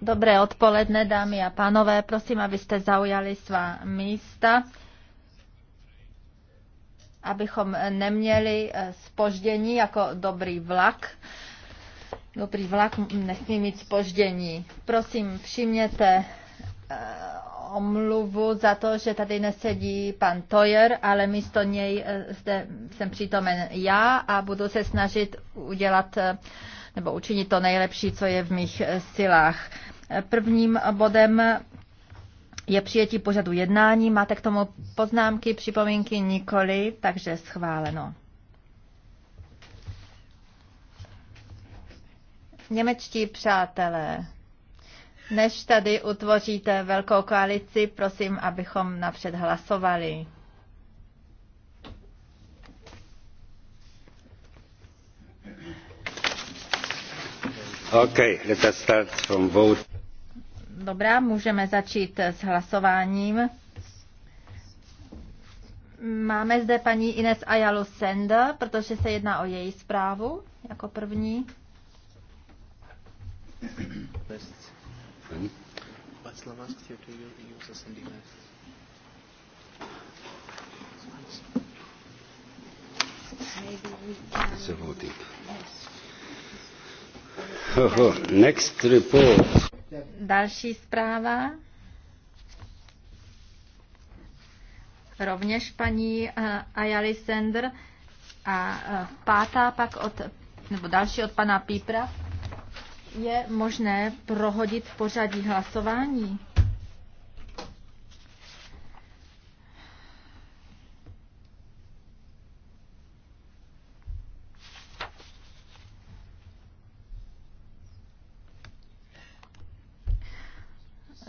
Dobré odpoledne, dámy a pánové. Prosím, abyste zaujali svá místa, abychom neměli spoždění eh, jako dobrý vlak. Dobrý vlak nesmí mít spoždění. Prosím, všimněte eh, omluvu za to, že tady nesedí pan Toyer, ale místo něj eh, zde jsem přítomen já a budu se snažit udělat nebo učinit to nejlepší, co je v mých eh, silách. Prvním bodem je přijetí pořadu jednání. Máte k tomu poznámky, připomínky nikoli, takže schváleno. Němečtí přátelé, než tady utvoříte velkou koalici, prosím, abychom napřed hlasovali. Okay, let us start from vote. Dobrá, můžeme začít s hlasováním. Máme zde paní Ines Ayalu Senda, protože se jedná o její zprávu jako první. Maybe we can... It's a voting. Yes. Next report. Další zpráva. Rovněž paní eh, Ayali Sender a eh, pátá pak od, nebo další od pana Pípra. Je možné prohodit pořadí hlasování?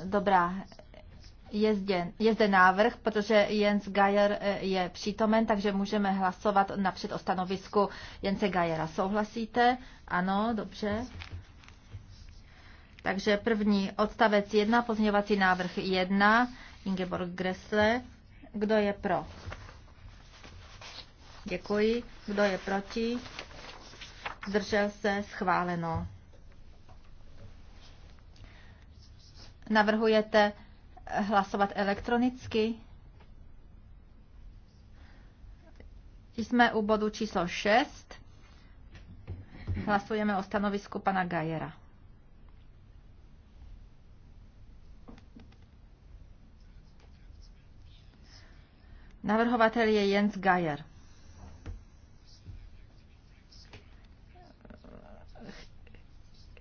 Dobrá, je zde, je zde návrh, protože Jens Geier eh, je přítomen, takže můžeme hlasovat napřed o stanovisku Jense Geiera. Souhlasíte? Ano, dobře. Takže první odstavec 1, pozměňovací návrh 1, Ingeborg Gressle. Kdo je pro? Děkuji. Kdo je proti? Zdržel se? Schváleno. Navrhujete eh, hlasovat elektronicky? Jsme u bodu číslo 6. Hlasujeme o stanovisku pana Gajera. Navrhovatel je Jens Gajer.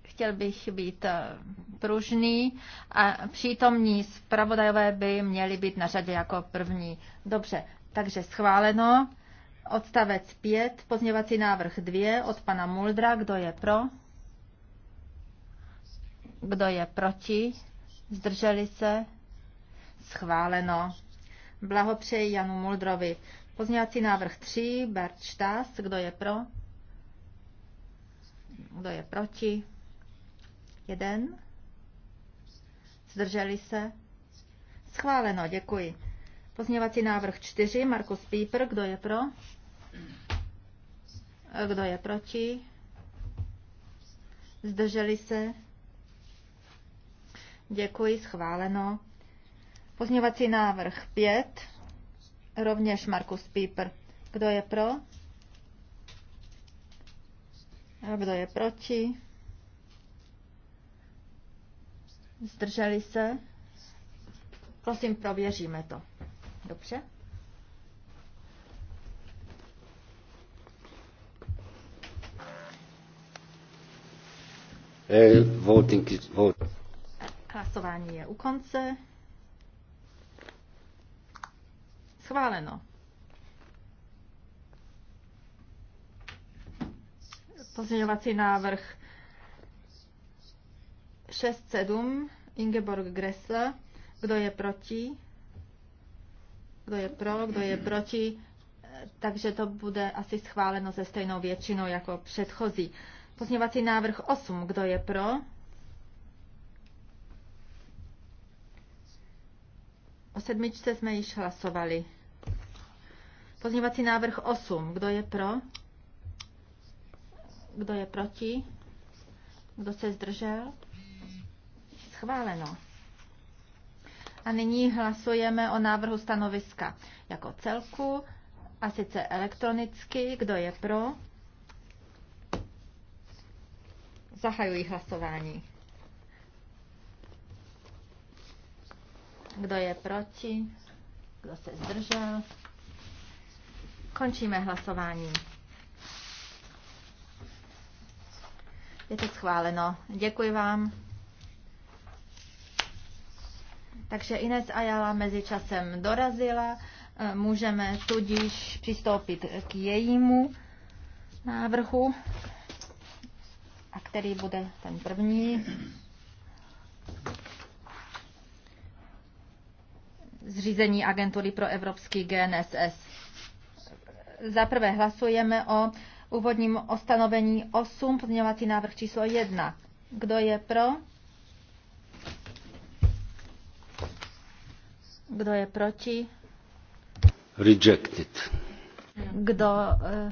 Chtěl bych být eh, pružný a přítomní zpravodajové by měli být na řadě jako první. Dobře, takže schváleno. Odstavec 5, pozněvací návrh 2 od pana Muldra. Kdo je pro? Kdo je proti? Zdrželi se? Schváleno. Blahopřeji Janu Muldrovi. Pozněvací návrh 3, Bert Štás. Kdo je pro? Kdo je proti? Jeden. Zdrželi se? Schváleno, děkuji. Pozměňovací návrh 4, Markus Píper, kdo je pro? Kdo je proti? Zdrželi se? Děkuji, schváleno. Pozměňovací návrh 5, rovněž Markus Píper. Kdo je pro? Kdo je proti? Zdrželi se? Prosím, prověříme to. Dobře? Eh, voting vote. Hlasování je u konce. Schváleno. Pozměňovací návrh 6, 7, Ingeborg Gressle. Kdo je proti? Kdo je pro? Kdo je proti? Takže to bude asi schváleno se stejnou většinou jako předchozí. Pozměňovací návrh 8. Kdo je pro? O sedmičce jsme již hlasovali. Pozměňovací návrh 8. Kdo je pro? Kdo je proti? Kdo se zdržel? Schváleno. A nyní hlasujeme o návrhu stanoviska jako celku, a sice elektronicky. Kdo je pro? Zahajuji hlasování. Kdo je proti? Kdo se zdržel? Končíme hlasování. Je to schváleno. Děkuji vám. Takže Ines Ayala mezi časem dorazila, e, můžeme tudíž přistoupit k jejímu návrhu, a který bude ten první. Zřízení agentury pro evropský GNSS. Za prvé hlasujeme o úvodním ostanovení 8, pozměňovací návrh číslo 1. Kdo je pro? Kdo je proti? Rejected. Kdo eh,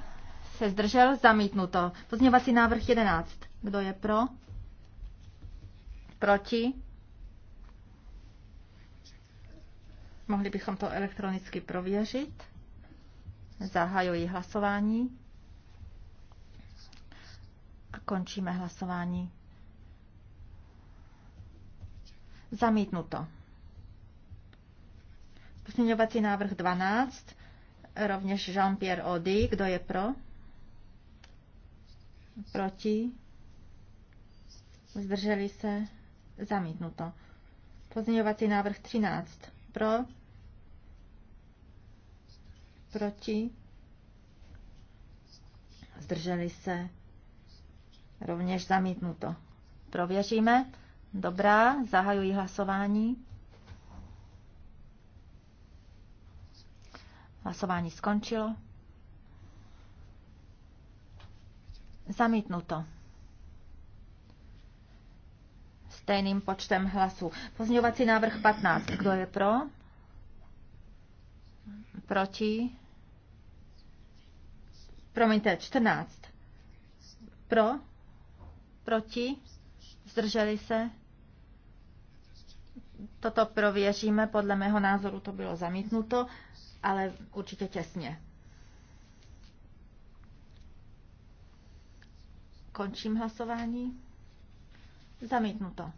se zdržel? Zamítnuto. Pozměňovací návrh 11. Kdo je pro? Proti? Mohli bychom to elektronicky prověřit. Zahajuji hlasování. A končíme hlasování. Zamítnuto. Pozměňovací návrh 12, rovněž Jean-Pierre Ody. Kdo je pro? Proti? Zdrželi se? Zamítnuto. Pozměňovací návrh 13. Pro? Proti? Zdrželi se? Rovněž zamítnuto. Prověříme. Dobrá, zahajuji hlasování. Hlasování skončilo. Zamítnuto. Stejným počtem hlasů. Pozměňovací návrh 15. Kdo je pro? Proti? Promiňte, 14. Pro? Proti? Zdrželi se? Toto prověříme. Podle mého názoru to bylo zamítnuto ale určitě těsně. Končím hlasování. Zamítnuto.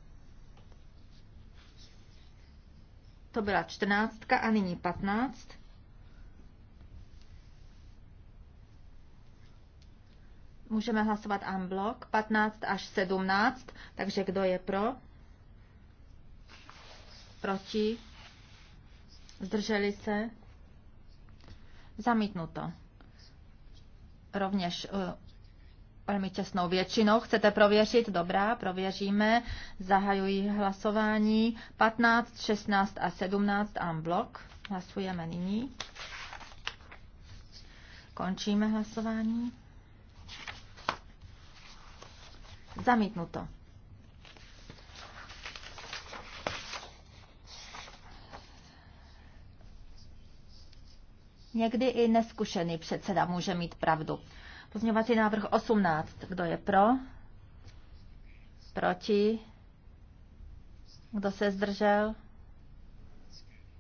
To byla čtrnáctka a nyní patnáct. Můžeme hlasovat unblock 15 až 17, takže kdo je pro? Proti? Zdrželi se? Zamítnuto. Rovněž eh, velmi těsnou většinou. Chcete prověřit? Dobrá, prověříme. Zahajuji hlasování 15, 16 a 17 en blok. Hlasujeme nyní. Končíme hlasování. Zamítnuto. Někdy i neskušený předseda může mít pravdu. Pozměňovací návrh 18. Kdo je pro? Proti? Kdo se zdržel?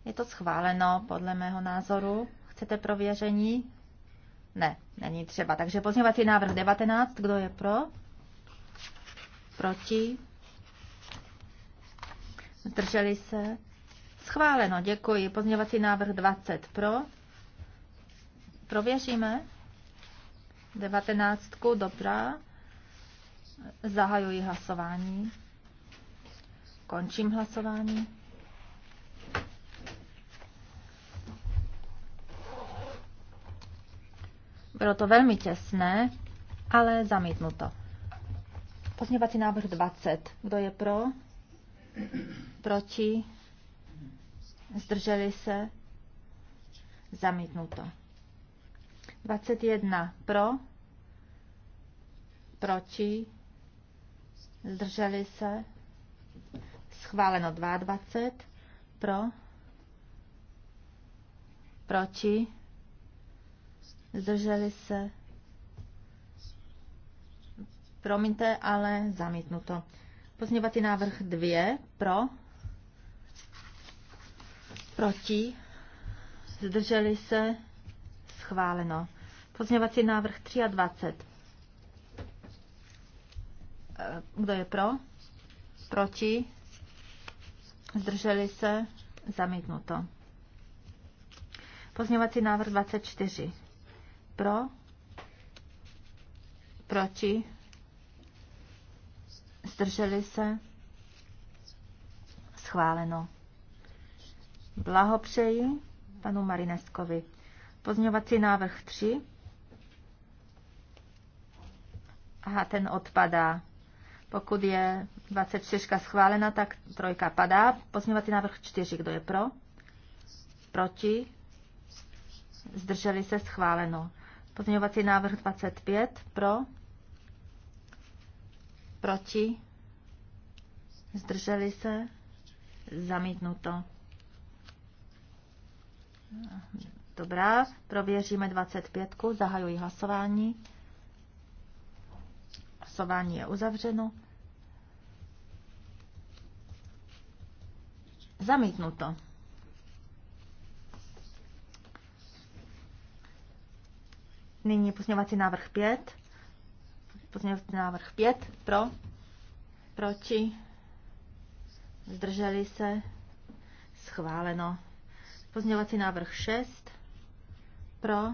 Je to schváleno podle mého názoru. Chcete prověření? Ne, není třeba. Takže pozměňovací návrh 19. Kdo je pro? Proti? Zdrželi se? Schváleno, děkuji. Pozměňovací návrh 20 pro. Prověříme. Devatenáctku, dobrá. Zahajuji hlasování. Končím hlasování. Bylo to velmi těsné, ale zamítnuto. Pozměňovací návrh 20. Kdo je pro? Proti? Zdrželi se? Zamítnuto. 21 pro, proti, zdrželi se, schváleno 22 pro, proti, zdrželi se, promiňte, ale zamítnuto. Pozměňovací návrh 2 pro, proti, zdrželi se, schváleno. Pozměňovací návrh 23. Eh, kdo je pro? Proti? Zdrželi se? Zamítnuto. Pozměňovací návrh 24. Pro? Proti? Zdrželi se? Schváleno. Blahopřeji panu Marineskovi. Pozměňovací návrh 3. Aha, ten odpadá. Pokud je 24 schválena, tak trojka padá. Pozměňovací návrh 4. Kdo je pro? Proti? Zdrželi se schváleno. Pozměňovací návrh 25. Pro? Proti? Zdrželi se? Zamítnuto. Dobrá, prověříme 25. Zahajuji hlasování. Hlasování je uzavřeno. Zamítnuto. Nyní pozměňovací návrh 5. Pozměňovací návrh 5. Pro. Proti. Zdrželi se. Schváleno. Pozměňovací návrh 6. Pro.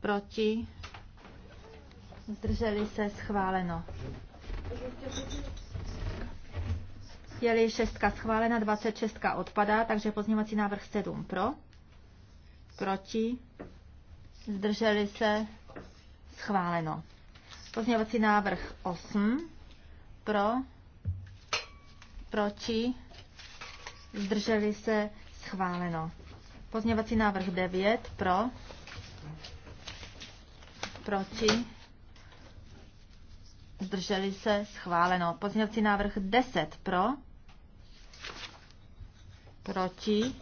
Proti zdrželi se schváleno. Je-li šestka schválena, 26 odpadá, takže pozněvací návrh 7 pro, proti, zdrželi se schváleno. Pozněvací návrh 8 pro, proti, zdrželi se schváleno. Pozněvací návrh 9 pro, proti, zdrželi se, schváleno. Pozměňovací návrh 10 pro, proti,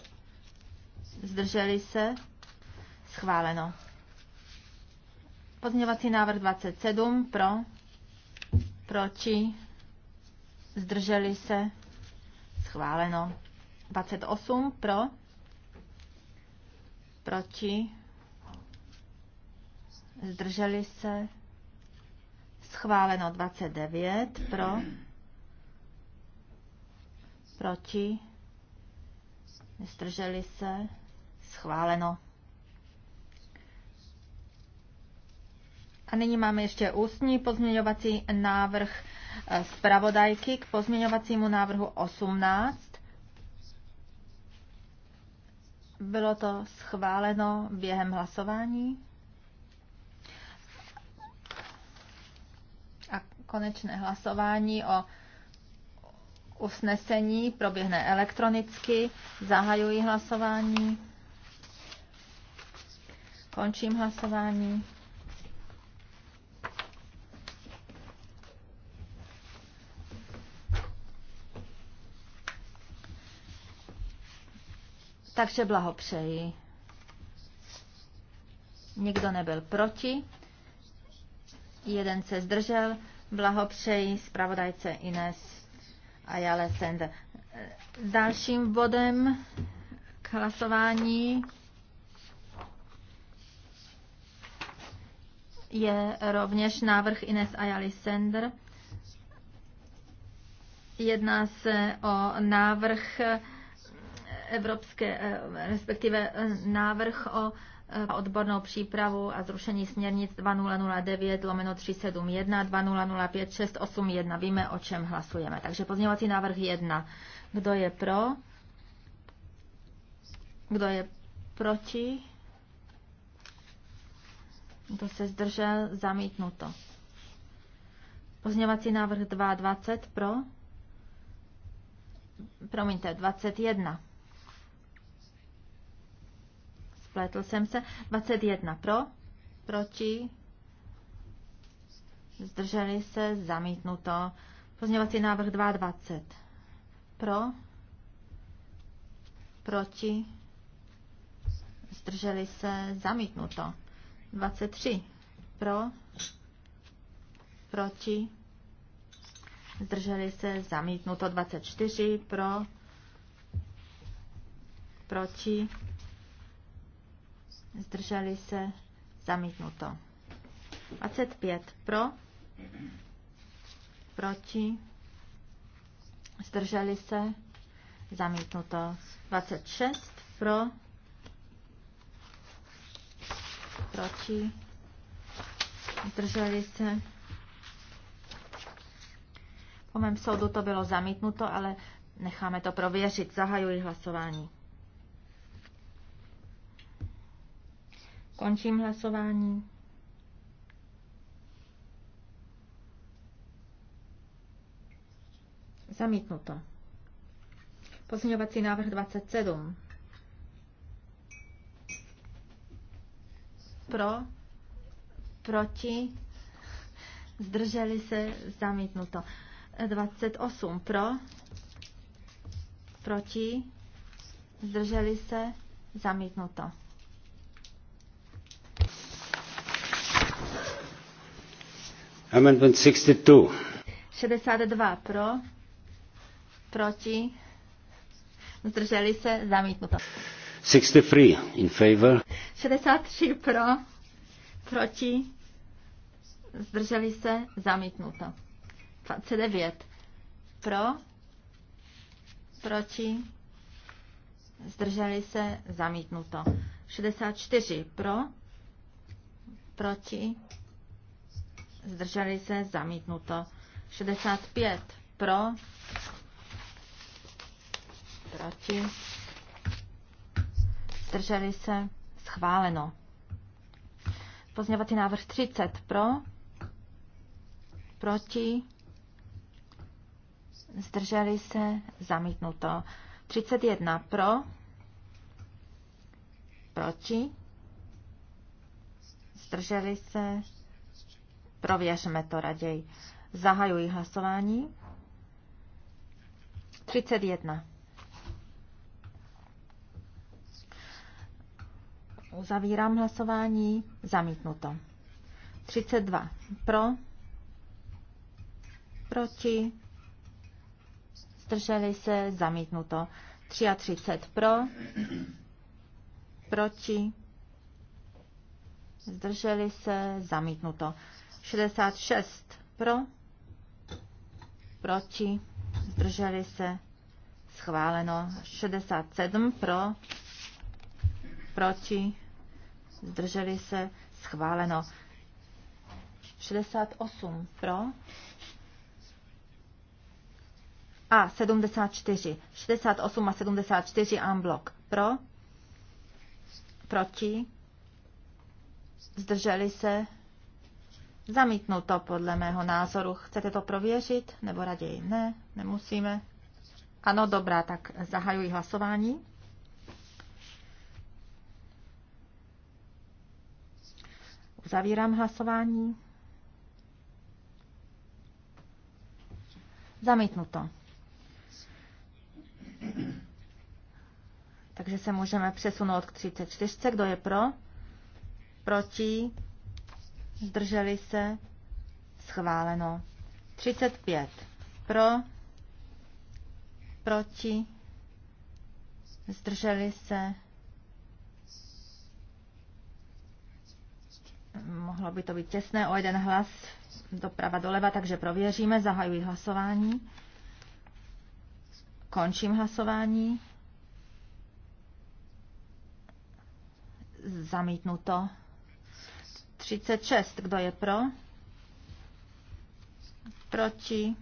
zdrželi se, schváleno. Pozměňovací návrh 27 pro, proti, zdrželi se, schváleno. 28 pro, proti, zdrželi se, Schváleno 29 pro, proti, Nestrželi se, schváleno. A nyní máme ještě ústní pozměňovací návrh eh, zpravodajky k pozměňovacímu návrhu 18. Bylo to schváleno během hlasování? konečné hlasování o usnesení proběhne elektronicky. Zahajuji hlasování. Končím hlasování. Takže blahopřeji. Nikdo nebyl proti, jeden se zdržel. Blahopřeji zpravodajce Ines Jale Sende. Dalším bodem k hlasování je rovněž návrh Ines Ayali Sender. Jedná se o návrh evropské, eh, respektive eh, návrh o odbornou přípravu a zrušení směrnic 2009 lomeno 371, 2005 681. Víme, o čem hlasujeme. Takže pozměňovací návrh 1. Kdo je pro? Kdo je proti? Kdo se zdržel? Zamítnuto. Pozměňovací návrh 2.20 pro? Promiňte, 21. spletl jsem se. 21 pro, proti, zdrželi se, zamítnuto. Pozměňovací návrh 22 pro, proti, zdrželi se, zamítnuto. 23 pro, proti, zdrželi se, zamítnuto. 24 pro, proti, zdrželi se, zamítnuto. 25 pro, proti, zdrželi se, zamítnuto. 26 pro, proti, zdrželi se. Po mém soudu to bylo zamítnuto, ale necháme to prověřit. Zahajuji hlasování. Končím hlasování. Zamítnuto. Pozměňovací návrh 27. Pro, proti, zdrželi se, zamítnuto. 28 pro, proti, zdrželi se, zamítnuto. Amendment 62. 62 pro, proti, zdrželi se, zamítnuto. 63 in favor. 63 pro, proti, zdrželi se, zamítnuto. 29 pro, proti, zdrželi se, zamítnuto. 64 pro, proti, zdrželi se, zamítnuto. 65 pro, proti, zdrželi se, schváleno. Pozměňovací návrh 30 pro, proti, zdrželi se, zamítnuto. 31 pro, proti, zdrželi se, Prověřme to raději. Zahajuji hlasování. 31. Uzavírám hlasování. Zamítnuto. 32. Pro. Proti. Zdrželi se. Zamítnuto. 33 pro. Proti. Zdrželi se. Zamítnuto. 66 pro, proti, zdrželi se, schváleno. 67 pro, proti, zdrželi se, schváleno. 68 pro a 74. 68 a 74 unblock pro, proti, zdrželi se, Zamítnu to podle mého názoru. Chcete to prověřit? Nebo raději ne? Nemusíme? Ano, dobrá, tak zahajuji hlasování. Uzavírám hlasování. Zamítnu to. Takže se můžeme přesunout k 34. Kdo je pro? Proti? zdrželi se, schváleno. 35 pro, proti, zdrželi se, mohlo by to být těsné o jeden hlas doprava doleva, takže prověříme, zahajuji hlasování, končím hlasování, zamítnuto. 36. Kdo je pro? Proti?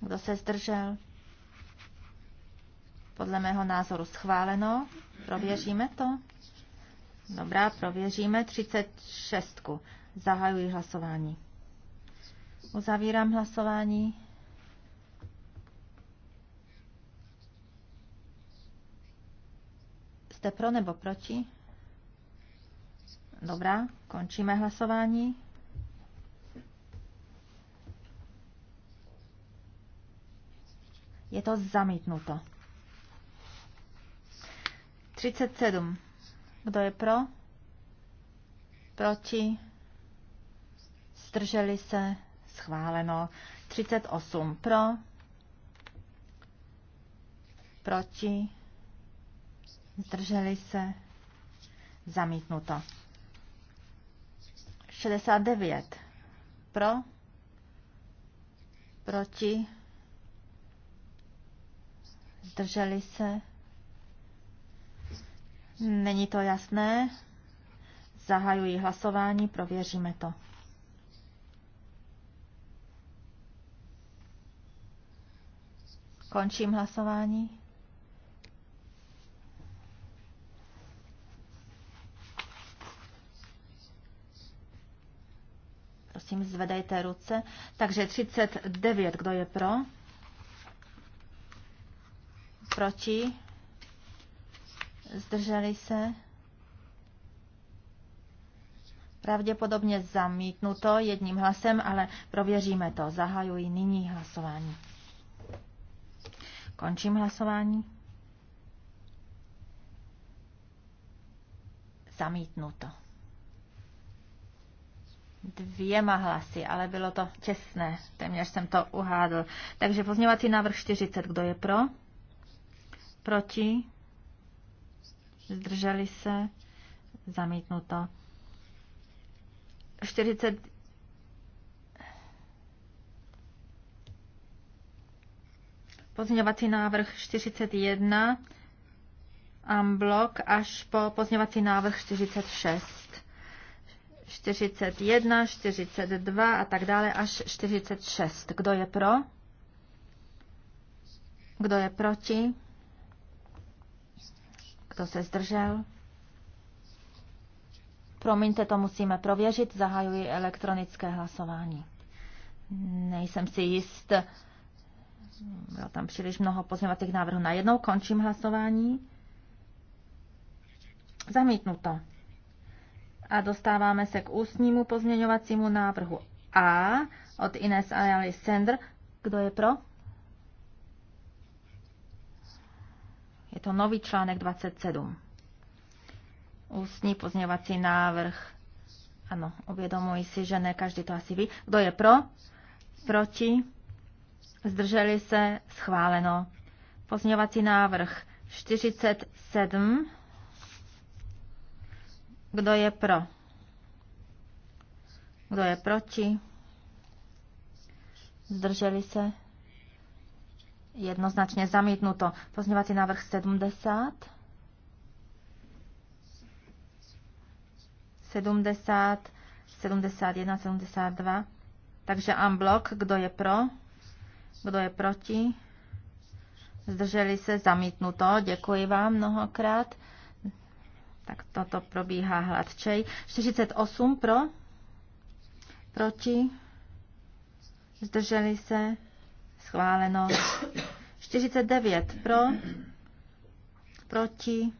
Kdo se zdržel? Podle mého názoru schváleno. Prověříme to. Dobrá, prověříme 36. Zahajuji hlasování. Uzavírám hlasování. Jste pro nebo proti? Dobrá, končíme hlasování. Je to zamítnuto. 37. Kdo je pro? Proti? Zdrželi se? Schváleno. 38. Pro? Proti? Zdrželi se? Zamítnuto. 69. Pro? Proti? Zdrželi se? Není to jasné? Zahajuji hlasování, prověříme to. Končím hlasování. prosím zvedejte ruce. Takže 39, kdo je pro? Proti? Zdrželi se? Pravděpodobně zamítnuto jedním hlasem, ale prověříme to. Zahajuji nyní hlasování. Končím hlasování. Zamítnuto dvěma hlasy, ale bylo to těsné, téměř jsem to uhádl. Takže pozměvací návrh 40, kdo je pro? Proti? Zdrželi se? Zamítnuto. 40 Pozměňovací návrh 41 blok až po pozměňovací návrh 46. 41, 42 a tak dále až 46. Kdo je pro? Kdo je proti? Kdo se zdržel? Promiňte, to musíme prověřit. Zahajuji elektronické hlasování. Nejsem si jist. Bylo tam příliš mnoho pozměňovacích návrhů. Najednou končím hlasování. Zamítnuto. A dostáváme se k ústnímu pozměňovacímu návrhu A od Ines Ayali Sender. Kdo je pro? Je to nový článek 27. Ústní pozměňovací návrh. Ano, uvědomuji si, že ne každý to asi ví. Kdo je pro? Proti? Zdrželi se? Schváleno. Pozměňovací návrh 47 kdo je pro? Kdo je proti? Zdrželi se? Jednoznačně zamítnuto. Pozměňovací návrh 70. 70, 71, 72. Takže unblock, kdo je pro, kdo je proti. Zdrželi se zamítnuto. Děkuji vám mnohokrát. Tak toto probíhá hladčej. 48 pro, proti, zdrželi se, schváleno. 49 pro, proti,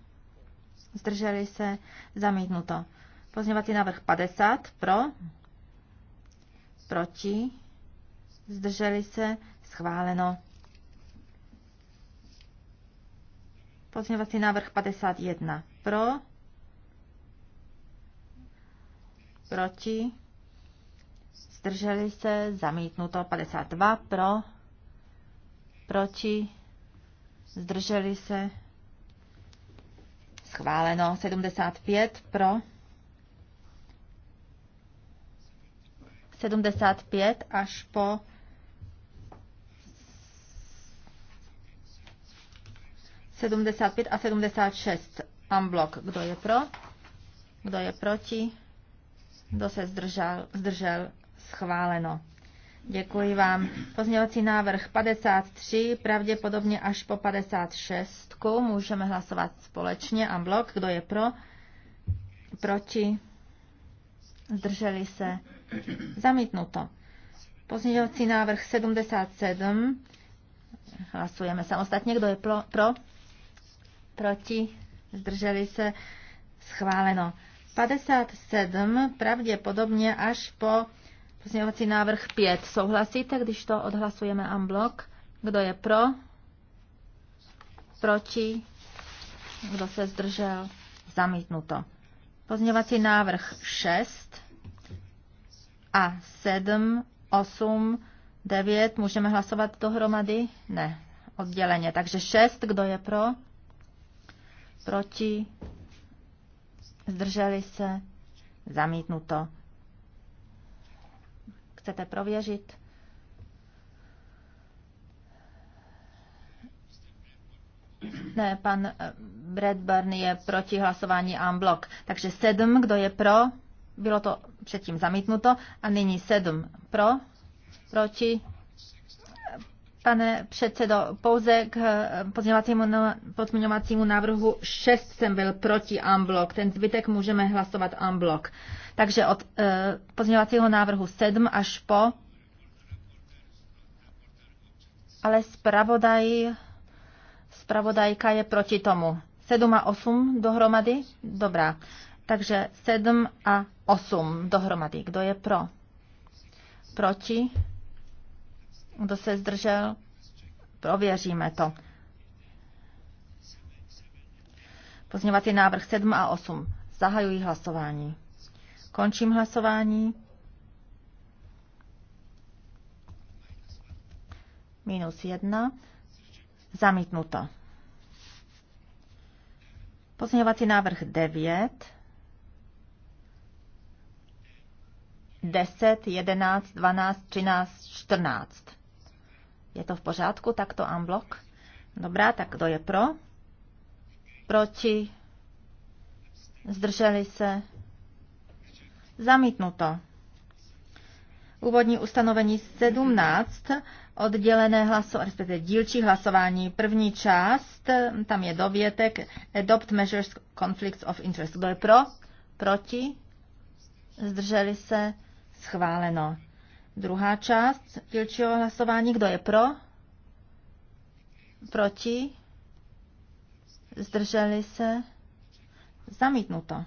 zdrželi se, zamítnuto. Pozměňovací návrh 50 pro, proti, zdrželi se, schváleno. Pozměňovací návrh 51 pro, proti, zdrželi se, zamítnuto 52 pro, proti, zdrželi se, schváleno 75 pro, 75 až po 75 a 76 unblock. Kdo je pro? Kdo je proti? Kdo se zdržel? Zdržel. Schváleno. Děkuji vám. Pozměňovací návrh 53, pravděpodobně až po 56. Můžeme hlasovat společně a blok. Kdo je pro? Proti? Zdrželi se? Zamítnuto. Pozměňovací návrh 77. Hlasujeme samostatně. Kdo je pro? Proti? Zdrželi se? Schváleno. 57 pravděpodobně až po pozměňovací návrh 5. Souhlasíte, když to odhlasujeme unblock? Kdo je pro? Proti? Kdo se zdržel? Zamítnuto. Pozměňovací návrh 6 a 7, 8, 9. Můžeme hlasovat dohromady? Ne, odděleně. Takže 6, kdo je pro? Proti? Zdrželi se? Zamítnuto. Chcete prověřit? Ne, pan eh, Bradburn je proti hlasování en Takže sedm, kdo je pro? Bylo to předtím zamítnuto. A nyní sedm pro, proti, Pane předsedo, pouze k eh, pozměňovacímu, pozměňovacímu návrhu 6 jsem byl proti unblock. Ten zbytek můžeme hlasovat unblock. Takže od uh, pozměňovacího návrhu 7 až po. Ale zpravodaj, zpravodajka je proti tomu. 7 a 8 dohromady? Dobrá. Takže 7 a 8 dohromady. Kdo je pro? Proti? Kdo se zdržel? Prověříme to. Pozměňovací návrh 7 a 8. Zahajuji hlasování. Končím hlasování. Minus 1. Zamítnuto. Pozměňovací návrh 9. 10, 11, 12, 13, 14. Je to v pořádku, tak to unblock? Dobrá, tak kdo je pro? Proti? Zdrželi se? Zamítnuto. Úvodní ustanovení 17, oddělené hlasování, respektive dílčí hlasování. První část, tam je dovětek Adopt Measures Conflicts of Interest. Kdo je pro? Proti? Zdrželi se? Schváleno. Druhá část dílčího hlasování. Kdo je pro? Proti? Zdrželi se? Zamítnuto.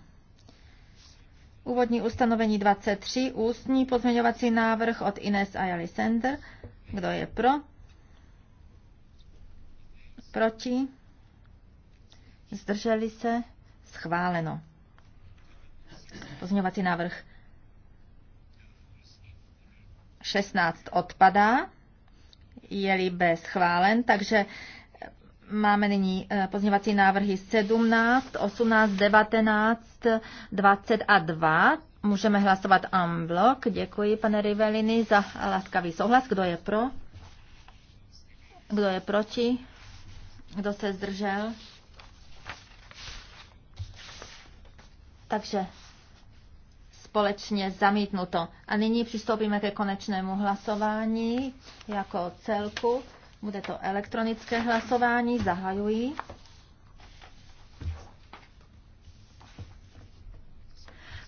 Úvodní ustanovení 23, ústní pozměňovací návrh od Ines Ayali Sender. Kdo je pro? Proti? Zdrželi se? Schváleno. Pozměňovací návrh 16 odpadá, je-li B schválen, takže máme nyní eh, pozměňovací návrhy 17, 18, 19, 20 a 2. Můžeme hlasovat en bloc. Děkuji, pane Rivelini, za laskavý souhlas. Kdo je pro? Kdo je proti? Kdo se zdržel? Takže společně zamítnuto. A nyní přistoupíme ke konečnému hlasování jako celku. Bude to elektronické hlasování. Zahajuji.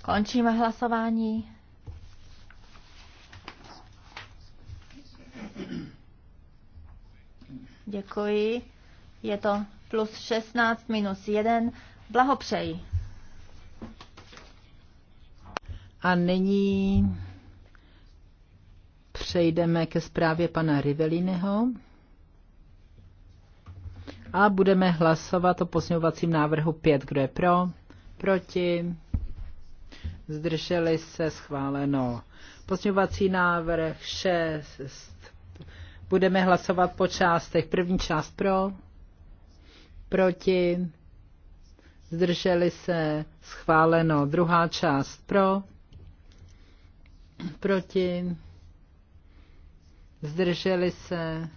Končíme hlasování. Děkuji. Je to plus 16 minus 1. Blahopřeji. A nyní přejdeme ke zprávě pana Riveliného a budeme hlasovat o pozměňovacím návrhu 5. Kdo je pro? Proti? Zdrželi se schváleno. Pozměňovací návrh 6. Budeme hlasovat po částech. První část pro, proti, zdrželi se, schváleno. Druhá část pro, proti, zdrželi se,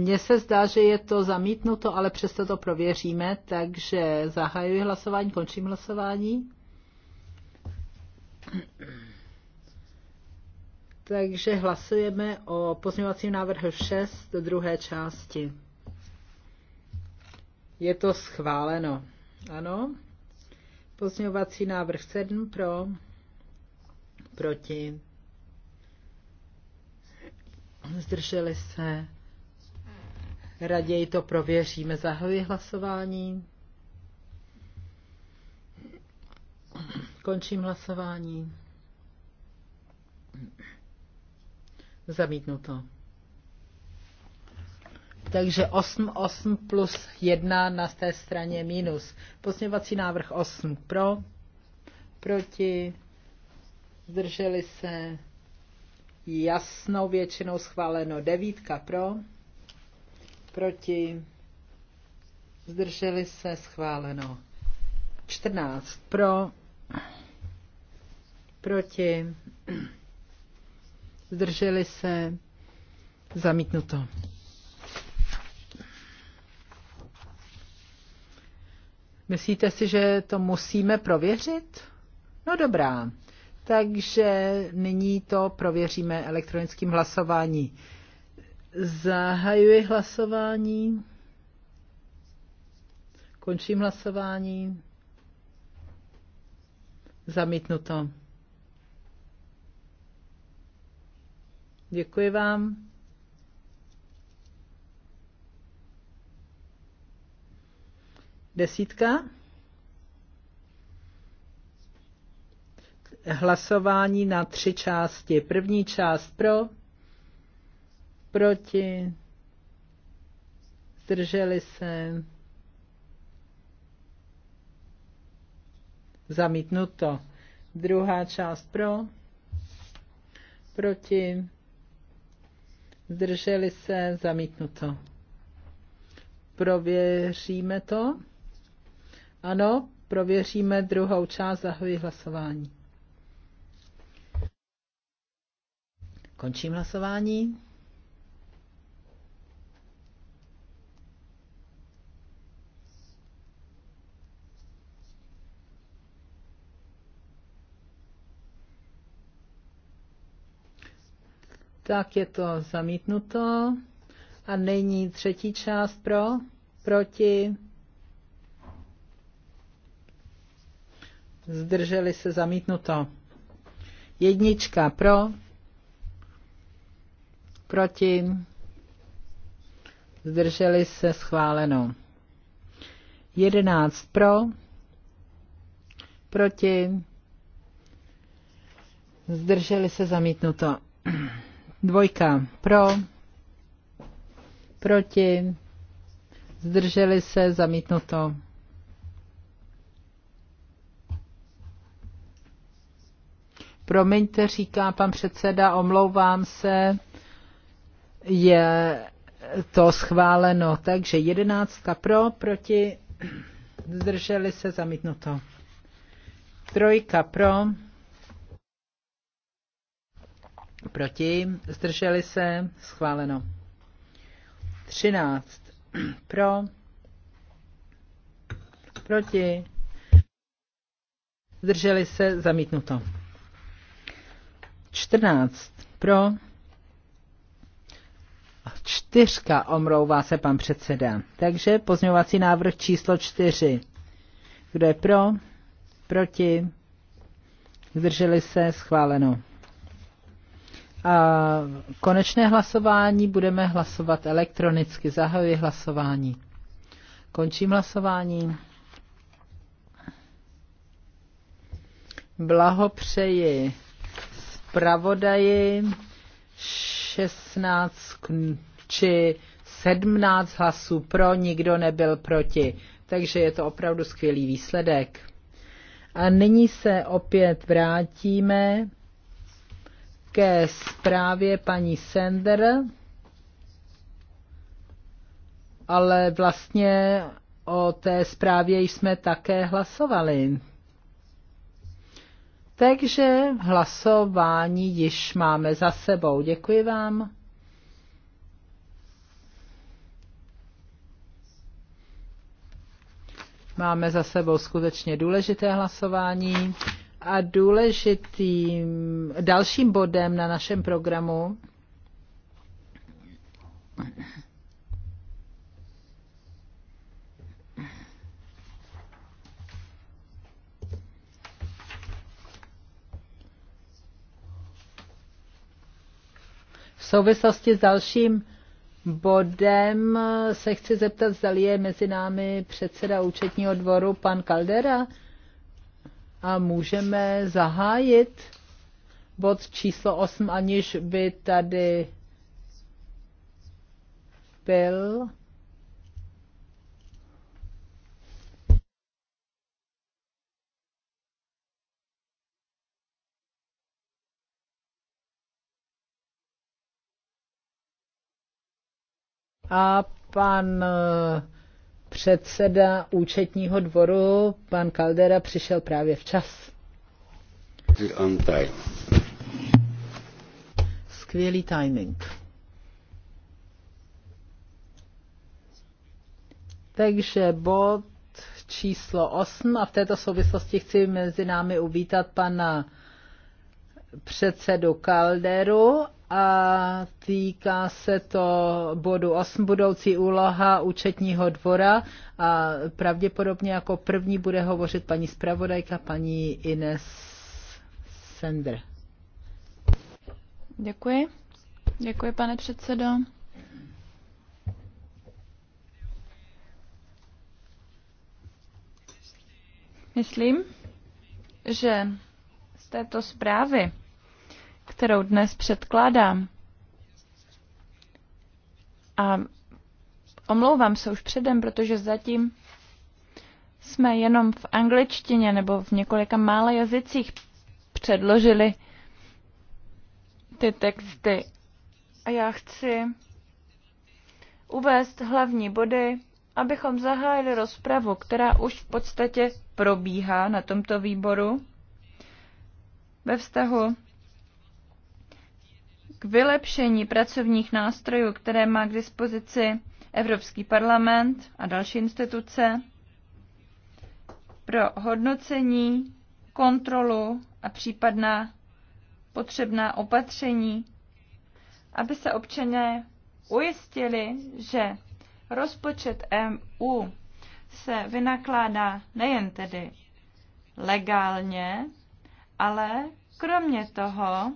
Mně se zdá, že je to zamítnuto, ale přesto to prověříme, takže zahajuji hlasování, končím hlasování. Takže hlasujeme o pozměňovacím návrhu 6 do druhé části. Je to schváleno. Ano? Pozměňovací návrh 7 pro, proti, zdrželi se, raději to prověříme, zahajuji hlasování. Končím hlasování. Zamítnuto. Takže 8, 8 plus 1 na té straně minus. Pozměňovací návrh 8 pro, proti, zdrželi se jasnou většinou schváleno 9 pro, proti, zdrželi se schváleno 14 pro, proti, zdrželi se zamítnuto. Myslíte si, že to musíme prověřit? No dobrá, takže nyní to prověříme elektronickým hlasováním. Zahajuji hlasování. Končím hlasování. Zamítnuto. Děkuji vám. Desítka. Hlasování na tři části. První část pro, proti, zdrželi se, zamítnuto. Druhá část pro, proti, zdrželi se, zamítnuto. Prověříme to. Ano, prověříme druhou část, zahoji hlasování. Končím hlasování. Tak je to zamítnuto. A nyní třetí část pro, proti. zdrželi se zamítnuto. Jednička pro, proti, zdrželi se schváleno. Jedenáct pro, proti, zdrželi se zamítnuto. Dvojka pro, proti, zdrželi se zamítnuto. Promiňte, říká pan předseda, omlouvám se, je to schváleno. Takže jedenáctka pro, proti, zdrželi se, zamítnuto. Trojka pro, proti, zdrželi se, schváleno. Třináct pro, proti, zdrželi se, zamítnuto. 14 pro. Čtyřka, omlouvá se pan předseda. Takže pozměňovací návrh číslo 4. Kdo je pro? Proti? Zdrželi se? Schváleno. A konečné hlasování budeme hlasovat elektronicky. Zahajuji hlasování. Končím hlasování. Blahopřeji zpravodaji 16 či 17 hlasů pro, nikdo nebyl proti. Takže je to opravdu skvělý výsledek. A nyní se opět vrátíme ke zprávě paní Sender, ale vlastně o té zprávě jsme také hlasovali. Takže hlasování již máme za sebou. Děkuji vám. Máme za sebou skutečně důležité hlasování a důležitým dalším bodem na našem programu souvislosti s dalším bodem se chci zeptat, zda je mezi námi předseda účetního dvoru pan Caldera a můžeme zahájit bod číslo 8, aniž by tady byl a pan eh, předseda účetního dvoru, pan Caldera, přišel právě včas. On time. Skvělý timing. Takže bod číslo 8 a v této souvislosti chci mezi námi uvítat pana předsedu Calderu a týká se to bodu 8, budoucí úloha účetního dvora a pravděpodobně jako první bude hovořit paní zpravodajka, paní Ines Sender. Děkuji. Děkuji, pane předsedo. Myslím, že z této zprávy kterou dnes předkládám. A omlouvám se už předem, protože zatím jsme jenom v angličtině nebo v několika mále jazycích předložili ty texty. A já chci uvést hlavní body, abychom zahájili rozpravu, která už v podstatě probíhá na tomto výboru ve vztahu k vylepšení pracovních nástrojů, které má k dispozici Evropský parlament a další instituce pro hodnocení, kontrolu a případná potřebná opatření, aby se občané ujistili, že rozpočet EU se vynakládá nejen tedy legálně, ale kromě toho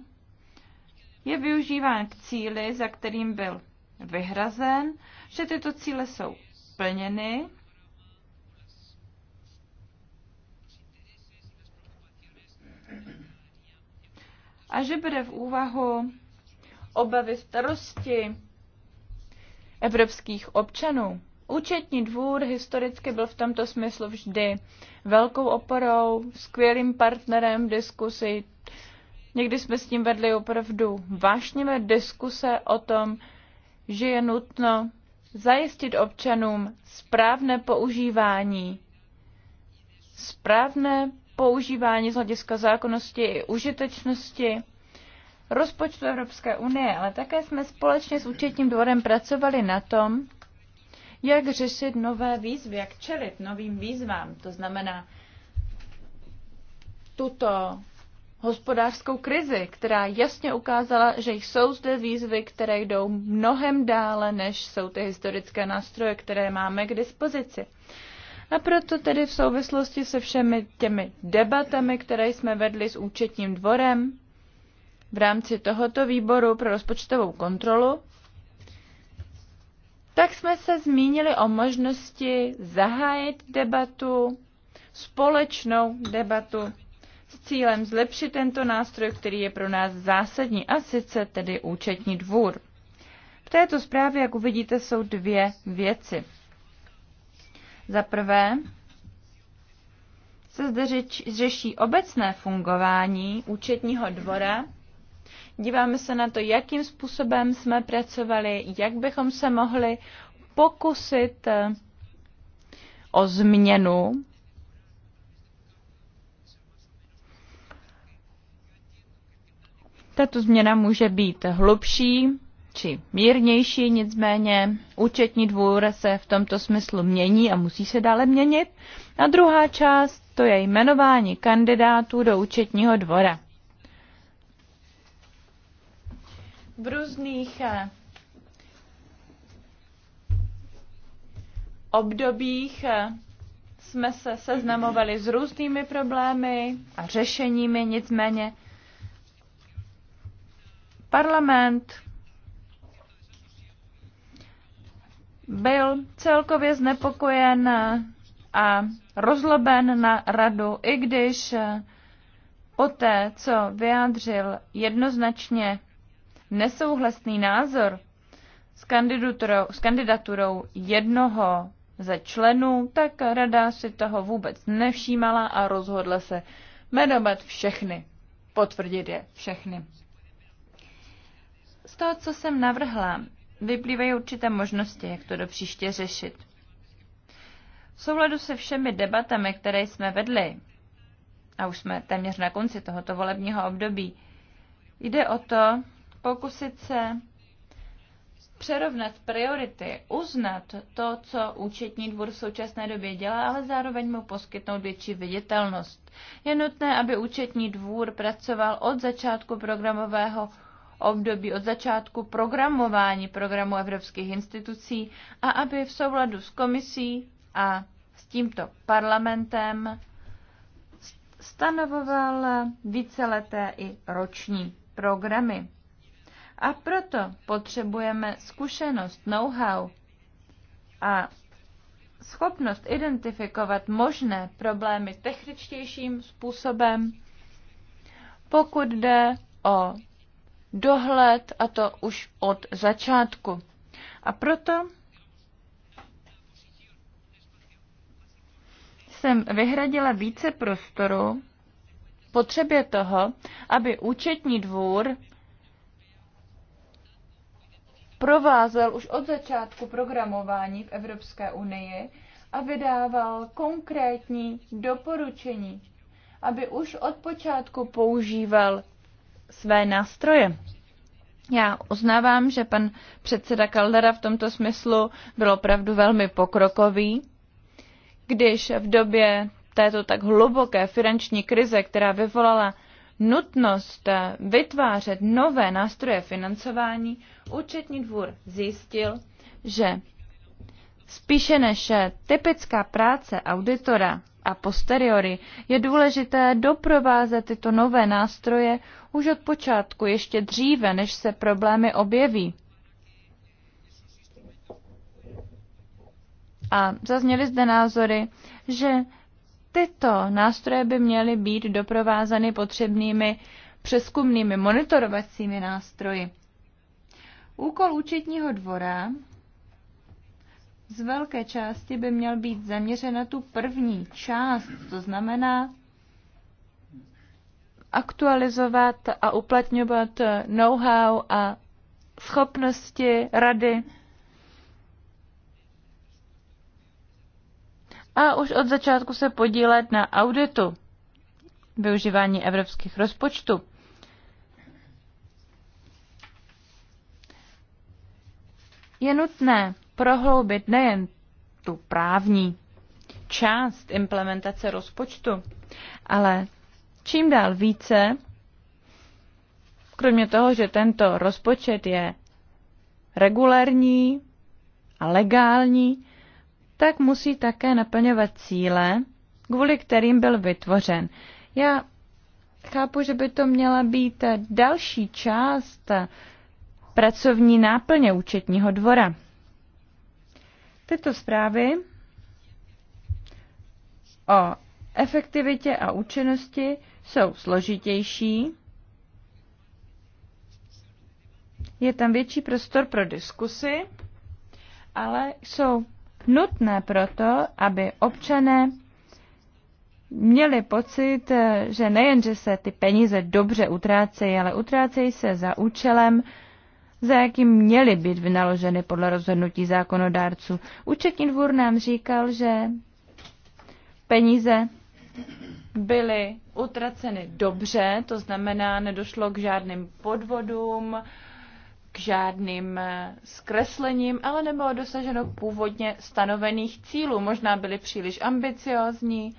je využíván k cíli, za kterým byl vyhrazen, že tyto cíle jsou plněny a že bude v úvahu obavy starosti evropských občanů. Účetní dvůr historicky byl v tomto smyslu vždy velkou oporou, skvělým partnerem v diskusi, Někdy jsme s ním vedli opravdu vášnivé diskuse o tom, že je nutno zajistit občanům správné používání, správné používání z hlediska zákonnosti i užitečnosti rozpočtu Evropské unie, ale také jsme společně s účetním dvorem pracovali na tom, jak řešit nové výzvy, jak čelit novým výzvám. To znamená tuto hospodářskou krizi, která jasně ukázala, že jsou zde výzvy, které jdou mnohem dále, než jsou ty historické nástroje, které máme k dispozici. A proto tedy v souvislosti se všemi těmi debatami, které jsme vedli s účetním dvorem v rámci tohoto výboru pro rozpočtovou kontrolu, tak jsme se zmínili o možnosti zahájit debatu, společnou debatu s cílem zlepšit tento nástroj, který je pro nás zásadní, a sice tedy účetní dvůr. V této zprávě, jak uvidíte, jsou dvě věci. Za prvé se zde řeč, řeší obecné fungování účetního dvora. Díváme se na to, jakým způsobem jsme pracovali, jak bychom se mohli pokusit eh, o změnu Tato změna může být hlubší či mírnější, nicméně účetní dvůr se v tomto smyslu mění a musí se dále měnit. A druhá část to je jmenování kandidátů do účetního dvora. V různých eh, obdobích eh, jsme se seznamovali s různými problémy a řešeními, nicméně Parlament byl celkově znepokojen a rozloben na radu, i když poté, co vyjádřil jednoznačně nesouhlasný názor s kandidaturou, s kandidaturou jednoho ze členů, tak rada si toho vůbec nevšímala a rozhodla se jmenovat všechny, potvrdit je všechny to, co jsem navrhla, vyplývají určité možnosti, jak to do příště řešit. V souladu se všemi debatami, které jsme vedli, a už jsme téměř na konci tohoto volebního období, jde o to pokusit se přerovnat priority, uznat to, co účetní dvůr v současné době dělá, ale zároveň mu poskytnout větší viditelnost. Je nutné, aby účetní dvůr pracoval od začátku programového období od začátku programování programu evropských institucí a aby v souladu s komisí a s tímto parlamentem stanovoval víceleté i roční programy. A proto potřebujeme zkušenost, know-how a schopnost identifikovat možné problémy techničtějším způsobem, pokud jde o dohled a to už od začátku. A proto jsem vyhradila více prostoru potřebě toho, aby účetní dvůr provázel už od začátku programování v Evropské unii a vydával konkrétní doporučení, aby už od počátku používal své nástroje. Já uznávám, že pan předseda Caldera v tomto smyslu byl opravdu velmi pokrokový, když v době této tak hluboké finanční krize, která vyvolala nutnost vytvářet nové nástroje financování, účetní dvůr zjistil, že spíše než typická práce auditora a posteriori je důležité doprovázet tyto nové nástroje už od počátku, ještě dříve, než se problémy objeví. A zazněly zde názory, že tyto nástroje by měly být doprovázeny potřebnými přeskumnými monitorovacími nástroji. Úkol účetního dvora z velké části by měl být zaměřen na tu první část, to znamená aktualizovat a uplatňovat know-how a schopnosti, rady. A už od začátku se podílet na auditu využívání evropských rozpočtů. Je nutné prohloubit nejen tu právní část implementace rozpočtu, ale čím dál více, kromě toho, že tento rozpočet je regulérní a legální, tak musí také naplňovat cíle, kvůli kterým byl vytvořen. Já chápu, že by to měla být další část pracovní náplně účetního dvora. Tyto zprávy o efektivitě a účinnosti jsou složitější, je tam větší prostor pro diskusy, ale jsou nutné proto, aby občané měli pocit, že nejen, že se ty peníze dobře utrácejí, ale utrácejí se za účelem, za jakým měly být vynaloženy podle rozhodnutí zákonodárců. Účetní dvůr nám říkal, že peníze byly utraceny dobře, to znamená, nedošlo k žádným podvodům, k žádným eh, zkreslením, ale nebylo dosaženo původně stanovených cílů. Možná byly příliš ambiciozní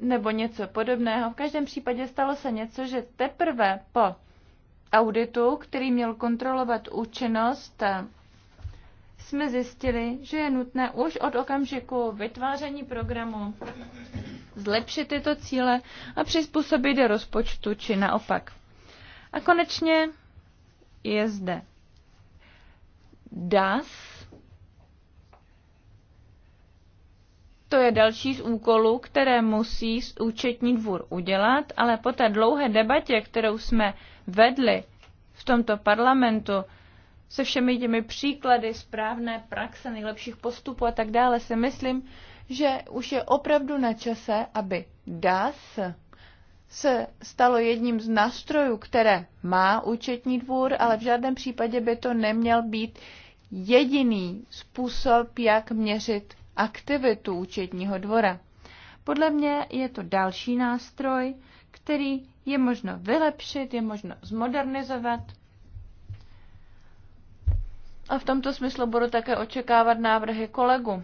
nebo něco podobného. V každém případě stalo se něco, že teprve po auditu, který měl kontrolovat účinnost, eh, jsme zjistili, že je nutné už od okamžiku vytváření programu zlepšit tyto cíle a přizpůsobit je rozpočtu či naopak. A konečně je zde DAS. To je další z úkolů, které musí účetní dvůr udělat, ale po té dlouhé debatě, kterou jsme vedli v tomto parlamentu, se všemi těmi příklady správné praxe, nejlepších postupů a tak dále, si myslím, že už je opravdu na čase, aby DAS se stalo jedním z nástrojů, které má účetní dvůr, ale v žádném případě by to neměl být jediný způsob, jak měřit aktivitu účetního dvora. Podle mě je to další nástroj, který je možno vylepšit, je možno zmodernizovat. A v tomto smyslu budu také očekávat návrhy kolegu.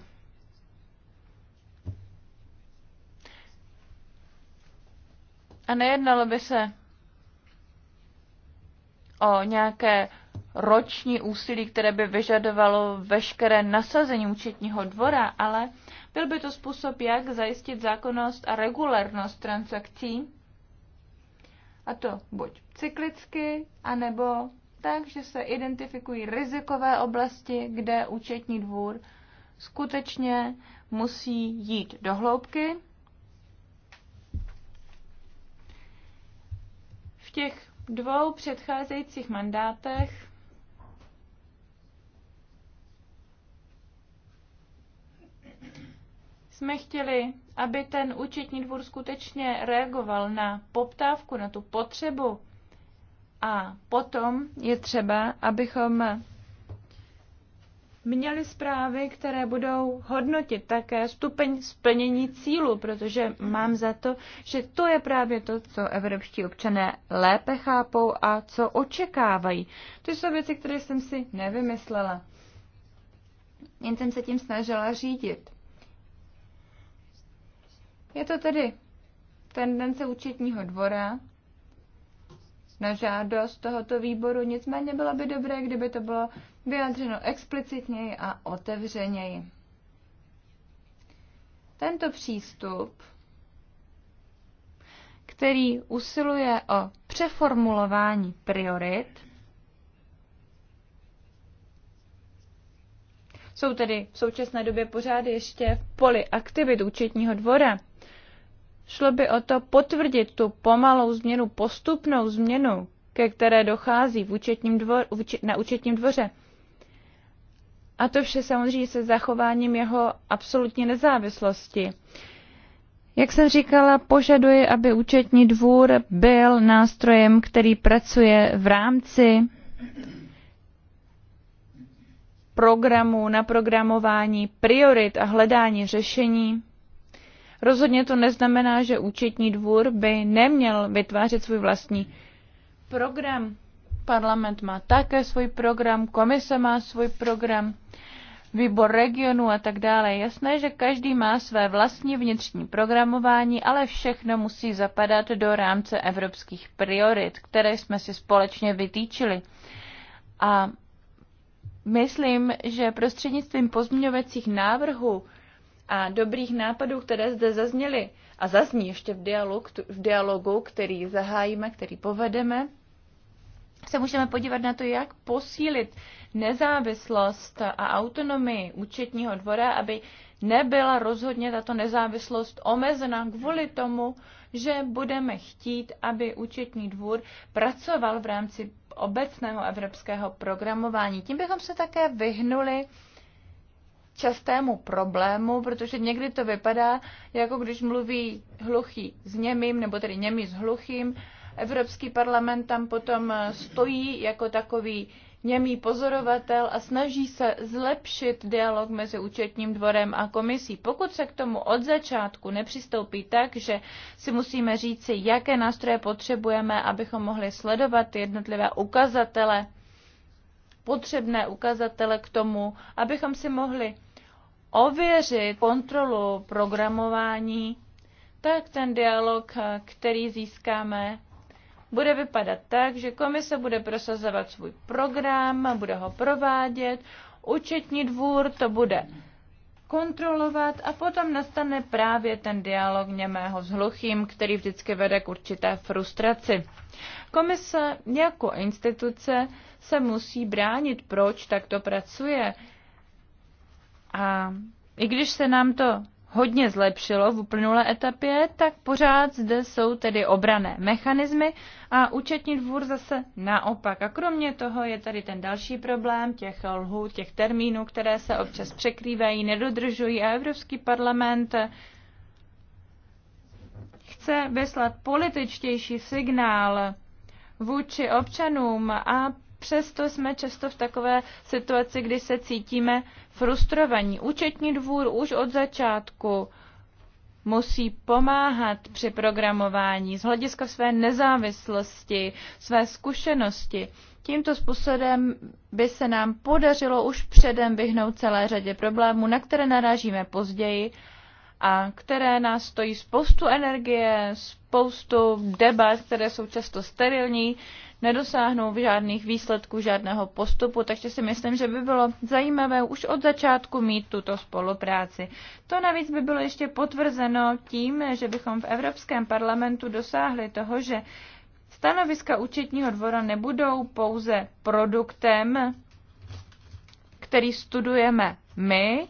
A nejednalo by se o nějaké roční úsilí, které by vyžadovalo veškeré nasazení účetního dvora, ale byl by to způsob, jak zajistit zákonnost a regulérnost transakcí, a to buď cyklicky, anebo tak, že se identifikují rizikové oblasti, kde účetní dvůr skutečně musí jít do hloubky V těch dvou předcházejících mandátech jsme chtěli, aby ten účetní dvůr skutečně reagoval na poptávku, na tu potřebu. A potom je třeba, abychom měli zprávy, které budou hodnotit také stupeň splnění cílu, protože mám za to, že to je právě to, co evropští občané lépe chápou a co očekávají. To jsou věci, které jsem si nevymyslela. Jen jsem se tím snažila řídit. Je to tedy tendence účetního dvora na žádost tohoto výboru, nicméně bylo by dobré, kdyby to bylo vyjádřeno explicitněji a otevřeněji. Tento přístup, který usiluje o přeformulování priorit, jsou tedy v současné době pořád ještě v poli aktivit účetního dvora. Šlo by o to potvrdit tu pomalou změnu, postupnou změnu, ke které dochází v účetním dvor, na účetním dvoře. A to vše samozřejmě se zachováním jeho absolutní nezávislosti. Jak jsem říkala, požaduji, aby účetní dvůr byl nástrojem, který pracuje v rámci programu na programování priorit a hledání řešení. Rozhodně to neznamená, že účetní dvůr by neměl vytvářet svůj vlastní program. Parlament má také svůj program, komise má svůj program výbor regionu a tak dále. jasné, že každý má své vlastní vnitřní programování, ale všechno musí zapadat do rámce evropských priorit, které jsme si společně vytýčili. A myslím, že prostřednictvím pozměňovacích návrhů a dobrých nápadů, které zde zazněly a zazní ještě v, dialogu, v dialogu, který zahájíme, který povedeme, se můžeme podívat na to, jak posílit nezávislost a autonomii účetního dvora, aby nebyla rozhodně tato nezávislost omezena kvůli tomu, že budeme chtít, aby účetní dvůr pracoval v rámci obecného evropského programování. Tím bychom se také vyhnuli častému problému, protože někdy to vypadá, jako když mluví hluchý s němým, nebo tedy němý s hluchým, Evropský parlament tam potom eh, stojí jako takový němý pozorovatel a snaží se zlepšit dialog mezi účetním dvorem a komisí. Pokud se k tomu od začátku nepřistoupí tak, že si musíme říci, jaké nástroje potřebujeme, abychom mohli sledovat jednotlivé ukazatele, potřebné ukazatele k tomu, abychom si mohli ověřit kontrolu programování, tak ten dialog, eh, který získáme, bude vypadat tak, že komise bude prosazovat svůj program, bude ho provádět, účetní dvůr to bude kontrolovat a potom nastane právě ten dialog němého s hluchým, který vždycky vede k určité frustraci. Komise jako instituce se musí bránit, proč takto pracuje. A i když se nám to hodně zlepšilo v uplynulé etapě, tak pořád zde jsou tedy obrané mechanismy a účetní dvůr zase naopak. A kromě toho je tady ten další problém těch lhů, těch termínů, které se občas překrývají, nedodržují a Evropský parlament chce vyslat političtější signál vůči občanům a přesto jsme často v takové situaci, kdy se cítíme frustrovaní. Účetní dvůr už od začátku musí pomáhat při programování z hlediska své nezávislosti, své zkušenosti. Tímto způsobem by se nám podařilo už předem vyhnout celé řadě problémů, na které narážíme později a které nás stojí spoustu energie, spoustu debat, které jsou často sterilní, nedosáhnou v žádných výsledků, žádného postupu, takže si myslím, že by bylo zajímavé už od začátku mít tuto spolupráci. To navíc by bylo ještě potvrzeno tím, že bychom v Evropském parlamentu dosáhli toho, že stanoviska účetního dvora nebudou pouze produktem, který studujeme my,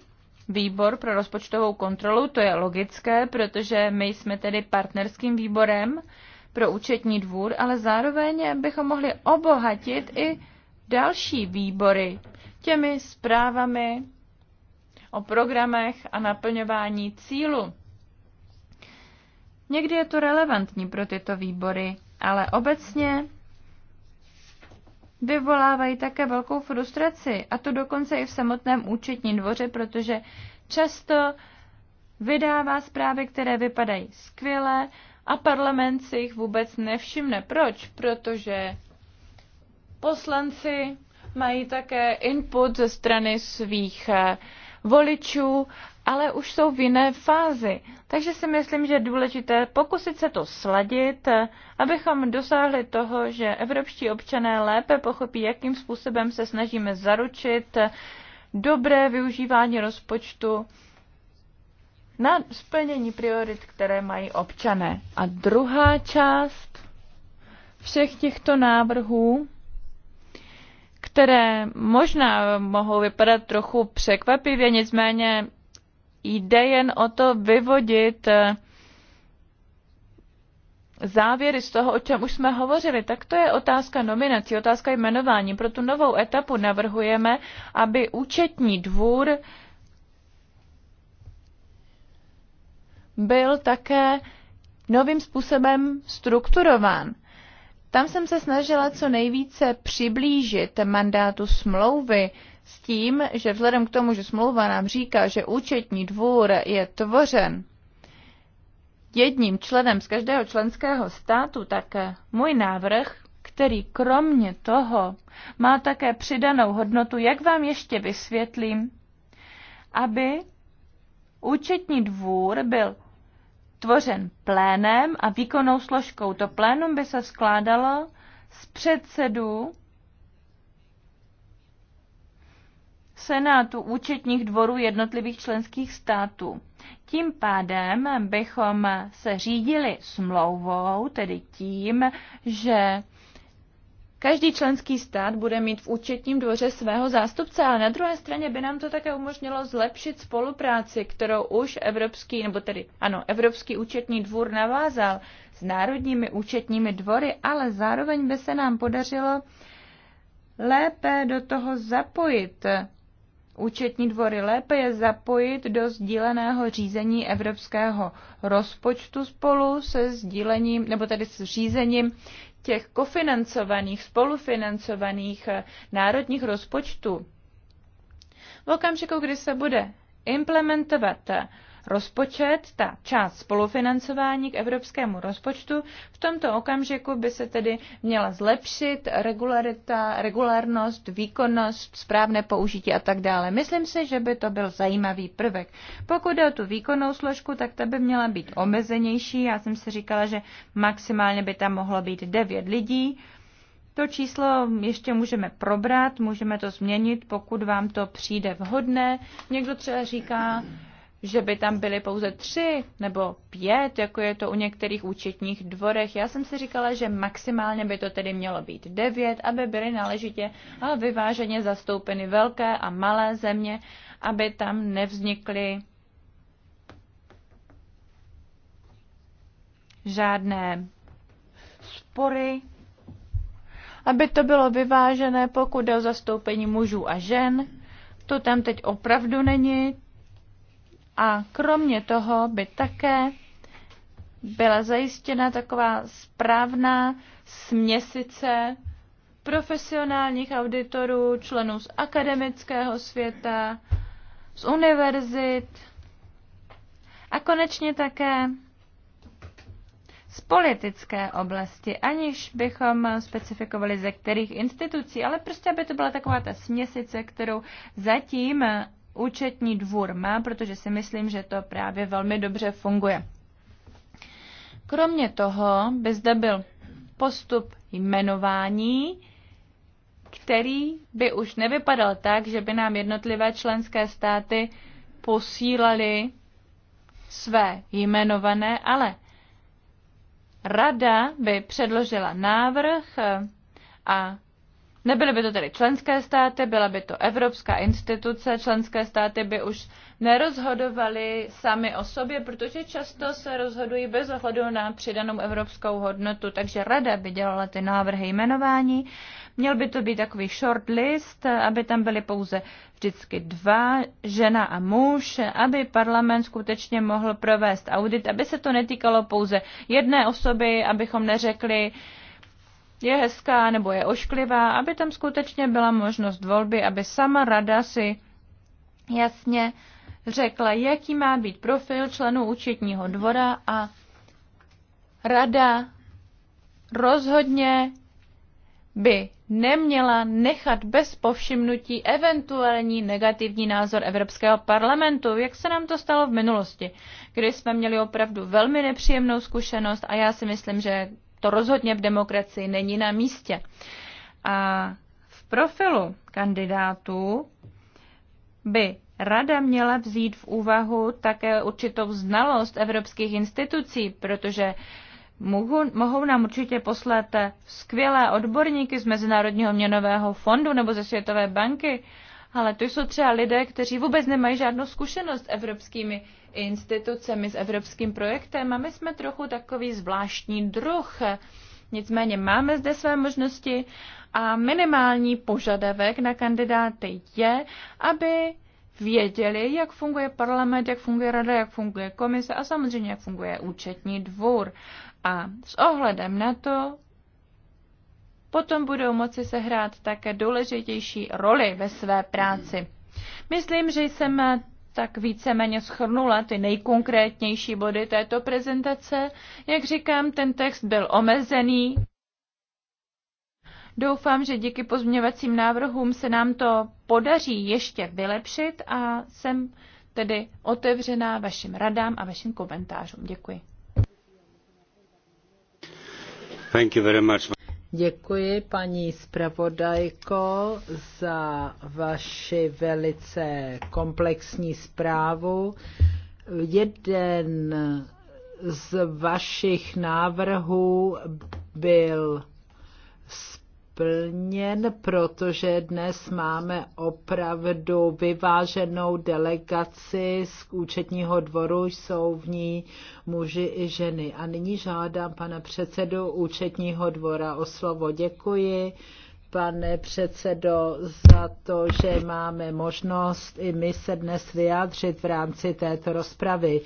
výbor pro rozpočtovou kontrolu, to je logické, protože my jsme tedy partnerským výborem, pro účetní dvůr, ale zároveň bychom mohli obohatit i další výbory těmi zprávami o programech a naplňování cílu. Někdy je to relevantní pro tyto výbory, ale obecně vyvolávají také velkou frustraci, a to dokonce i v samotném účetním dvoře, protože často vydává zprávy, které vypadají skvěle, a parlament si jich vůbec nevšimne. Proč? Protože poslanci mají také input ze strany svých eh, voličů, ale už jsou v jiné fázi. Takže si myslím, že je důležité pokusit se to sladit, eh, abychom dosáhli toho, že evropští občané lépe pochopí, jakým způsobem se snažíme zaručit eh, dobré využívání rozpočtu na splnění priorit, které mají občané. A druhá část všech těchto návrhů, které možná mohou vypadat trochu překvapivě, nicméně jde jen o to vyvodit eh, závěry z toho, o čem už jsme hovořili, tak to je otázka nominací, otázka jmenování. Pro tu novou etapu navrhujeme, aby účetní dvůr byl také novým způsobem strukturován. Tam jsem se snažila co nejvíce přiblížit mandátu smlouvy s tím, že vzhledem k tomu, že smlouva nám říká, že účetní dvůr je tvořen jedním členem z každého členského státu, tak můj návrh, který kromě toho má také přidanou hodnotu, jak vám ještě vysvětlím, aby Účetní dvůr byl tvořen plénem a výkonnou složkou. To plénum by se skládalo z předsedů senátu účetních dvorů jednotlivých členských států. Tím pádem bychom se řídili smlouvou, tedy tím, že Každý členský stát bude mít v účetním dvoře svého zástupce, ale na druhé straně by nám to také umožnilo zlepšit spolupráci, kterou už Evropský, nebo tedy ano, Evropský účetní dvůr navázal s národními účetními dvory, ale zároveň by se nám podařilo lépe do toho zapojit účetní dvory, lépe je zapojit do sdíleného řízení evropského rozpočtu spolu se sdílením, nebo tedy s řízením těch kofinancovaných, spolufinancovaných eh, národních rozpočtů. V okamžiku, kdy se bude implementovat eh, rozpočet, ta část spolufinancování k evropskému rozpočtu. V tomto okamžiku by se tedy měla zlepšit regularita, regulárnost, výkonnost, správné použití a tak dále. Myslím si, že by to byl zajímavý prvek. Pokud je o tu výkonnou složku, tak ta by měla být omezenější. Já jsem si říkala, že maximálně by tam mohlo být 9 lidí. To číslo ještě můžeme probrat, můžeme to změnit, pokud vám to přijde vhodné. Někdo třeba říká, že by tam byly pouze tři nebo pět, jako je to u některých účetních dvorech. Já jsem si říkala, že maximálně by to tedy mělo být devět, aby byly náležitě a vyváženě zastoupeny velké a malé země, aby tam nevznikly žádné spory, aby to bylo vyvážené, pokud jde o zastoupení mužů a žen. To tam teď opravdu není, a kromě toho by také byla zajištěna taková správná směsice profesionálních auditorů, členů z akademického světa, z univerzit a konečně také z politické oblasti, aniž bychom specifikovali ze kterých institucí, ale prostě aby to byla taková ta směsice, kterou zatím účetní dvůr má, protože si myslím, že to právě velmi dobře funguje. Kromě toho by zde byl postup jmenování, který by už nevypadal tak, že by nám jednotlivé členské státy posílali své jmenované, ale rada by předložila návrh a Nebyly by to tedy členské státy, byla by to evropská instituce, členské státy by už nerozhodovaly sami o sobě, protože často se rozhodují bez ohledu na přidanou evropskou hodnotu, takže rada by dělala ty návrhy jmenování. Měl by to být takový short list, aby tam byly pouze vždycky dva, žena a muž, aby parlament skutečně mohl provést audit, aby se to netýkalo pouze jedné osoby, abychom neřekli, je hezká nebo je ošklivá, aby tam skutečně byla možnost volby, aby sama rada si jasně řekla, jaký má být profil členů účetního dvora a rada rozhodně by neměla nechat bez povšimnutí eventuální negativní názor Evropského parlamentu, jak se nám to stalo v minulosti, kdy jsme měli opravdu velmi nepříjemnou zkušenost a já si myslím, že to rozhodně v demokracii není na místě. A v profilu kandidátů by Rada měla vzít v úvahu také určitou znalost evropských institucí, protože mohou, mohou nám určitě poslat skvělé odborníky z Mezinárodního měnového fondu nebo ze Světové banky, ale to jsou třeba lidé, kteří vůbec nemají žádnou zkušenost s evropskými institucemi, s evropským projektem a my jsme trochu takový zvláštní druh. Nicméně máme zde své možnosti a minimální požadavek na kandidáty je, aby věděli, jak funguje parlament, jak funguje rada, jak funguje komise a samozřejmě, jak funguje účetní dvůr. A s ohledem na to potom budou moci sehrát také důležitější roli ve své práci. Myslím, že jsem tak víceméně schrnula ty nejkonkrétnější body této prezentace. Jak říkám, ten text byl omezený. Doufám, že díky pozměňovacím návrhům se nám to podaří ještě vylepšit a jsem tedy otevřená vašim radám a vašim komentářům. Děkuji. Thank you very much. Děkuji, paní zpravodajko, za vaši velice komplexní zprávu. Jeden z vašich návrhů byl naplněn, protože dnes máme opravdu vyváženou delegaci z účetního dvoru, jsou v ní muži i ženy. A nyní žádám pana předsedu účetního dvora o slovo. Děkuji pane předsedo, za to, že máme možnost i my se dnes vyjádřit v rámci této rozpravy.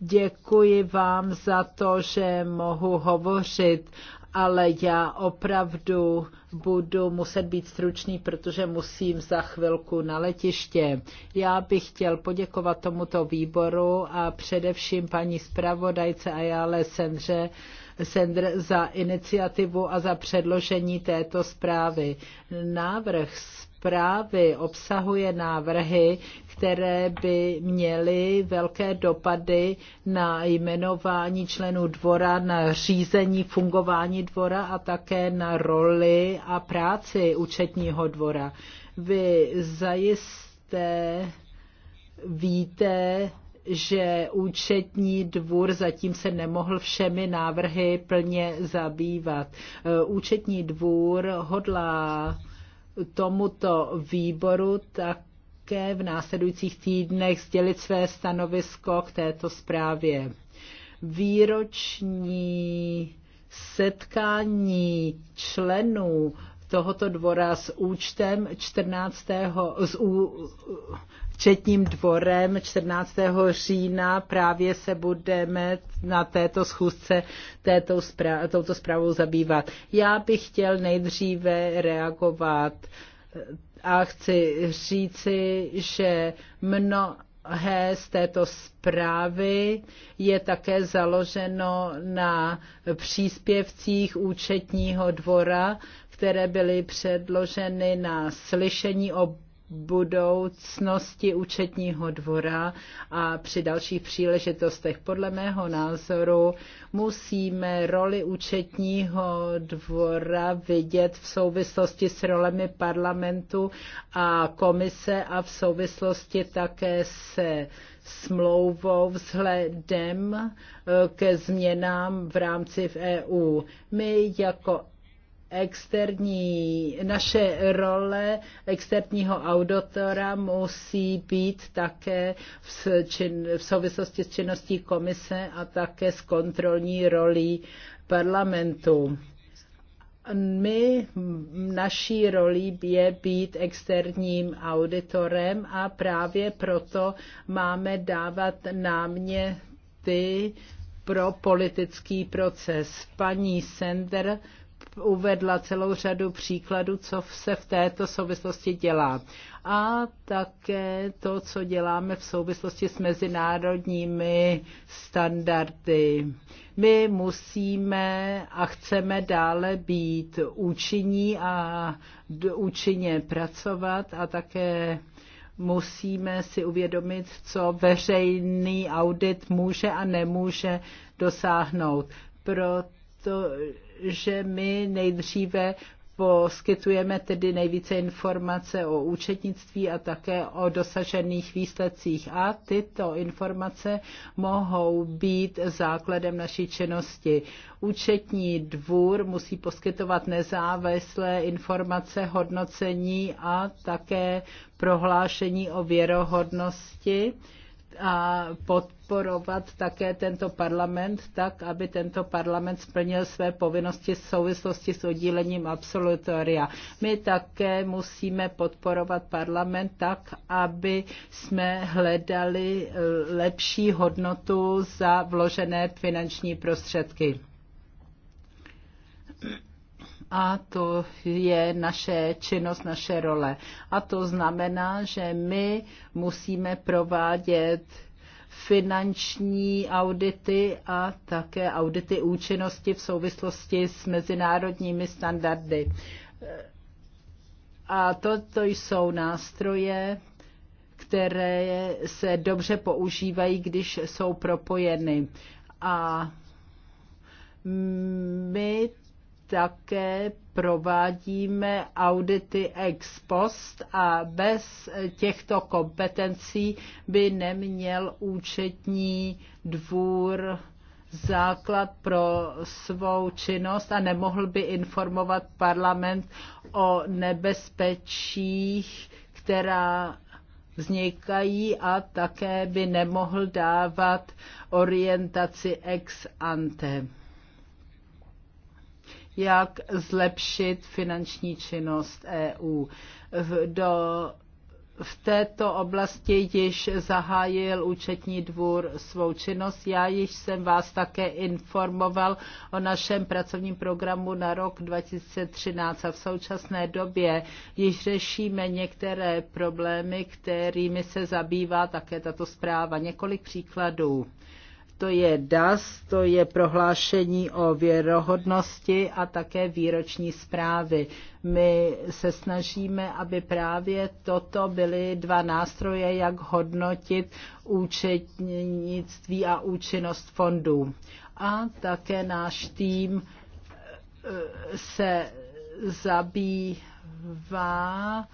Děkuji vám za to, že mohu hovořit ale já opravdu budu muset být stručný, protože musím za chvilku na letiště. Já bych chtěl poděkovat tomuto výboru a především paní zpravodajce Ajale Sendře Sendr za iniciativu a za předložení této zprávy. Návrh zprávy obsahuje návrhy, které by měly velké dopady na jmenování členů dvora, na řízení fungování dvora a také na roli a práci účetního dvora. Vy zajisté víte, že účetní dvůr zatím se nemohl všemi návrhy plně zabývat. Účetní dvůr hodlá tomuto výboru také v následujících týdnech sdělit své stanovisko k této zprávě. Výroční setkání členů tohoto dvora s účtem 14. S ú, četním dvorem 14. října právě se budeme na této schůzce této zpráv, touto zprávou zabývat. Já bych chtěl nejdříve reagovat a chci říci, že mno, mnohé z této zprávy je také založeno na příspěvcích účetního dvora které byly předloženy na slyšení o budoucnosti účetního dvora a při dalších příležitostech. Podle mého názoru musíme roli účetního dvora vidět v souvislosti s rolemi parlamentu a komise a v souvislosti také se smlouvou vzhledem eh, ke změnám v rámci v EU. My jako externí, naše role externího auditora musí být také v, čin, v souvislosti s činností komise a také s kontrolní rolí parlamentu. My, naší rolí je být externím auditorem a právě proto máme dávat náměty pro politický proces. Paní Sender uvedla celou řadu příkladů, co se v této souvislosti dělá. A také to, co děláme v souvislosti s mezinárodními standardy. My musíme a chceme dále být účinní a účinně pracovat a také musíme si uvědomit, co veřejný audit může a nemůže dosáhnout. Proto že my nejdříve poskytujeme tedy nejvíce informace o účetnictví a také o dosažených výsledcích. A tyto informace mohou být základem naší činnosti. Účetní dvůr musí poskytovat nezávislé informace, hodnocení a také prohlášení o věrohodnosti a podporovat také tento parlament tak, aby tento parlament splnil své povinnosti v souvislosti s udílením absolutoria. My také musíme podporovat parlament tak, aby jsme hledali eh, lepší hodnotu za vložené finanční prostředky a to je naše činnost, naše role. A to znamená, že my musíme provádět finanční audity a také audity účinnosti v souvislosti s mezinárodními standardy. A toto jsou nástroje, které se dobře používají, když jsou propojeny. A my také provádíme audity ex post a bez těchto kompetencí by neměl účetní dvůr základ pro svou činnost a nemohl by informovat parlament o nebezpečích, která vznikají a také by nemohl dávat orientaci ex ante jak zlepšit finanční činnost EU. V, do, v této oblasti již zahájil účetní dvůr svou činnost. Já již jsem vás také informoval o našem pracovním programu na rok 2013 a v současné době již řešíme některé problémy, kterými se zabývá také tato zpráva. Několik příkladů to je DAS, to je prohlášení o věrohodnosti a také výroční zprávy. My se snažíme, aby právě toto byly dva nástroje, jak hodnotit účetnictví a účinnost fondů. A také náš tým eh, se zabývá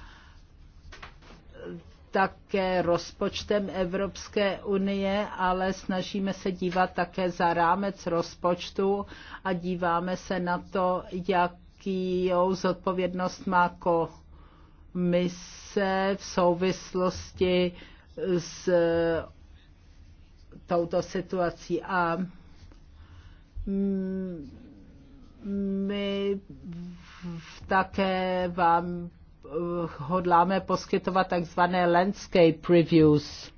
také rozpočtem Evropské unie, ale snažíme se dívat také za rámec rozpočtu a díváme se na to, jakou zodpovědnost má komise v souvislosti s eh, touto situací. A my také vám Eh, hodláme poskytovat takzvané landscape reviews.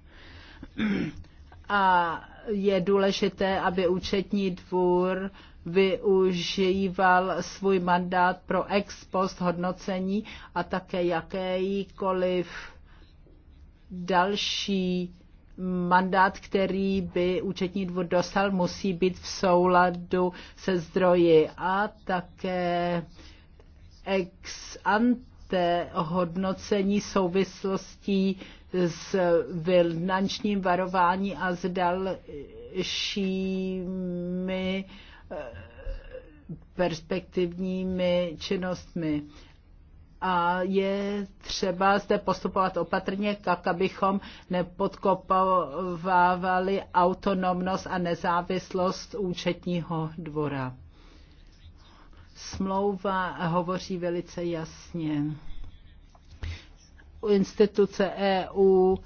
A je důležité, aby účetní dvůr využíval svůj mandát pro ex post hodnocení a také jakýkoliv další mandát, který by účetní dvůr dostal, musí být v souladu se zdroji a také ex ante zde hodnocení souvislostí s finančním varování a s dalšími eh, perspektivními činnostmi. A je třeba zde postupovat opatrně, tak abychom nepodkopovávali autonomnost a nezávislost účetního dvora. Smlouva hovoří velice jasně. Instituce EU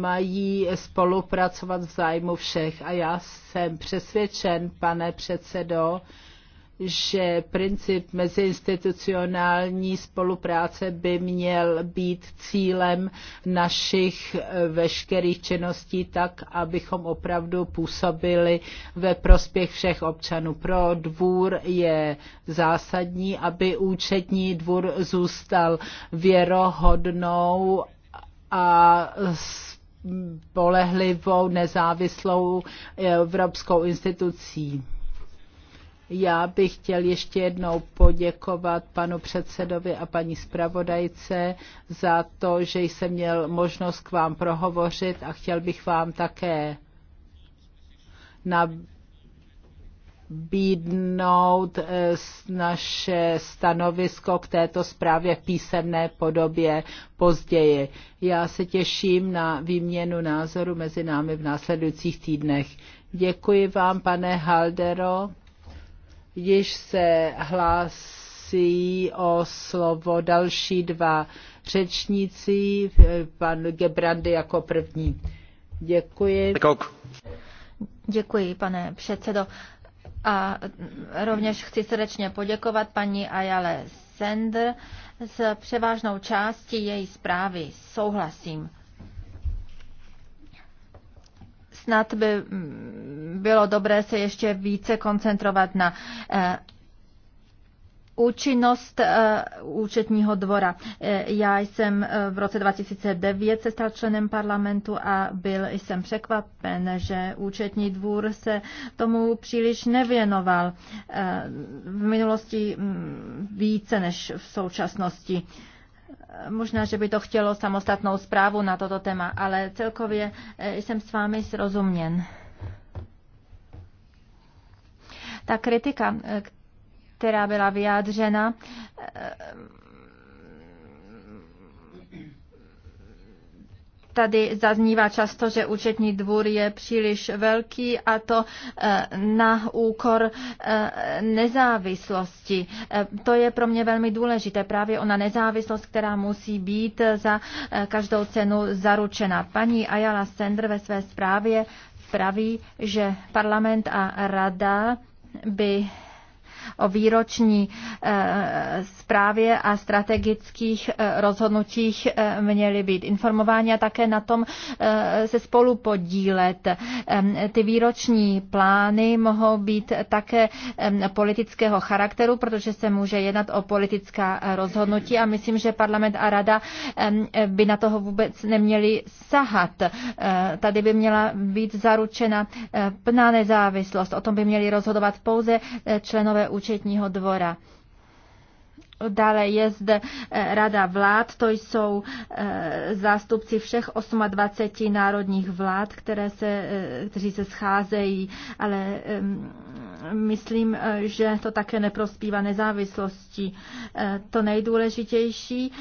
mají spolupracovat v zájmu všech a já jsem přesvědčen, pane předsedo, že princip meziinstitucionální spolupráce by měl být cílem našich eh, veškerých činností tak, abychom opravdu působili ve prospěch všech občanů. Pro dvůr je zásadní, aby účetní dvůr zůstal věrohodnou a spolehlivou, nezávislou eh, evropskou institucí já bych chtěl ještě jednou poděkovat panu předsedovi a paní zpravodajce za to, že jsem měl možnost k vám prohovořit a chtěl bych vám také nabídnout eh, naše stanovisko k této zprávě v písemné podobě později. Já se těším na výměnu názoru mezi námi v následujících týdnech. Děkuji vám, pane Haldero již se hlásí o slovo další dva řečníci, pan Gebrandy jako první. Děkuji. Děkuji, pane předsedo. A rovněž chci srdečně poděkovat paní Ajale Sender. S převážnou částí její zprávy souhlasím snad by mm, bylo dobré se ještě více koncentrovat na eh, Účinnost eh, účetního dvora. Eh, já jsem v roce 2009 se stal členem parlamentu a byl jsem překvapen, že účetní dvůr se tomu příliš nevěnoval v minulosti mm, více než v současnosti. Možná, že by to chtělo samostatnou zprávu na toto téma, ale celkově e, jsem s vámi srozuměn. Ta kritika, e, která byla vyjádřena, e, Tady zaznívá často, že účetní dvůr je příliš velký a to eh, na úkor eh, nezávislosti. Eh, to je pro mě velmi důležité, právě ona nezávislost, která musí být za každou cenu zaručena. Paní Ayala Sender ve své zprávě praví, že parlament a rada by o výroční eh, zprávě a strategických eh, rozhodnutích eh, měli být informováni a také na tom se spolu podílet. Ehm, ty výroční plány mohou být také ehm, politického charakteru, protože se může jednat o politická rozhodnutí a myslím, že parlament a rada ehm, by na toho vůbec neměli sahat. Tady by měla být zaručena plná nezávislost. O tom by měli rozhodovat pouze členové účetního dvora. Dále je zde eh, Rada vlád, to jsou eh, zástupci všech 28 národních vlád, které se, eh, kteří se scházejí, ale myslím, že to také neprospívá nezávislosti. To nejdůležitější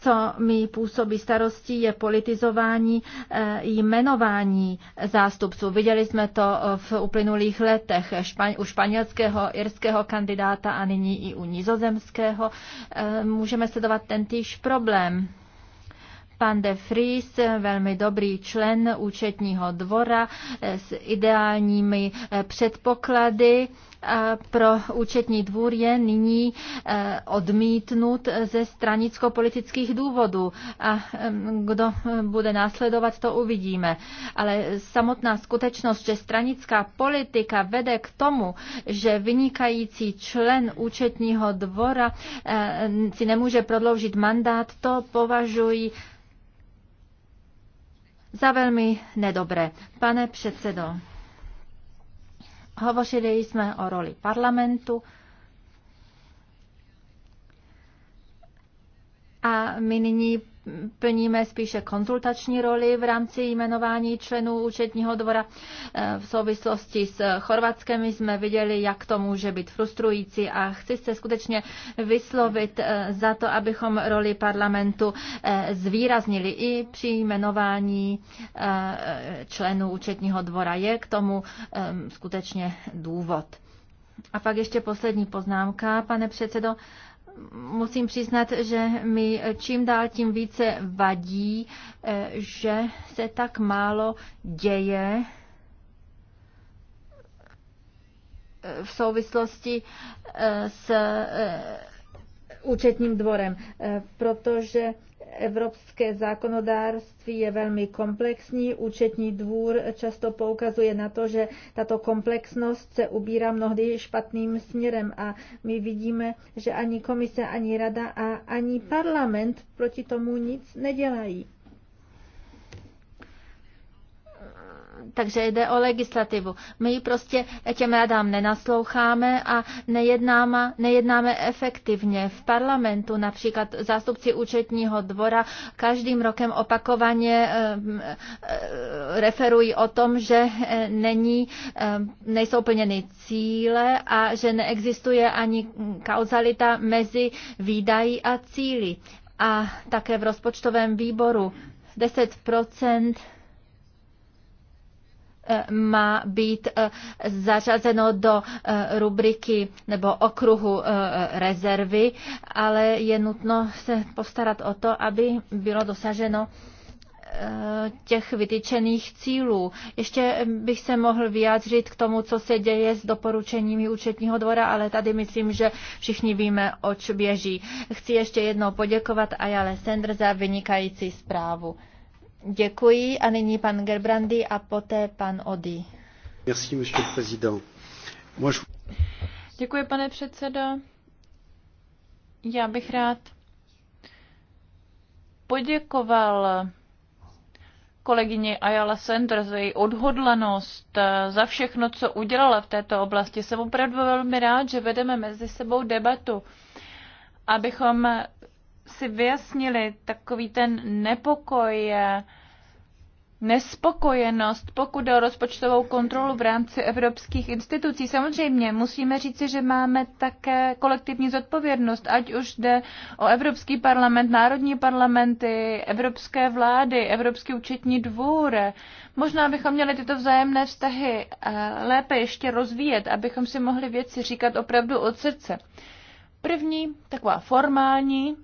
co mi působí starosti, je politizování eh, jmenování zástupců. Viděli jsme to eh, v uplynulých letech u španělského, irského kandidáta a nyní i u nizozemského. Eh, můžeme sledovat tentýž problém. Pan de Vries, velmi dobrý člen účetního dvora s ideálními předpoklady, pro účetní dvůr je nyní e, odmítnut ze stranicko-politických důvodů. A kdo e, bude následovat, to uvidíme. Ale samotná skutečnost, že stranická politika vede k tomu, že vynikající člen účetního dvora e, si nemůže prodloužit mandát, to považuji za velmi nedobré. Pane předsedo, Hovořili jsme o roli parlamentu a my nyní plníme spíše konzultační roli v rámci jmenování členů účetního dvora. E, v souvislosti s Chorvatskem jsme viděli, jak to může být frustrující a chci se skutečně vyslovit e, za to, abychom roli parlamentu e, zvýraznili i při jmenování členů účetního dvora. Je k tomu skutečně důvod. A pak ještě poslední poznámka, pane předsedo musím přiznat, že mi čím dál tím více vadí, eh, že se tak málo děje eh, v souvislosti eh, s účetním dvorem, protože Evropské zákonodárství je velmi komplexní. Účetní dvůr často poukazuje na to, že tato komplexnost se ubírá mnohdy špatným směrem a my vidíme, že ani komise, ani rada a ani parlament proti tomu nic nedělají. takže jde o legislativu. My prostě těm radám nenasloucháme a nejednáme, nejednáme efektivně. V parlamentu například zástupci účetního dvora každým rokem opakovaně eh, eh, referují o tom, že eh, není, nejsou plněny cíle a že neexistuje ani kauzalita mezi výdají a cíly. A také v rozpočtovém výboru 10 má být eh, zařazeno do eh, rubriky nebo okruhu eh, rezervy, ale je nutno se postarat o to, aby bylo dosaženo těch vytyčených cílů. Ještě bych se mohl vyjádřit k tomu, co se děje s doporučeními účetního dvora, ale tady myslím, že všichni víme, oč běží. Chci ještě jednou poděkovat Ajale Sender za vynikající zprávu. Děkuji a nyní pan Gerbrandy a poté pan Odi. Merci, monsieur le président. Moi, je... Děkuji, pane předsedo. Já bych rád poděkoval kolegyni Ayala Sender za její odhodlanost, za všechno, co udělala v této oblasti. Jsem opravdu velmi rád, že vedeme mezi sebou debatu, abychom si vyjasnili takový ten nepokoj, nespokojenost, pokud o rozpočtovou kontrolu v rámci evropských institucí. Samozřejmě musíme říci, že máme také kolektivní zodpovědnost, ať už jde o Evropský parlament, národní parlamenty, evropské vlády, Evropský účetní dvůr. Možná bychom měli tyto vzájemné vztahy eh, lépe ještě rozvíjet, abychom si mohli věci říkat opravdu od srdce. První, taková formální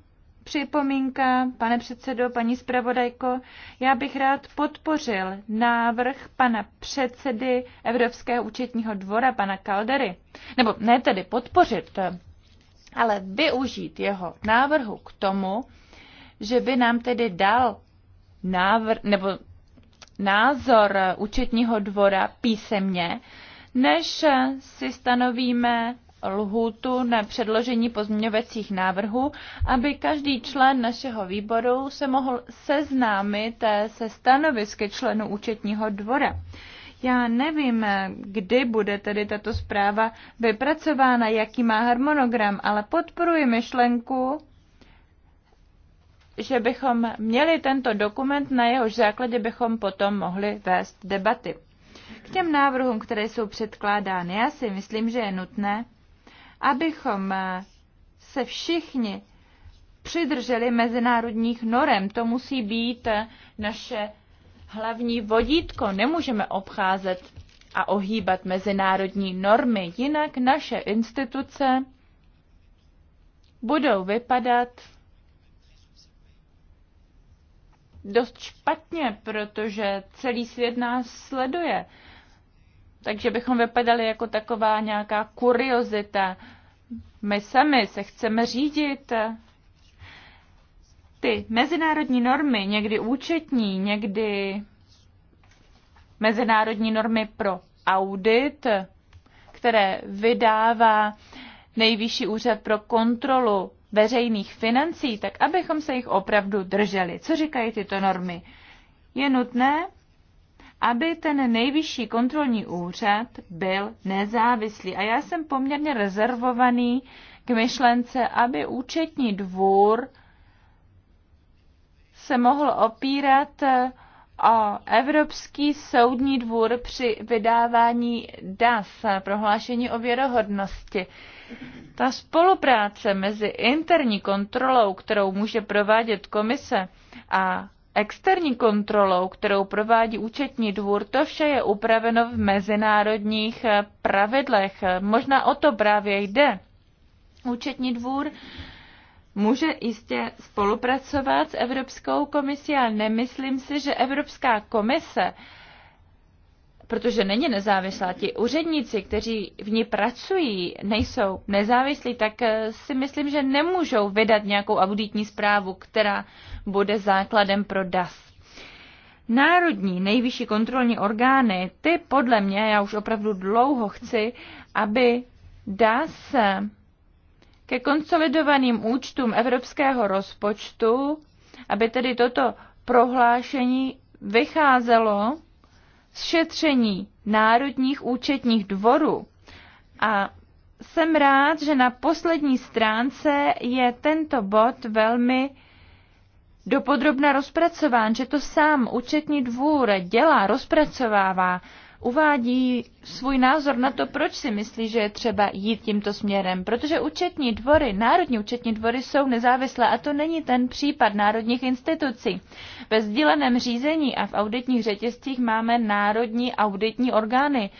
připomínka, pane předsedo, paní zpravodajko. Já bych rád podpořil návrh pana předsedy Evropského účetního dvora, pana Kaldery. Nebo ne tedy podpořit, ale využít jeho návrhu k tomu, že by nám tedy dal návr, nebo názor účetního dvora písemně, než si stanovíme lhůtu na předložení pozměňovacích návrhů, aby každý člen našeho výboru se mohl seznámit eh, se stanovisky členů účetního dvora. Já nevím, eh, kdy bude tedy tato zpráva vypracována, jaký má harmonogram, ale podporuji myšlenku, že bychom měli tento dokument, na jehož základě bychom potom mohli vést debaty. K těm návrhům, které jsou předkládány, já si myslím, že je nutné, abychom se všichni přidrželi mezinárodních norem. To musí být naše hlavní vodítko. Nemůžeme obcházet a ohýbat mezinárodní normy, jinak naše instituce budou vypadat dost špatně, protože celý svět nás sleduje takže bychom vypadali jako taková nějaká kuriozita. My sami se chceme řídit. Ty mezinárodní normy, někdy účetní, někdy mezinárodní normy pro audit, které vydává Nejvyšší úřad pro kontrolu veřejných financí, tak abychom se jich opravdu drželi. Co říkají tyto normy? Je nutné, aby ten nejvyšší kontrolní úřad byl nezávislý. A já jsem poměrně rezervovaný k myšlence, aby účetní dvůr se mohl opírat eh, o Evropský soudní dvůr při vydávání DAS, eh, prohlášení o věrohodnosti. Ta spolupráce mezi interní kontrolou, kterou může provádět komise, a externí kontrolou, kterou provádí účetní dvůr, to vše je upraveno v mezinárodních eh, pravidlech. Možná o to právě jde. Účetní dvůr může jistě spolupracovat s Evropskou komisí, ale nemyslím si, že Evropská komise, protože není nezávislá, ti úředníci, kteří v ní pracují, nejsou nezávislí, tak eh, si myslím, že nemůžou vydat nějakou auditní zprávu, která bude základem pro DAS. Národní nejvyšší kontrolní orgány, ty podle mě, já už opravdu dlouho chci, aby DAS ke konsolidovaným účtům evropského rozpočtu, aby tedy toto prohlášení vycházelo z šetření národních účetních dvorů. A jsem rád, že na poslední stránce je tento bod velmi dopodrobna rozpracován, že to sám účetní dvůr dělá, rozpracovává, uvádí svůj názor na to, proč si myslí, že je třeba jít tímto směrem. Protože účetní dvory, národní účetní dvory jsou nezávislé a to není ten případ národních institucí. Ve sdíleném řízení a v auditních řetězcích máme národní auditní orgány.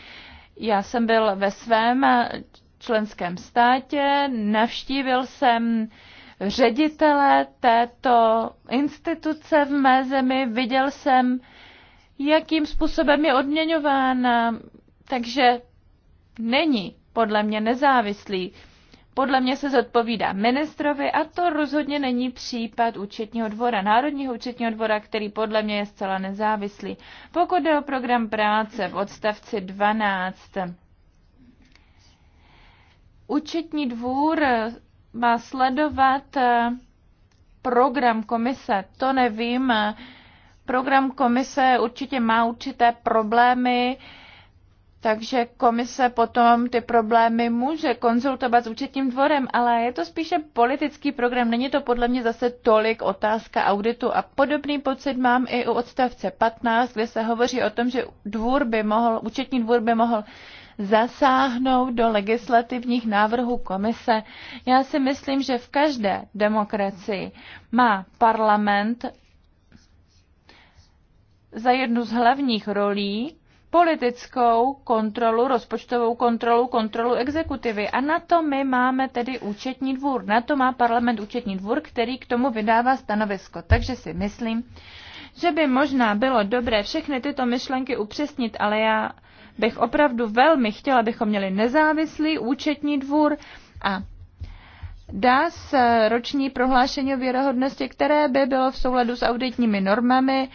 Já jsem byl ve svém členském státě, navštívil jsem uh, ředitele této instituce v mé zemi, viděl jsem, jakým způsobem je odměňována. Takže není podle mě nezávislý. Podle mě se zodpovídá ministrovi a to rozhodně není případ účetního dvora, Národního účetního dvora, který podle mě je zcela nezávislý. Pokud jde o program práce v odstavci 12, Účetní dvůr má sledovat eh, program komise. To nevím. Program komise určitě má určité problémy, takže komise potom ty problémy může konzultovat s účetním dvorem, ale je to spíše politický program, není to podle mě zase tolik otázka auditu. A podobný pocit mám i u odstavce 15, kde se hovoří o tom, že dvůr by mohl, účetní dvůr by mohl zasáhnout do legislativních návrhů komise. Já si myslím, že v každé demokracii má parlament za jednu z hlavních rolí politickou kontrolu, rozpočtovou kontrolu, kontrolu exekutivy. A na to my máme tedy účetní dvůr. Na to má parlament účetní dvůr, který k tomu vydává stanovisko. Takže si myslím, že by možná bylo dobré všechny tyto myšlenky upřesnit, ale já bych opravdu velmi chtěla, abychom měli nezávislý účetní dvůr a DAS, roční prohlášení o věrohodnosti, které by bylo v souladu s auditními normami,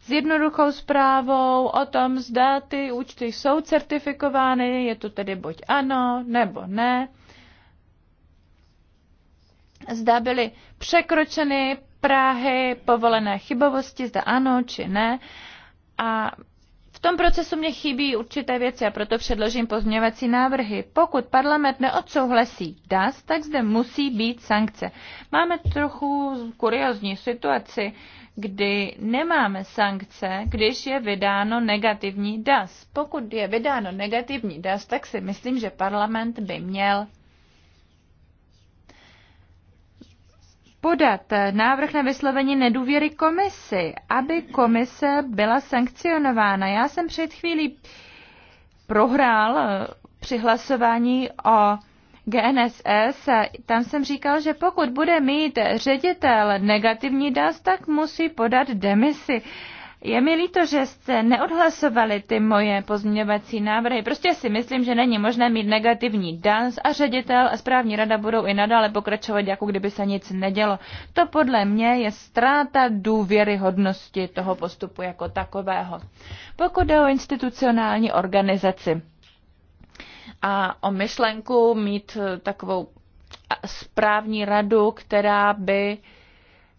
s jednoduchou zprávou o tom, zda ty účty jsou certifikovány, je to tedy buď ano nebo ne, zda byly překročeny Prahy povolené chybovosti, zda ano či ne. A v tom procesu mě chybí určité věci a proto předložím pozměňovací návrhy. Pokud parlament neodsouhlasí DAS, tak zde musí být sankce. Máme trochu kuriozní situaci, kdy nemáme sankce, když je vydáno negativní DAS. Pokud je vydáno negativní DAS, tak si myslím, že parlament by měl podat návrh na vyslovení nedůvěry komisi, aby komise byla sankcionována. Já jsem před chvílí prohrál eh, při hlasování o GNSS, tam jsem říkal, že pokud bude mít ředitel negativní DAS, tak musí podat demisi. Je mi líto, že jste neodhlasovali ty moje pozměňovací návrhy. Prostě si myslím, že není možné mít negativní dans a ředitel a správní rada budou i nadále pokračovat, jako kdyby se nic nedělo. To podle mě je ztráta důvěryhodnosti toho postupu jako takového. Pokud jde o institucionální organizaci a o myšlenku mít takovou správní radu, která by uh,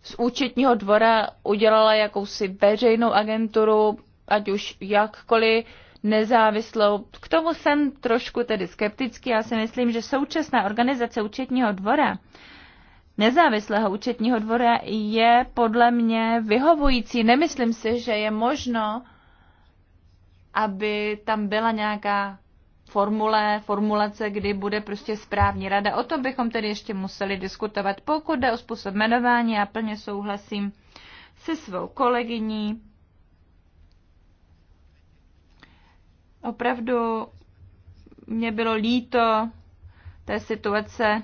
z účetního dvora udělala jakousi veřejnou agenturu, ať už jakkoliv nezávislou. K tomu jsem trošku tedy skeptický. Já si myslím, že současná organizace účetního dvora, nezávislého účetního dvora, je podle mě vyhovující. Nemyslím si, že je možno, aby tam byla nějaká formule, formulace, kdy bude prostě správní rada. O tom bychom tedy ještě museli diskutovat. Pokud jde o způsob jmenování, já plně souhlasím se svou kolegyní. Opravdu mě bylo líto té situace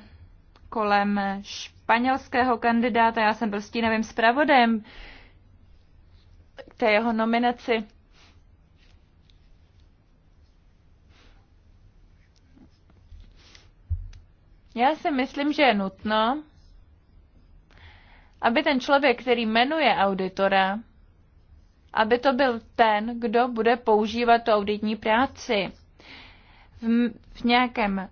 kolem španělského kandidáta. Já jsem prostě nevím zpravodem k té jeho nominaci. Já si myslím, že je nutno, aby ten člověk, který jmenuje auditora, aby to byl ten, kdo bude používat tu auditní práci. V, v nějakém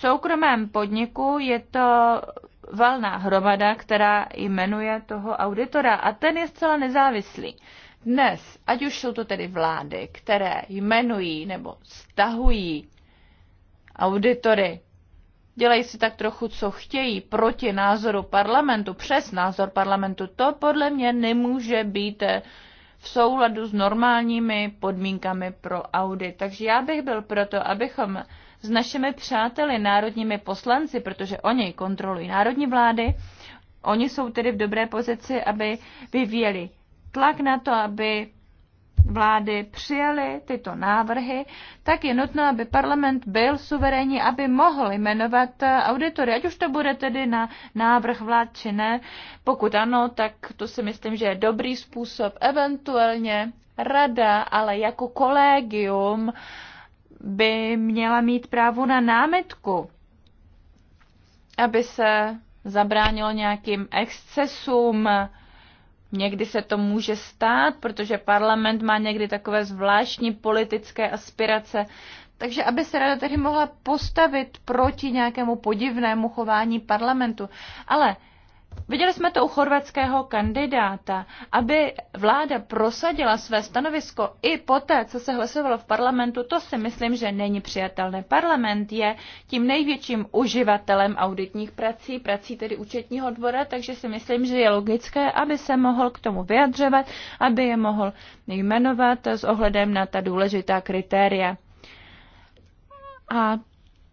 soukromém podniku je to valná hromada, která jmenuje toho auditora a ten je zcela nezávislý. Dnes, ať už jsou to tedy vlády, které jmenují nebo stahují auditory dělají si tak trochu, co chtějí proti názoru parlamentu, přes názor parlamentu, to podle mě nemůže být eh, v souladu s normálními podmínkami pro audit. Takže já bych byl proto, abychom s našimi přáteli, národními poslanci, protože oni kontrolují národní vlády, oni jsou tedy v dobré pozici, aby vyvíjeli tlak na to, aby vlády přijaly tyto návrhy, tak je nutno, aby parlament byl suverénní, aby mohl jmenovat auditory, ať už to bude tedy na návrh vlád či ne. Pokud ano, tak to si myslím, že je dobrý způsob. Eventuálně rada, ale jako kolegium by měla mít právo na námitku, aby se zabránilo nějakým excesům, Někdy se to může stát, protože parlament má někdy takové zvláštní politické aspirace. Takže aby se rada tedy mohla postavit proti nějakému podivnému chování parlamentu. Ale Viděli jsme to u chorvatského kandidáta. Aby vláda prosadila své stanovisko i poté, co se hlasovalo v parlamentu, to si myslím, že není přijatelné. Parlament je tím největším uživatelem auditních prací, prací tedy účetního dvora, takže si myslím, že je logické, aby se mohl k tomu vyjadřovat, aby je mohl jmenovat s ohledem na ta důležitá kritéria. A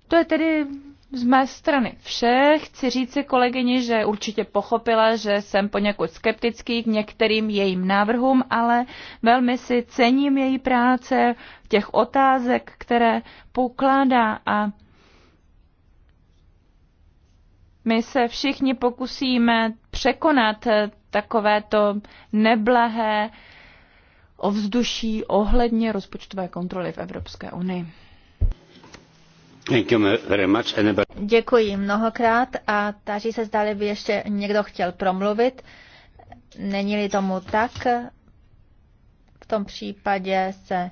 to je tedy z mé strany vše. Chci říci kolegyni, že určitě pochopila, že jsem poněkud skeptický k některým jejím návrhům, ale velmi si cením její práce, těch otázek, které pokládá a my se všichni pokusíme překonat takovéto neblahé ovzduší ohledně rozpočtové kontroly v Evropské unii. Děkuji mnohokrát a táží se, zdali by ještě někdo chtěl promluvit. Není-li tomu tak, v tom případě se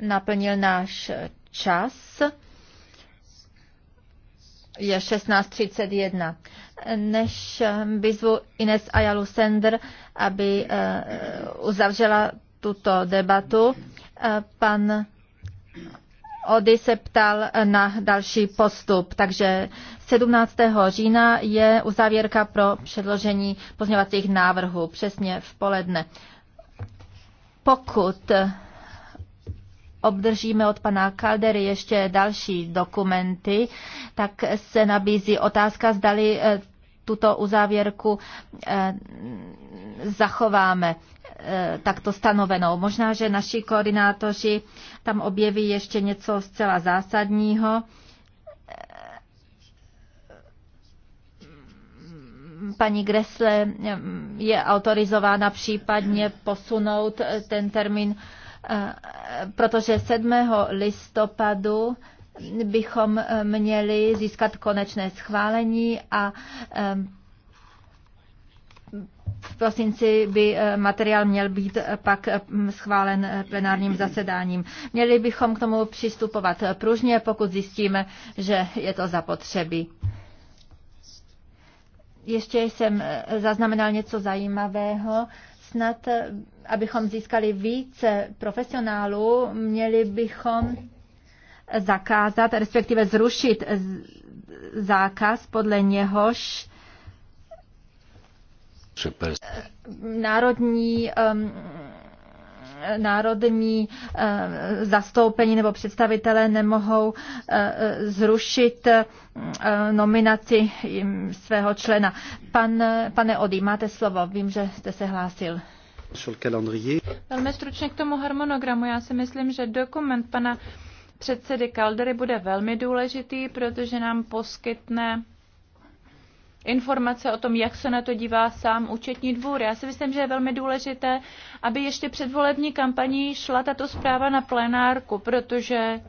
naplnil náš čas. Je 16.31. Než vyzvu Ines Ayalu Sender, aby eh, uzavřela tuto debatu, eh, pan Ody se ptal na další postup, takže 17. října je uzávěrka pro předložení pozměňovacích návrhů, přesně v poledne. Pokud obdržíme od pana Kaldery ještě další dokumenty, tak se nabízí otázka, zdali eh, tuto uzávěrku eh, zachováme eh, takto stanovenou. Možná, že naši koordinátoři tam objeví ještě něco zcela zásadního. paní Gresle eh, je autorizována případně posunout ten termín, protože 7. listopadu bychom eh, měli získat konečné schválení a ehm, v prosinci by eh, materiál měl být eh, pak schválen plenárním zasedáním. Měli bychom k tomu přistupovat pružně, pokud zjistíme, že je to zapotřebí. Ještě jsem zaznamenal něco zajímavého. Snad, abychom získali více profesionálů, měli bychom zakázat, respektive zrušit zákaz, podle něhož eh, národní um, národní eh, zastoupení nebo představitelé nemohou eh, zrušit nominaci svého člena. Pan, pane Odí, máte slovo. Vím, že jste se hlásil. Velmi stručně k tomu harmonogramu. Já si myslím, že dokument pana předsedy Kaldery bude velmi důležitý, protože nám poskytne informace o tom, jak se na to dívá sám účetní dvůr. Já si myslím, že je velmi důležité, aby ještě před volební kampaní šla tato zpráva na plenárku, protože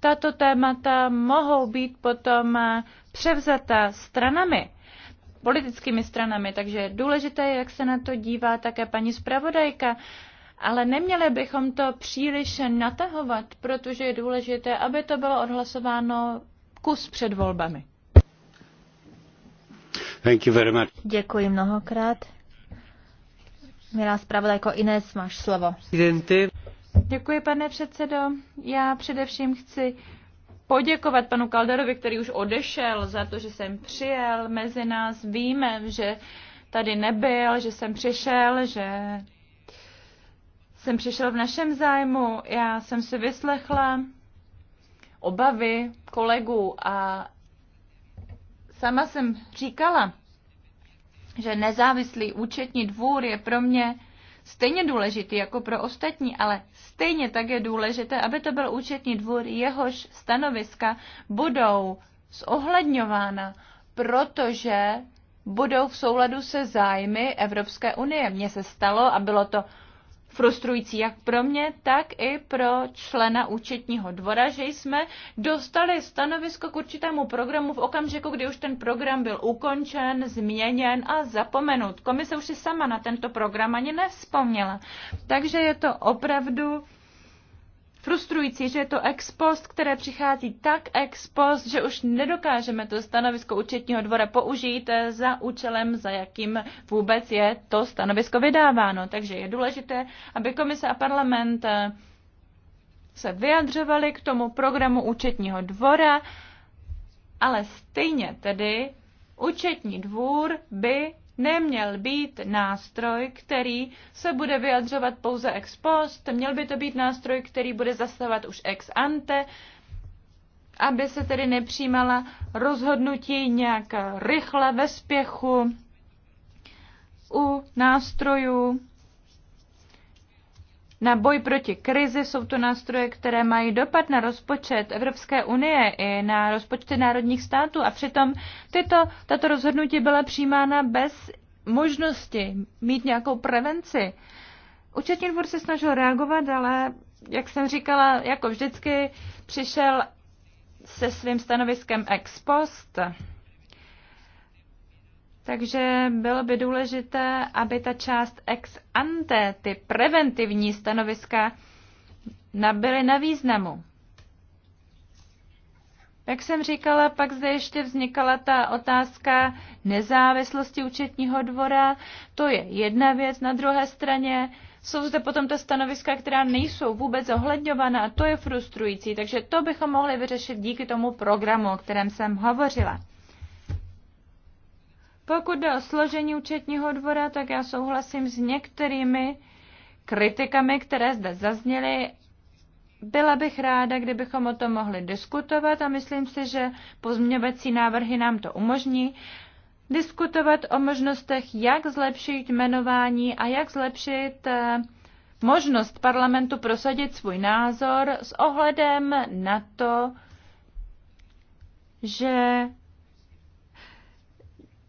tato témata mohou být potom převzata stranami, politickými stranami, takže důležité je, jak se na to dívá také paní zpravodajka ale neměli bychom to příliš natahovat, protože je důležité, aby to bylo odhlasováno kus před volbami. Thank you very much. Děkuji mnohokrát. Milá zpravodajko Ines, máš slovo. Děkuji, pane předsedo. Já především chci poděkovat panu Kalderovi, který už odešel, za to, že jsem přijel mezi nás. Víme, že tady nebyl, že jsem přišel, že jsem přišel v našem zájmu. Já jsem si vyslechla obavy kolegů a sama jsem říkala, že nezávislý účetní dvůr je pro mě stejně důležitý jako pro ostatní, ale stejně tak je důležité, aby to byl účetní dvůr, jehož stanoviska budou zohledňována, protože budou v souladu se zájmy Evropské unie. Mně se stalo a bylo to frustrující jak pro mě, tak i pro člena účetního dvora, že jsme dostali stanovisko k určitému programu v okamžiku, kdy už ten program byl ukončen, změněn a zapomenut. Komise už si sama na tento program ani nevzpomněla. Takže je to opravdu frustrující, že je to ex post, které přichází tak ex post, že už nedokážeme to stanovisko účetního dvora použít za účelem, za jakým vůbec je to stanovisko vydáváno. Takže je důležité, aby komise a parlament eh, se vyjadřovali k tomu programu účetního dvora, ale stejně tedy účetní dvůr by neměl být nástroj, který se bude vyjadřovat pouze ex post, měl by to být nástroj, který bude zastavovat už ex ante, aby se tedy nepřijímala rozhodnutí nějak rychle ve spěchu u nástrojů, na boj proti krizi. Jsou to nástroje, které mají dopad na rozpočet Evropské unie i na rozpočty národních států a přitom tyto, tato rozhodnutí byla přijímána bez možnosti mít nějakou prevenci. Účetní dvůr se snažil reagovat, ale jak jsem říkala, jako vždycky přišel se svým stanoviskem ex post. Takže bylo by důležité, aby ta část ex ante, ty preventivní stanoviska, nabyly na významu. Jak jsem říkala, pak zde ještě vznikala ta otázka nezávislosti účetního dvora. To je jedna věc. Na druhé straně jsou zde potom ta stanoviska, která nejsou vůbec ohledňovaná. to je frustrující. Takže to bychom mohli vyřešit díky tomu programu, o kterém jsem hovořila. Pokud jde o složení účetního dvora, tak já souhlasím s některými kritikami, které zde zazněly. Byla bych ráda, kdybychom o tom mohli diskutovat a myslím si, že pozměňovací návrhy nám to umožní diskutovat o možnostech, jak zlepšit jmenování a jak zlepšit eh, možnost parlamentu prosadit svůj názor s ohledem na to, že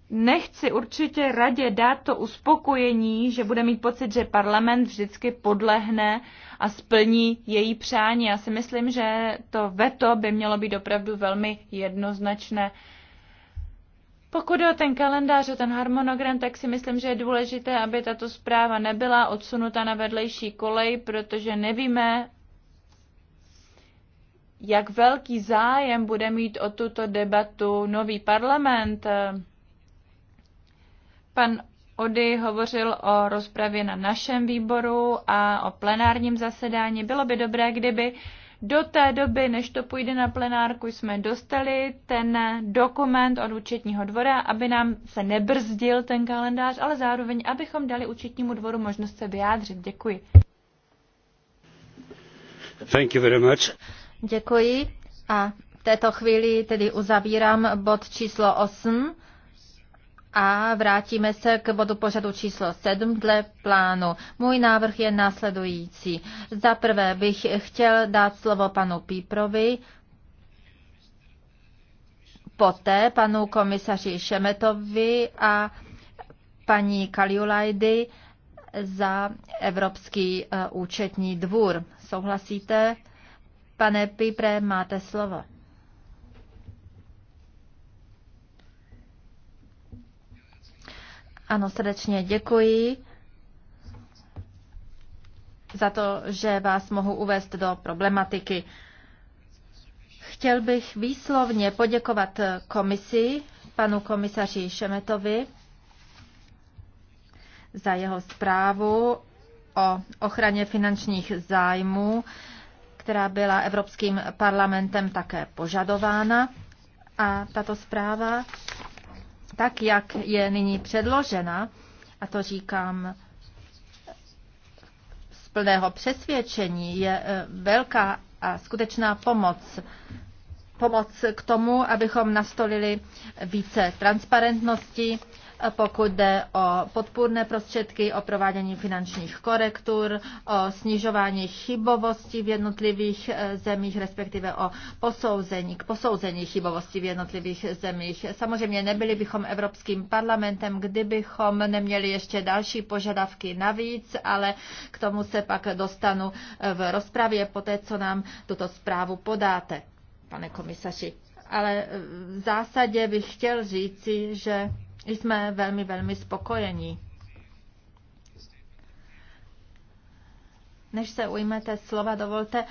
nechci určitě radě dát to uspokojení, že bude mít pocit, že parlament vždycky podlehne a splní její přání. Já si myslím, že to veto by mělo být opravdu velmi jednoznačné. Pokud je o ten kalendář a ten harmonogram, tak si myslím, že je důležité, aby tato zpráva nebyla odsunuta na vedlejší kolej, protože nevíme, jak velký zájem bude mít o tuto debatu nový parlament. Pan Ody hovořil o rozpravě na našem výboru a o plenárním zasedání. Bylo by dobré, kdyby do té doby, než to půjde na plenárku, jsme dostali ten dokument od účetního dvora, aby nám se nebrzdil ten kalendář, ale zároveň, abychom dali účetnímu dvoru možnost se vyjádřit. Děkuji. Thank you very much. Děkuji a v této chvíli tedy uzavírám bod číslo 8 a vrátíme se k bodu pořadu číslo 7 dle plánu. Můj návrh je následující. Za prvé bych chtěl dát slovo panu Píprovi, poté panu komisaři Šemetovi a paní Kaliulajdy za Evropský eh, účetní dvůr. Souhlasíte? Pane Pípre, máte slovo. Ano, srdečně děkuji za to, že vás mohu uvést do problematiky. Chtěl bych výslovně poděkovat komisi, panu komisaři Šemetovi, za jeho zprávu o ochraně finančních zájmů, která byla Evropským parlamentem také požadována. A tato zpráva tak, jak je nyní předložena, a to říkám z plného přesvědčení, je e, velká a skutečná pomoc pomoc k tomu, abychom nastolili více transparentnosti, pokud jde o podpůrné prostředky, o provádění finančních korektur, o snižování chybovosti v jednotlivých eh, zemích, respektive o posouzení, k posouzení chybovosti v jednotlivých zemích. Samozřejmě nebyli bychom Evropským parlamentem, kdybychom neměli ještě další požadavky navíc, ale k tomu se pak dostanu eh, v rozpravě poté, co nám tuto zprávu podáte, pane komisaři ale eh, v zásadě bych chtěl říci, že jsme velmi, velmi spokojeni. Než se ujmete slova, dovolte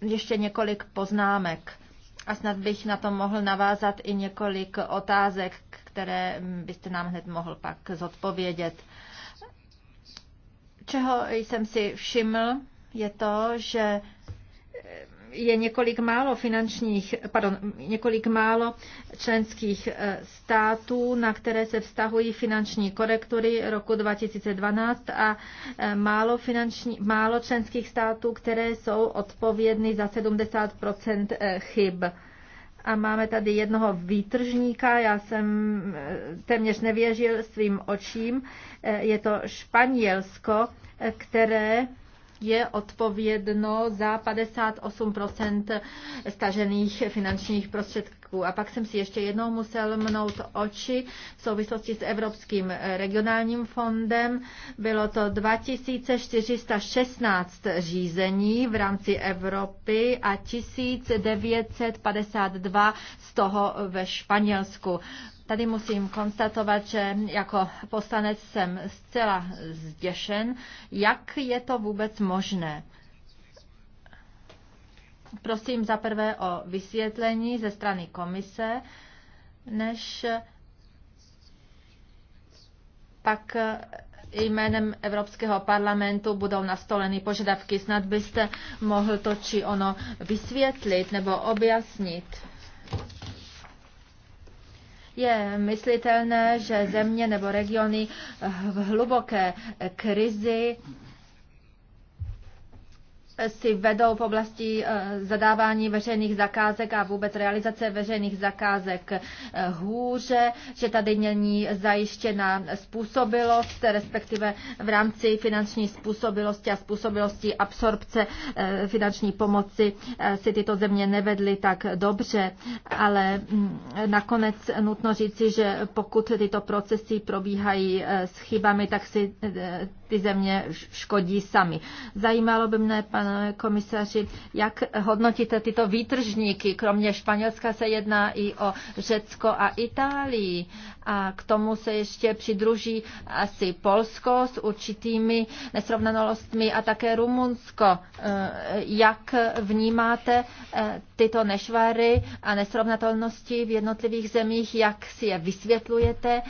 ještě několik poznámek. A snad bych na to mohl navázat i několik otázek, které byste nám hned mohl pak zodpovědět. Čeho jsem si všiml, je to, že je několik málo finančních, pardon, několik málo členských eh, států, na které se vztahují finanční korektury roku 2012 a eh, málo, finanční, málo členských států, které jsou odpovědny za 70 eh, chyb a máme tady jednoho výtržníka. Já jsem téměř nevěřil svým očím. Je to Španělsko, které je odpovědno za 58 stažených finančních prostředků. A pak jsem si ještě jednou musel mnout oči v souvislosti s Evropským regionálním fondem. Bylo to 2416 řízení v rámci Evropy a 1952 z toho ve Španělsku. Tady musím konstatovat, že jako poslanec jsem zcela zděšen, jak je to vůbec možné. Prosím zaprvé o vysvětlení ze strany komise, než pak jménem Evropského parlamentu budou nastoleny požadavky. Snad byste mohl to či ono vysvětlit nebo objasnit. Je myslitelné, že země nebo regiony v hluboké krizi si vedou v oblasti eh, zadávání veřejných zakázek a vůbec realizace veřejných zakázek eh, hůře, že tady není zajištěna způsobilost, respektive v rámci finanční způsobilosti a způsobilosti absorpce eh, finanční pomoci si tyto země nevedly tak dobře, ale mm, nakonec nutno říci, že pokud tyto procesy probíhají s chybami, tak si ty země škodí sami. Zajímalo by mne, pane komisaři, jak hodnotíte tyto výtržníky? Kromě Španělska se jedná i o Řecko a Itálii. A k tomu se ještě přidruží asi Polsko s určitými nesrovnanostmi a také Rumunsko. E, jak vnímáte e, tyto nešvary a nesrovnatelnosti v jednotlivých zemích? Jak si je vysvětlujete?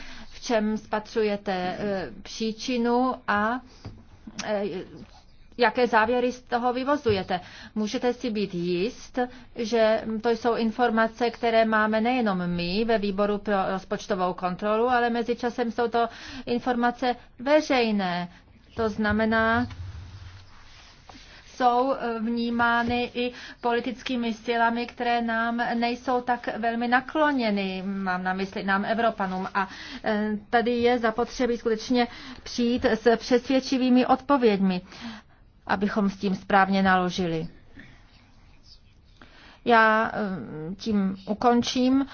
čem spatřujete eh, příčinu a eh, jaké závěry z toho vyvozujete. Můžete si být jist, že to jsou informace, které máme nejenom my ve výboru pro rozpočtovou kontrolu, ale mezičasem jsou to informace veřejné. To znamená, jsou eh, vnímány i politickými silami, které nám nejsou tak velmi nakloněny, mám na mysli nám Evropanům. A eh, tady je zapotřebí skutečně přijít s přesvědčivými odpověďmi, abychom s tím správně naložili. Já eh, tím ukončím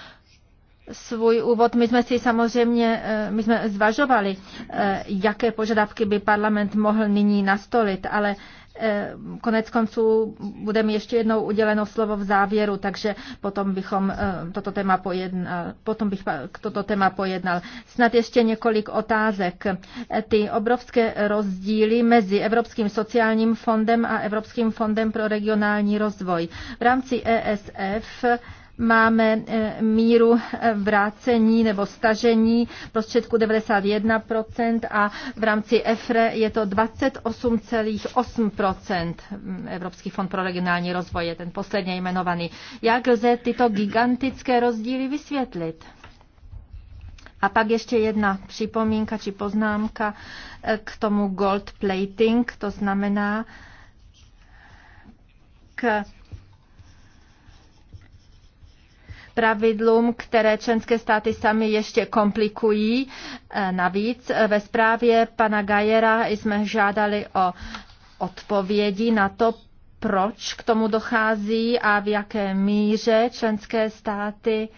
svůj úvod. My jsme si samozřejmě my jsme zvažovali, jaké požadavky by parlament mohl nyní nastolit, ale Eh, konec konců bude mi ještě jednou uděleno slovo v závěru, takže potom bychom eh, toto téma pojednal, potom bych toto téma pojednal. Snad ještě několik otázek. Eh, ty obrovské rozdíly mezi Evropským sociálním fondem a Evropským fondem pro regionální rozvoj. V rámci ESF máme eh, míru eh, vrácení nebo stažení prostředku 91% a v rámci EFRE je to 28,8%. Evropský fond pro regionální rozvoj je ten posledně jmenovaný. Jak lze tyto gigantické rozdíly vysvětlit? A pak ještě jedna připomínka či poznámka eh, k tomu gold plating, to znamená k pravidlům, které členské státy sami ještě komplikují. E, navíc e, ve zprávě pana Gajera jsme žádali o odpovědi na to, proč k tomu dochází a v jaké míře členské státy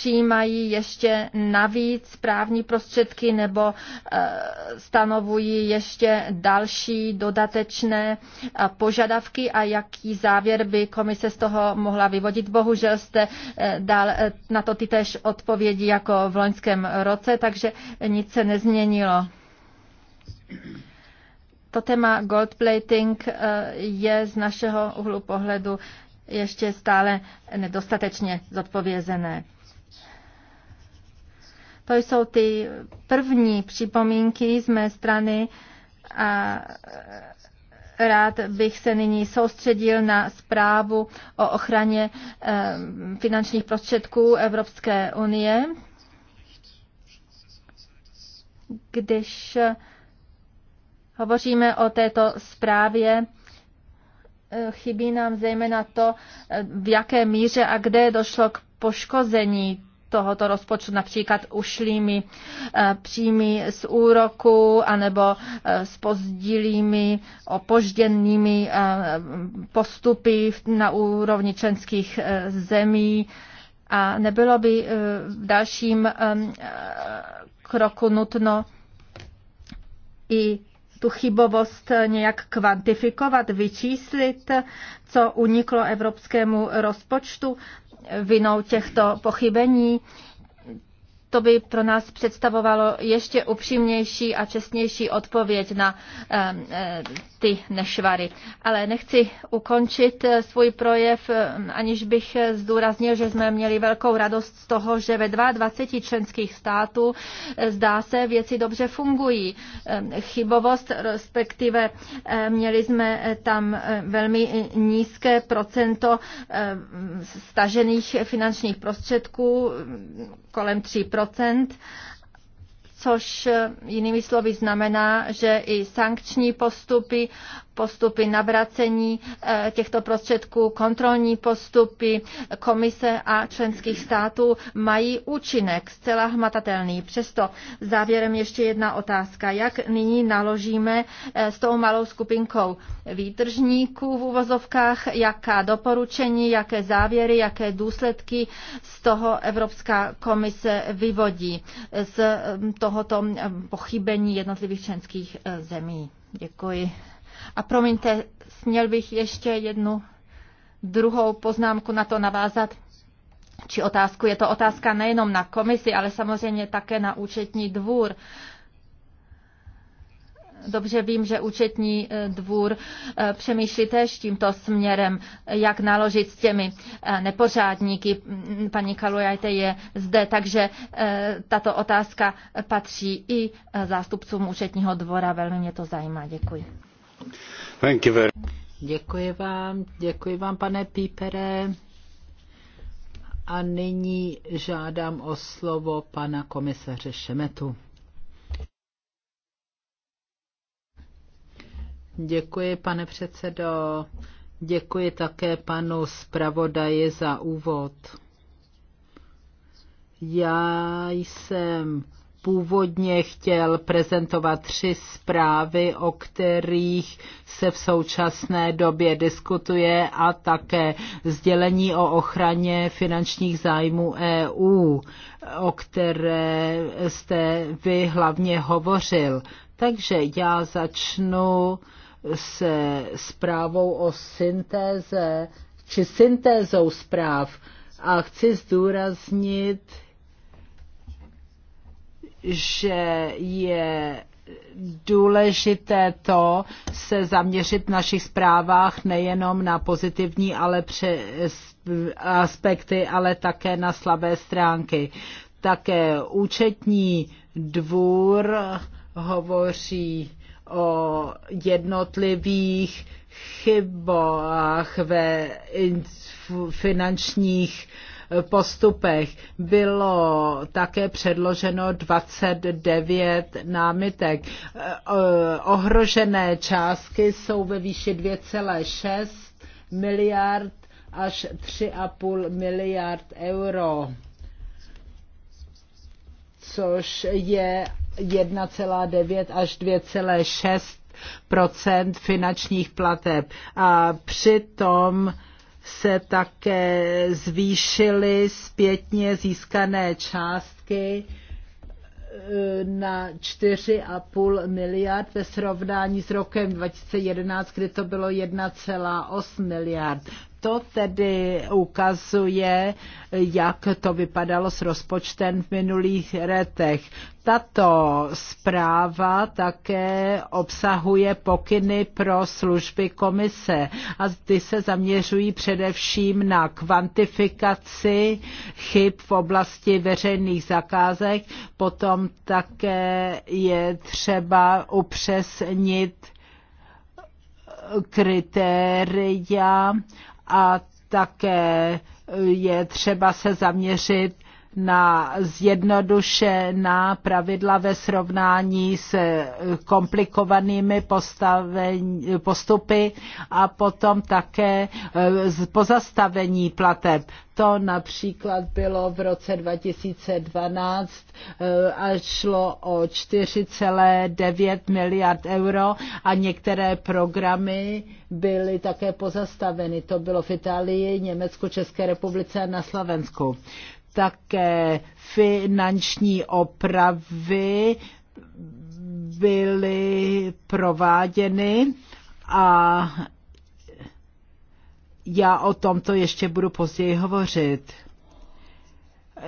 přijímají ještě navíc právní prostředky nebo eh, stanovují ještě další dodatečné eh, požadavky a jaký závěr by komise z toho mohla vyvodit. Bohužel jste eh, dal na to ty tež odpovědi jako v loňském roce, takže nic se nezměnilo. To téma gold plating je z našeho úhlu pohledu ještě stále nedostatečně zodpovězené. To jsou ty první připomínky z mé strany a rád bych se nyní soustředil na zprávu o ochraně finančních prostředků Evropské unie. Když hovoříme o této zprávě, chybí nám zejména to, v jaké míře a kde došlo k poškození tohoto rozpočtu, například ušlými eh, příjmy z úroku anebo eh, s pozdílými opožděnými eh, postupy na úrovni členských zemí. A nebylo by v dalším kroku nutno i tu chybovost nějak kvantifikovat, vyčíslit, co uniklo evropskému rozpočtu vinou těchto pochybení to by pro nás představovalo ještě upřímnější a čestnější odpověď na eh, ty nešvary. Ale nechci ukončit eh, svůj projev, aniž bych eh, zdůraznil, že jsme měli velkou radost z toho, že ve 22 členských států zdá se věci dobře fungují. Chybovost, respektive měli jsme tam velmi nízké procento stažených finančních prostředků, kolem 3 procent což eh, jinými slovy znamená, že i sankční postupy, postupy navracení eh, těchto prostředků, kontrolní postupy komise a členských států mají účinek zcela hmatatelný. Přesto závěrem ještě jedna otázka. Jak nyní naložíme eh, s tou malou skupinkou výtržníků v uvozovkách, jaká doporučení, jaké závěry, jaké důsledky z toho Evropská komise vyvodí z toho tohoto eh, pochybení jednotlivých členských eh, zemí. Děkuji. A promiňte, směl bych ještě jednu druhou poznámku na to navázat či otázku. Je to otázka nejenom na komisi, ale samozřejmě také na účetní dvůr. Dobře vím, že účetní eh, dvůr eh, přemýšlí též tímto směrem, eh, jak naložit s těmi nepořádníky. Mm, paní Kalujajte je zde, takže tato otázka patří i zástupcům účetního dvora. Velmi mě to zajímá. Děkuji. Thank you very... Děkuji vám, děkuji vám, pane Pípere. A nyní žádám o slovo pana komisaře Šemetu. Děkuji, pane předsedo. Děkuji také panu zpravodaji za úvod. Já jsem původně chtěl prezentovat tři zprávy, o kterých se v současné době diskutuje a také sdělení o ochraně finančních zájmů EU, o které jste vy hlavně hovořil. Takže já začnu se zprávou o syntéze či syntézou zpráv. A chci zdůraznit, že je důležité to se zaměřit v našich zprávách nejenom na pozitivní ale pře, aspekty, ale také na slabé stránky. Také účetní dvůr hovoří o jednotlivých chybách ve finančních postupech bylo také předloženo 29 námitek. Ohrožené částky jsou ve výši 2,6 miliard až 3,5 miliard euro, což je 1,9 až 2,6 procent finančních plateb. A přitom se také zvýšily zpětně získané částky eh, na 4,5 miliard ve srovnání s rokem 2011, kdy to bylo 1,8 miliard to tedy ukazuje, jak to vypadalo s rozpočtem v minulých letech. Tato zpráva také obsahuje pokyny pro služby komise a ty se zaměřují především na kvantifikaci chyb v oblasti veřejných zakázek. Potom také je třeba upřesnit kritéria a také je třeba se zaměřit na zjednodušená pravidla ve srovnání s komplikovanými postupy a potom také eh, pozastavení plateb. To například bylo v roce 2012 eh, a šlo o 4,9 miliard euro a některé programy byly také pozastaveny. To bylo v Itálii, Německu, České republice a na Slovensku také finanční opravy byly prováděny a já o tomto ještě budu později hovořit.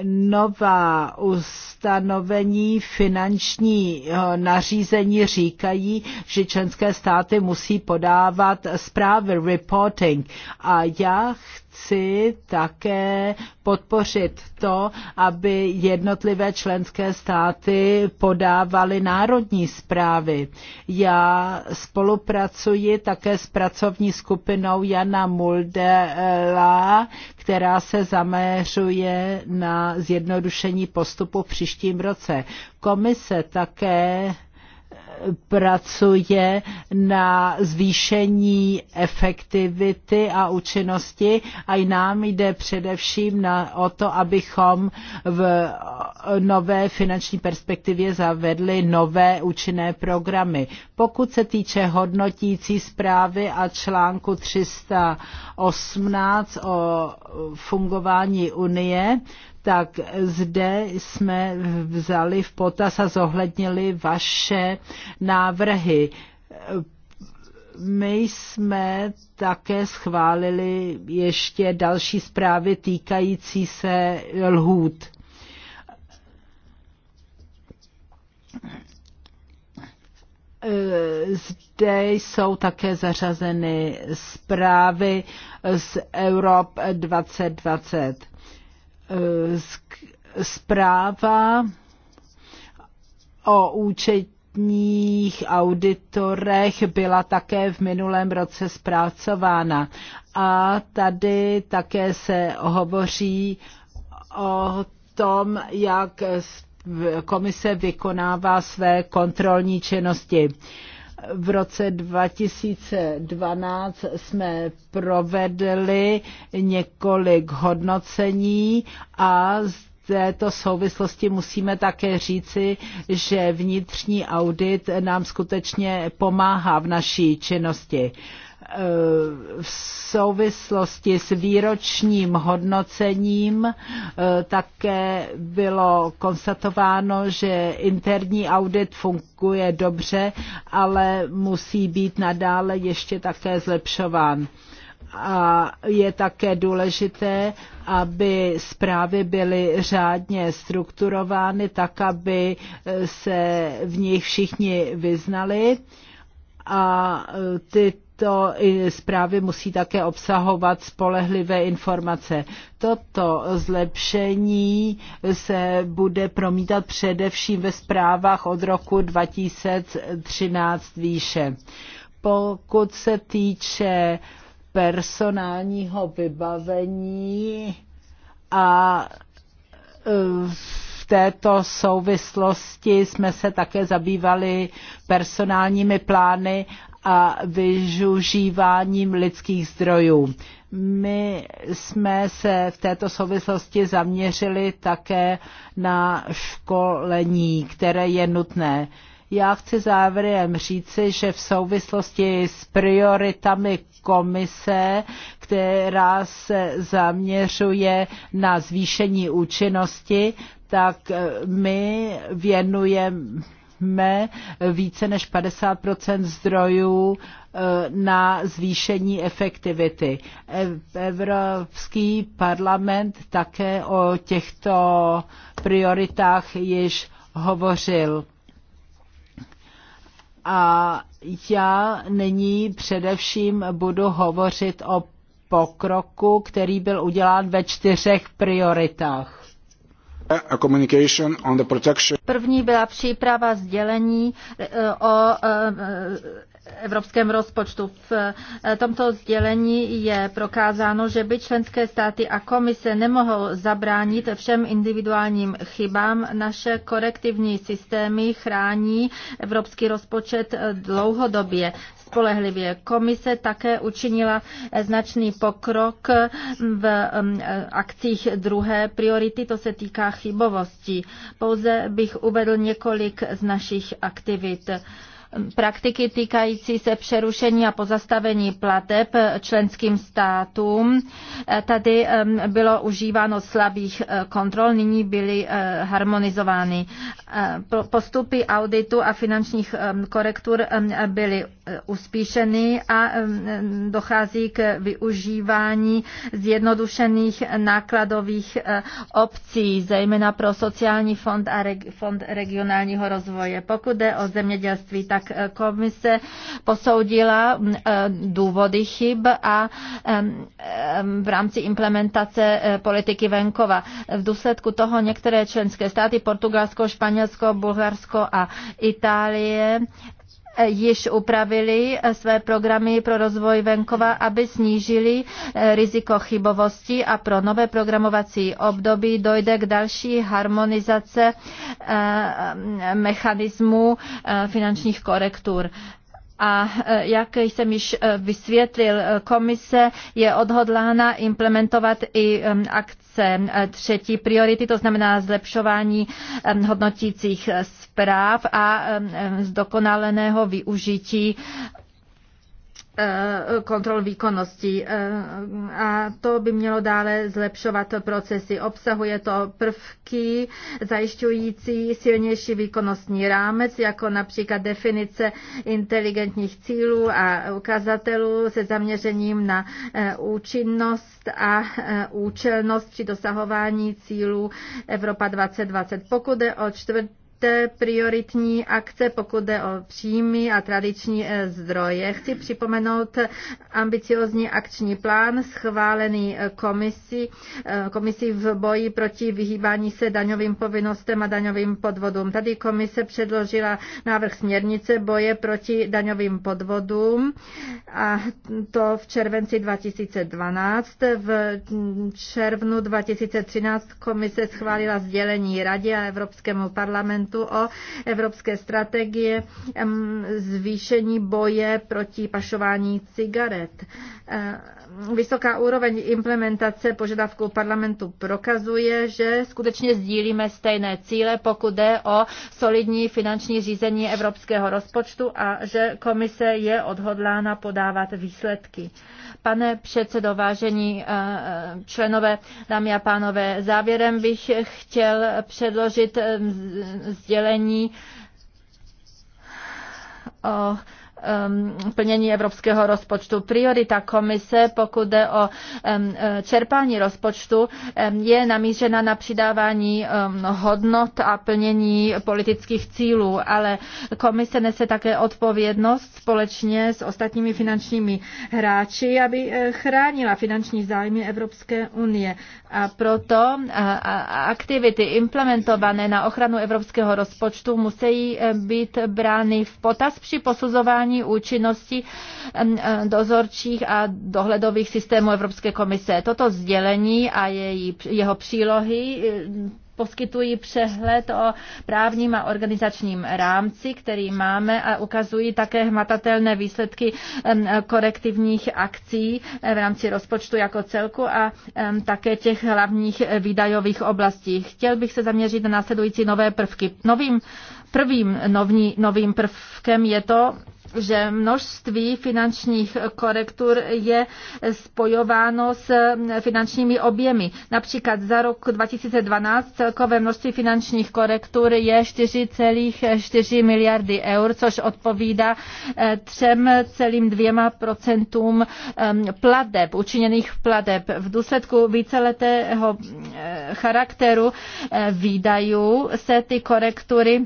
Nová ustanovení finanční nařízení říkají, že členské státy musí podávat zprávy, reporting. A já chci chci také podpořit to, aby jednotlivé členské státy podávaly národní zprávy. Já spolupracuji také s pracovní skupinou Jana Muldela, která se zaměřuje na zjednodušení postupu v příštím roce. Komise také pracuje na zvýšení efektivity a účinnosti a i nám jde především na, o to, abychom v nové finanční perspektivě zavedli nové účinné programy. Pokud se týče hodnotící zprávy a článku 318 o fungování Unie, tak zde jsme vzali v potaz a zohlednili vaše návrhy. My jsme také schválili ještě další zprávy týkající se lhůt. Zde jsou také zařazeny zprávy z Europe 2020 Eh, zpráva o účetních auditorech byla také v minulém roce zpracována. A tady také se hovoří o tom, jak komise vykonává své kontrolní činnosti v roce 2012 jsme provedli několik hodnocení a z této souvislosti musíme také říci, že vnitřní audit nám skutečně pomáhá v naší činnosti v souvislosti s výročním hodnocením eh, také bylo konstatováno, že interní audit funguje dobře, ale musí být nadále ještě také zlepšován a je také důležité, aby zprávy byly řádně strukturovány tak, aby eh, se v nich všichni vyznali a eh, ty tyto zprávy musí také obsahovat spolehlivé informace. Toto zlepšení se bude promítat především ve zprávách od roku 2013 výše. Pokud se týče personálního vybavení a e, v této souvislosti jsme se také zabývali personálními plány a využíváním lidských zdrojů. My jsme se v této souvislosti zaměřili také na školení, které je nutné. Já chci závěrem říci, že v souvislosti s prioritami komise, která se zaměřuje na zvýšení účinnosti, tak my věnujeme jsme více než 50 zdrojů eh, na zvýšení efektivity. Evropský parlament také o těchto prioritách již hovořil. A já nyní především budu hovořit o pokroku, který byl udělán ve čtyřech prioritách. První byla příprava sdělení eh, o eh, evropském rozpočtu. V eh, tomto sdělení je prokázáno, že by členské státy a komise nemohou zabránit všem individuálním chybám. Naše korektivní systémy chrání evropský rozpočet dlouhodobě spolehlivě. Komise také učinila značný pokrok v um, akcích druhé priority, to se týká chybovosti. Pouze bych uvedl několik z našich aktivit praktiky týkající se přerušení a pozastavení plateb členským státům. Tady um, bylo užíváno slabých uh, kontrol, nyní byly uh, harmonizovány. Uh, postupy auditu a finančních um, korektur byly uspíšeny a dochází k využívání zjednodušených nákladových eh, obcí, zejména pro sociální fond a reg, fond regionálního rozvoje. Pokud jde o zemědělství, tak eh, komise posoudila eh, důvody chyb a v rámci implementace politiky venkova. V důsledku toho některé členské státy, Portugalsko, Španělsko, Bulharsko a Itálie, Eh, již upravili eh, své programy pro rozvoj venkova, aby snížili eh, riziko chybovosti a pro nové programovací období dojde k další harmonizace mechanismů finančních korektur a e, jak jsem již e, vysvětlil, e, komise je odhodlána implementovat i akce třetí priority, to znamená zlepšování hodnotících zpráv a zdokonaleného využití Eh, kontrol výkonnosti. Eh, a to by mělo dále zlepšovat procesy. Obsahuje to prvky zajišťující silnější výkonnostní rámec, jako například definice inteligentních cílů a ukazatelů se zaměřením na eh, účinnost a účelnost při dosahování cílů Evropa 2020. Pokud je o čtvrtý té prioritní akce, pokud jde o příjmy a tradiční eh, zdroje. Chci připomenout ambiciozní akční plán schválený komisí, eh, komisí eh, v boji proti vyhýbání se daňovým povinnostem a daňovým podvodům. Tady komise předložila návrh směrnice boje proti daňovým podvodům a to v červenci 2012. V červnu 2013 komise schválila sdělení Radě a Evropskému parlamentu parlamentu o evropské strategie zvýšení boje proti pašování cigaret. Vysoká úroveň implementace požadavků parlamentu prokazuje, že skutečně sdílíme stejné cíle, pokud jde o solidní finanční řízení evropského rozpočtu a že komise je odhodlána podávat výsledky. Pane předsedo, vážení eh, členové, dámy a pánové, závěrem bych chtěl předložit sdělení o Um, plnění evropského rozpočtu. Priorita komise, pokud jde o um, čerpání rozpočtu, um, je namířena na přidávání hodnot a plnění politických cílů, ale komise nese také odpovědnost společně s ostatními finančními hráči, aby eh, chránila finanční zájmy Evropské unie. A proto eh, aktivity implementované na ochranu evropského rozpočtu musí eh, být brány v potaz při posuzování zvyšování účinnosti dozorčích a dohledových systémů Evropské komise. Toto sdělení a její, jeho přílohy poskytují přehled o právním a organizačním rámci, který máme a ukazují také hmatatelné výsledky korektivních akcí v rámci rozpočtu jako celku a také těch hlavních výdajových oblastí. Chtěl bych se zaměřit na následující nové prvky. Novým Prvým novní, novým prvkem je to, že množství finančních korektur je spojováno s finančními objemy. Například za rok 2012 celkové množství finančních korektur je 4,4 miliardy eur, což odpovídá 3,2 eh, procentům ehm, pladeb, učiněných pladeb. V důsledku víceletého eh, charakteru eh, výdajů se ty korektury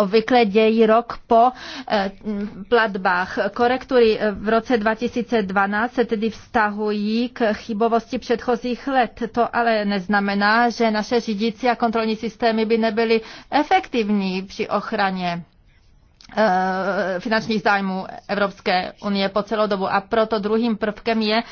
obvykle dějí rok po eh, platbách. Korektury eh, v roce 2012 se tedy vztahují k chybovosti předchozích let. To ale neznamená, že naše řídící a kontrolní systémy by nebyly efektivní při ochraně Eh, finančních zájmů Evropské unie po celou dobu. A proto druhým prvkem je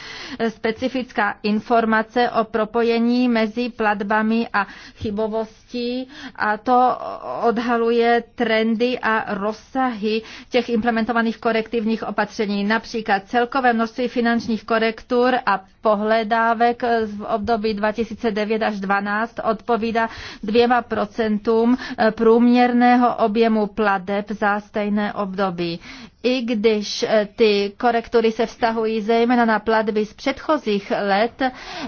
specifická informace o propojení mezi platbami a chybovostí a to odhaluje trendy a rozsahy těch implementovaných korektivních opatření. Například celkové množství finančních korektur a pohledávek v období 2009 až 2012 odpovídá dvěma procentům průměrného objemu plateb za stejné období. I když eh, ty korektury se vztahují zejména na platby z předchozích let,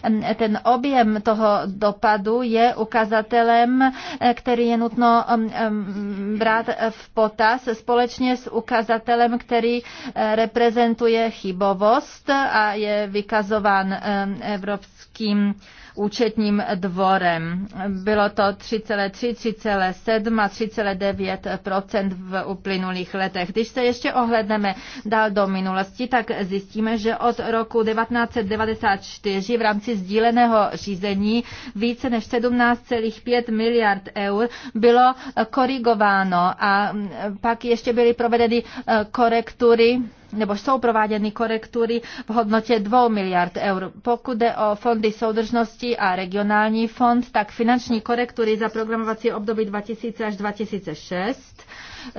mm, ten objem toho dopadu je ukazatelem, eh, který je nutno mm, mm, brát v potaz společně s ukazatelem, který eh, reprezentuje chybovost a je vykazován Evropský Evropským účetním dvorem. Bylo to 3,3, 3,7 a 3,9 v uplynulých letech. Když se ještě ohledneme dál do minulosti, tak zjistíme, že od roku 1994 v rámci sdíleného řízení více než 17,5 miliard eur bylo korigováno a pak ještě byly provedeny eh, korektury nebo jsou prováděny korektury v hodnotě 2 miliard eur. Pokud jde o fondy soudržnosti a regionální fond, tak finanční korektury za programovací období 2000 až 2006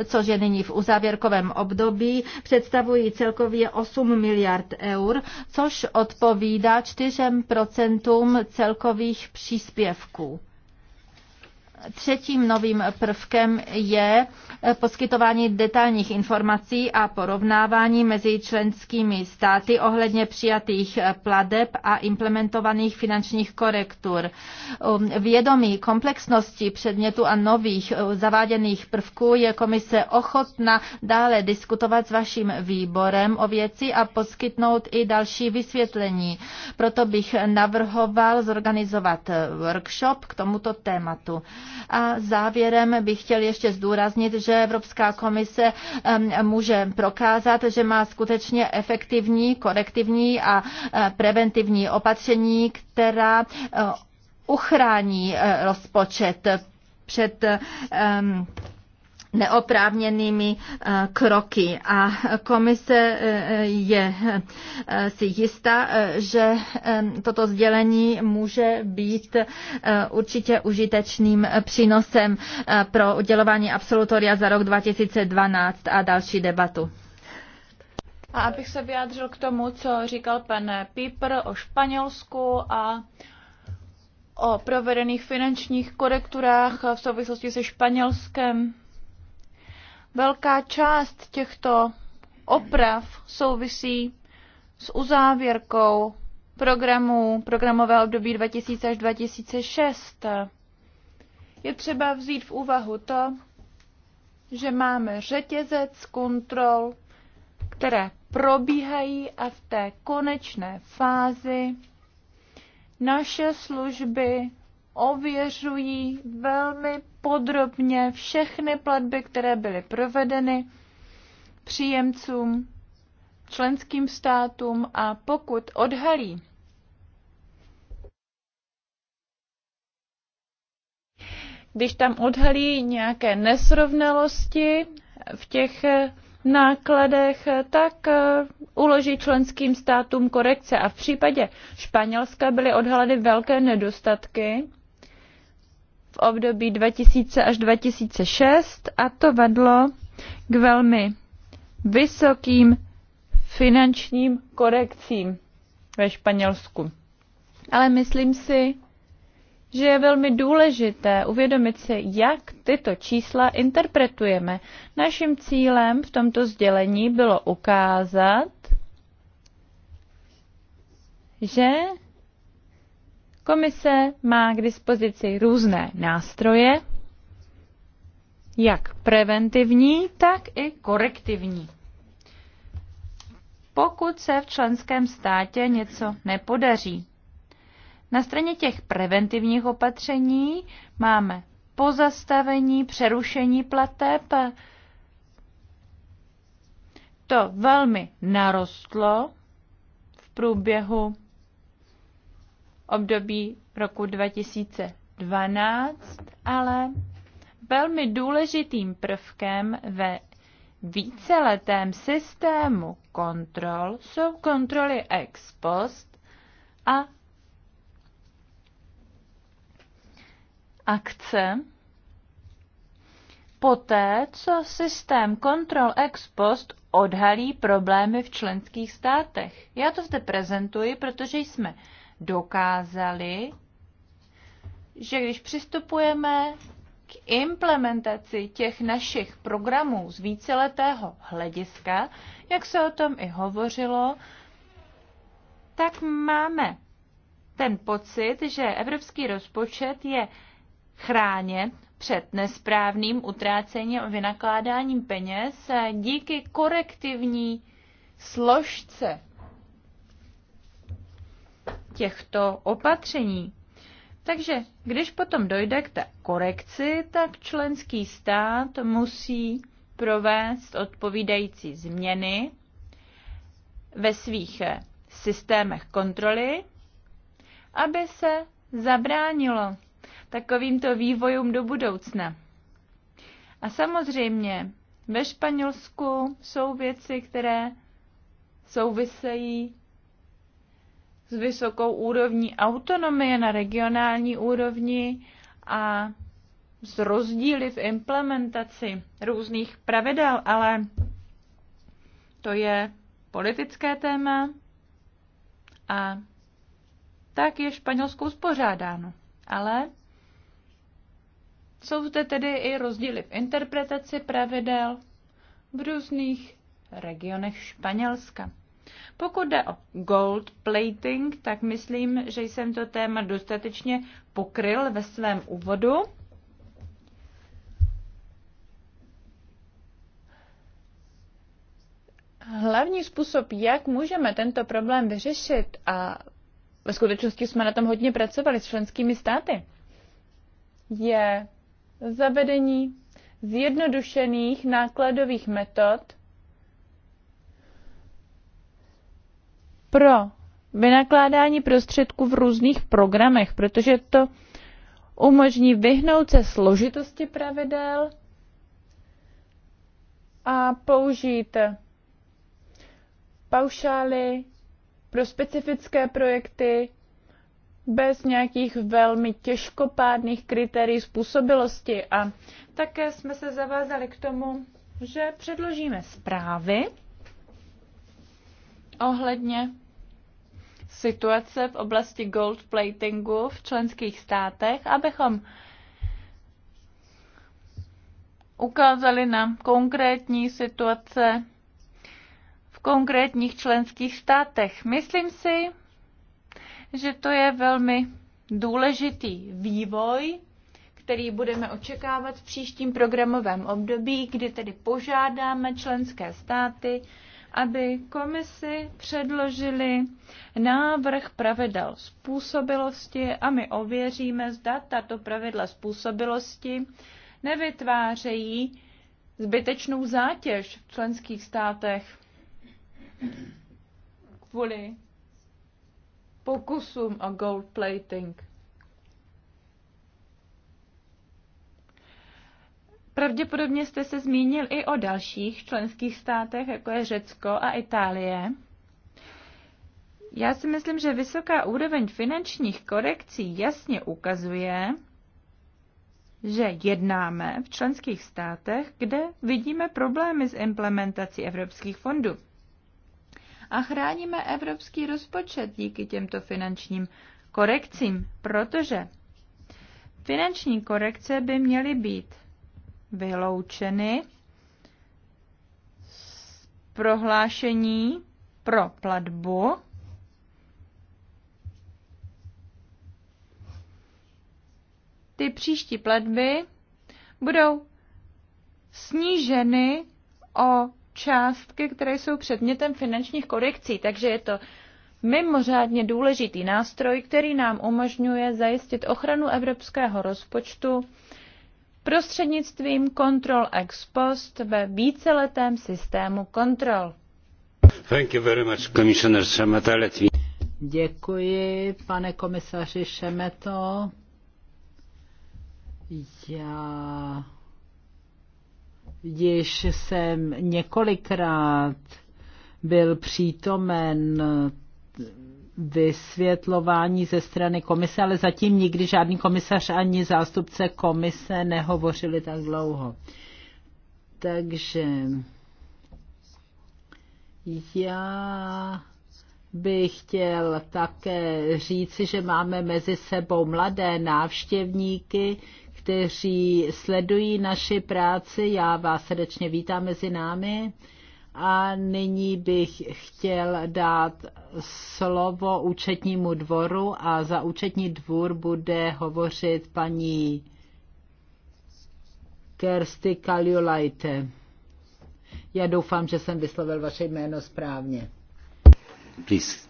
což je nyní v uzávěrkovém období, představují celkově 8 miliard eur, což odpovídá 4% celkových příspěvků. Třetím novým prvkem je poskytování detailních informací a porovnávání mezi členskými státy ohledně přijatých pladeb a implementovaných finančních korektur. Um, vědomí komplexnosti předmětu a nových uh, zaváděných prvků je komise ochotna dále diskutovat s vaším výborem o věci a poskytnout i další vysvětlení. Proto bych navrhoval zorganizovat uh, workshop k tomuto tématu. A závěrem bych chtěl ještě zdůraznit, že Evropská komise může prokázat, že má skutečně efektivní, korektivní a e, preventivní opatření, která e, uchrání e, rozpočet před um, neoprávněnými eh, kroky. A komise eh, je eh, si jistá, že toto sdělení může být určitě užitečným přínosem pro udělování absolutoria za rok 2012 a další debatu. A abych se vyjádřil k tomu, co říkal pan Píper o Španělsku a o provedených finančních korekturách v souvislosti se Španělskem Velká část těchto oprav souvisí s uzávěrkou programu, programového období 2000 až 2006. Je třeba vzít v úvahu to, že máme řetězec kontrol, které probíhají a v té konečné fázi naše služby ověřují velmi podrobně všechny platby, které byly provedeny příjemcům, členským státům a pokud odhalí když tam odhalí nějaké nesrovnalosti v těch nákladech, tak eh, uloží členským státům korekce. A v případě Španělska byly odhaleny velké nedostatky období 2000 až 2006 a to vedlo k velmi vysokým finančním korekcím ve Španělsku. Ale myslím si, že je velmi důležité uvědomit si, jak tyto čísla interpretujeme. Naším cílem v tomto sdělení bylo ukázat, že Komise má k dispozici různé nástroje, jak preventivní, tak i korektivní. Pokud se v členském státě něco nepodaří. Na straně těch preventivních opatření máme pozastavení, přerušení plateb. To velmi narostlo v průběhu období roku 2012, ale velmi důležitým prvkem ve víceletém systému kontrol jsou kontroly ex post a akce poté, co systém kontrol ex post odhalí problémy v členských státech. Já to zde prezentuji, protože jsme dokázali, že když přistupujeme k implementaci těch našich programů z víceletého hlediska, jak se o tom i hovořilo, tak máme ten pocit, že evropský rozpočet je chráněn před nesprávným utrácením a vynakládáním peněz díky korektivní složce těchto opatření. Takže když potom dojde k té korekci, tak členský stát musí provést odpovídající změny ve svých systémech kontroly, aby se zabránilo takovýmto vývojům do budoucna. A samozřejmě ve Španělsku jsou věci, které souvisejí s vysokou úrovní autonomie na regionální úrovni a s rozdíly v implementaci různých pravidel, ale to je politické téma a tak je Španělsko uspořádáno. Ale jsou zde tedy i rozdíly v interpretaci pravidel v různých regionech Španělska. Pokud jde o gold plating, tak myslím, že jsem to téma dostatečně pokryl ve svém úvodu. Hlavní způsob, jak můžeme tento problém vyřešit, a ve skutečnosti jsme na tom hodně pracovali s členskými státy, je zavedení zjednodušených nákladových metod pro vynakládání prostředků v různých programech, protože to umožní vyhnout se složitosti pravidel a použít paušály pro specifické projekty bez nějakých velmi těžkopádných kritérií způsobilosti. A také jsme se zavázali k tomu, že předložíme zprávy ohledně situace v oblasti gold platingu v členských státech, abychom ukázali na konkrétní situace v konkrétních členských státech. Myslím si, že to je velmi důležitý vývoj, který budeme očekávat v příštím programovém období, kdy tedy požádáme členské státy, aby komisi předložili návrh pravidel způsobilosti a my ověříme, zda tato pravidla způsobilosti nevytvářejí zbytečnou zátěž v členských státech kvůli pokusům o gold plating. Pravděpodobně jste se zmínil i o dalších členských státech, jako je Řecko a Itálie. Já si myslím, že vysoká úroveň finančních korekcí jasně ukazuje, že jednáme v členských státech, kde vidíme problémy s implementací evropských fondů. A chráníme evropský rozpočet díky těmto finančním korekcím, protože finanční korekce by měly být vyloučeny z prohlášení pro platbu. Ty příští platby budou sníženy o částky, které jsou předmětem finančních korekcí. Takže je to mimořádně důležitý nástroj, který nám umožňuje zajistit ochranu evropského rozpočtu prostřednictvím kontrol ex post ve víceletém systému kontrol. Thank you very much, Commissioner Semetalet. Děkuji, pane komisaři Šemeto. Já již jsem několikrát byl přítomen vysvětlování ze strany komise, ale zatím nikdy žádný komisař ani zástupce komise nehovořili tak dlouho. Takže já bych chtěl také říci, že máme mezi sebou mladé návštěvníky, kteří sledují naši práci. Já vás srdečně vítám mezi námi. A nyní bych chtěl dát slovo účetnímu dvoru a za účetní dvůr bude hovořit paní Kersti Kaliulajte. Já doufám, že jsem vyslovil vaše jméno správně. Please.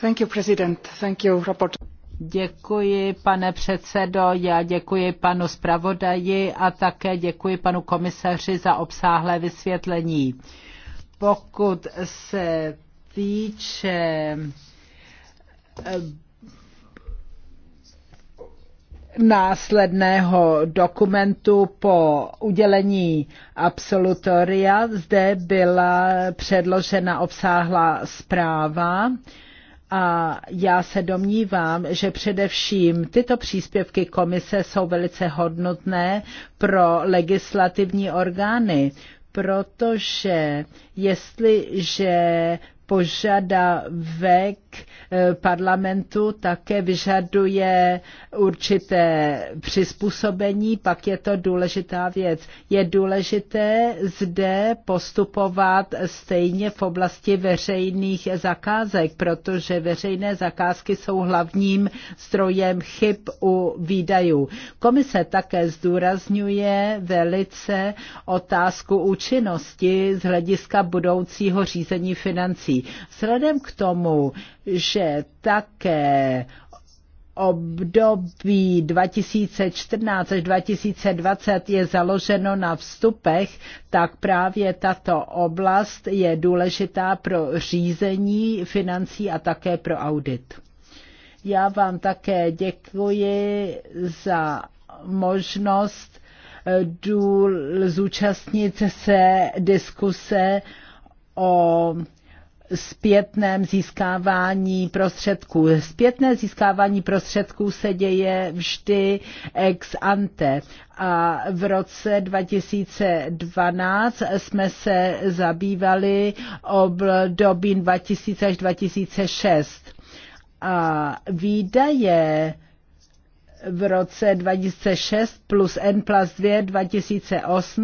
Thank you, President. Thank you, report. Děkuji, pane předsedo, já děkuji panu zpravodaji a také děkuji panu komisaři za obsáhlé vysvětlení pokud se týče eh, následného dokumentu po udělení absolutoria. Zde byla předložena obsáhlá zpráva a já se domnívám, že především tyto příspěvky komise jsou velice hodnotné pro legislativní orgány, protože jestliže požadavek eh, parlamentu také vyžaduje určité přizpůsobení, pak je to důležitá věc. Je důležité zde postupovat stejně v oblasti veřejných zakázek, protože veřejné zakázky jsou hlavním zdrojem chyb u výdajů. Komise také zdůrazňuje velice otázku účinnosti z hlediska budoucího řízení financí. Vzhledem k tomu, že také období 2014 až 2020 je založeno na vstupech, tak právě tato oblast je důležitá pro řízení financí a také pro audit. Já vám také děkuji za možnost eh, důl, zúčastnit se diskuse o zpětném získávání prostředků. Zpětné získávání prostředků se děje vždy ex ante a v roce 2012 jsme se zabývali obdobím 2000 až 2006. A výdaje v roce 2006 plus N plus 2 2008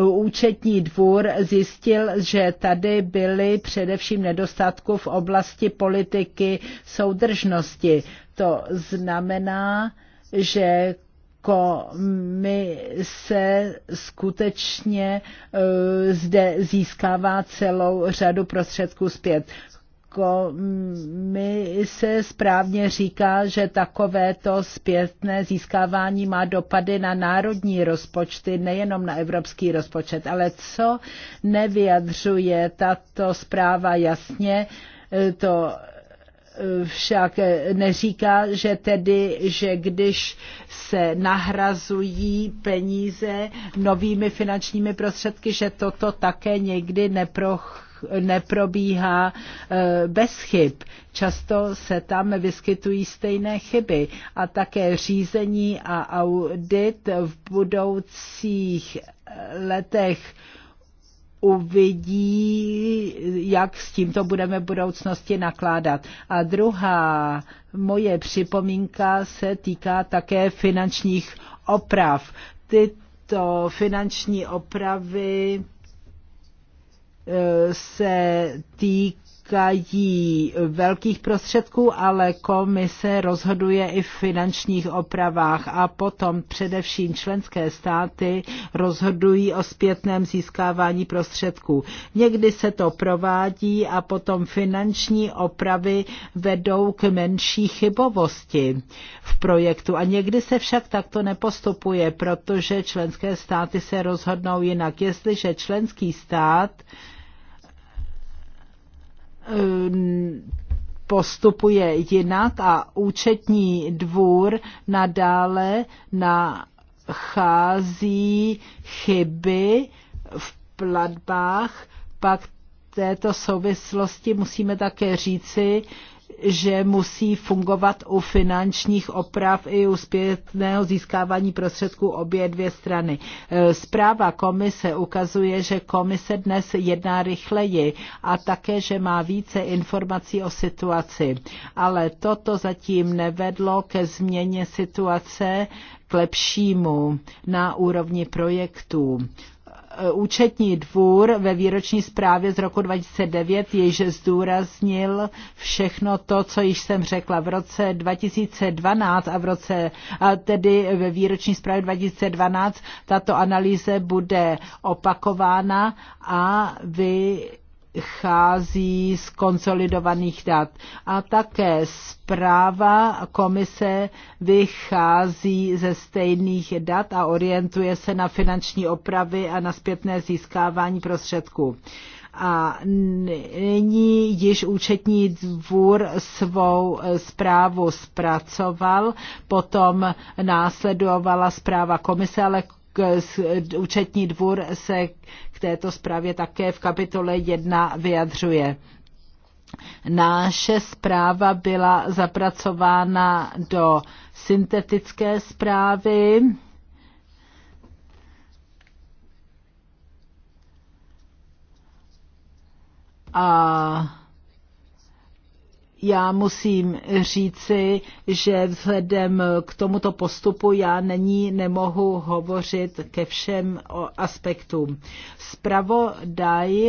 účetní dvůr zjistil, že tady byly především nedostatky v oblasti politiky soudržnosti. To znamená, že komise skutečně eh, zde získává celou řadu prostředků zpět se správně říká, že takovéto zpětné získávání má dopady na národní rozpočty, nejenom na evropský rozpočet. Ale co nevyjadřuje tato zpráva jasně, to však neříká, že tedy, že když se nahrazují peníze novými finančními prostředky, že toto také někdy neprochází neprobíhá eh, bez chyb. Často se tam vyskytují stejné chyby a také řízení a audit v budoucích eh, letech uvidí, jak s tímto budeme v budoucnosti nakládat. A druhá moje připomínka se týká také finančních oprav. Tyto finanční opravy Eh, se týká týkají velkých prostředků, ale komise rozhoduje i v finančních opravách a potom především členské státy rozhodují o zpětném získávání prostředků. Někdy se to provádí a potom finanční opravy vedou k menší chybovosti v projektu a někdy se však takto nepostupuje, protože členské státy se rozhodnou jinak. Jestliže členský stát Ehm, postupuje jinak a účetní dvůr nadále nachází chyby v platbách, pak této souvislosti musíme také říci, že musí fungovat u finančních oprav i u zpětného získávání prostředků obě dvě strany. E, zpráva komise ukazuje, že komise dnes jedná rychleji a také, že má více informací o situaci. Ale toto zatím nevedlo ke změně situace k lepšímu na úrovni projektů. Eh, účetní dvůr ve výroční zprávě z roku 2009 již zdůraznil všechno to, co již jsem řekla v roce 2012 a v roce, a tedy ve výroční zprávě 2012 tato analýze bude opakována a vy vychází z konsolidovaných dat. A také zpráva komise vychází ze stejných dat a orientuje se na finanční opravy a na zpětné získávání prostředků a nyní již účetní dvůr svou zprávu zpracoval, potom následovala zpráva komise, ale k, účetní dvůr se této zprávě také v kapitole 1 vyjadřuje. Naše zpráva byla zapracována do syntetické zprávy. A já musím říci, že vzhledem k tomuto postupu já není nemohu hovořit ke všem aspektům. Spravodaj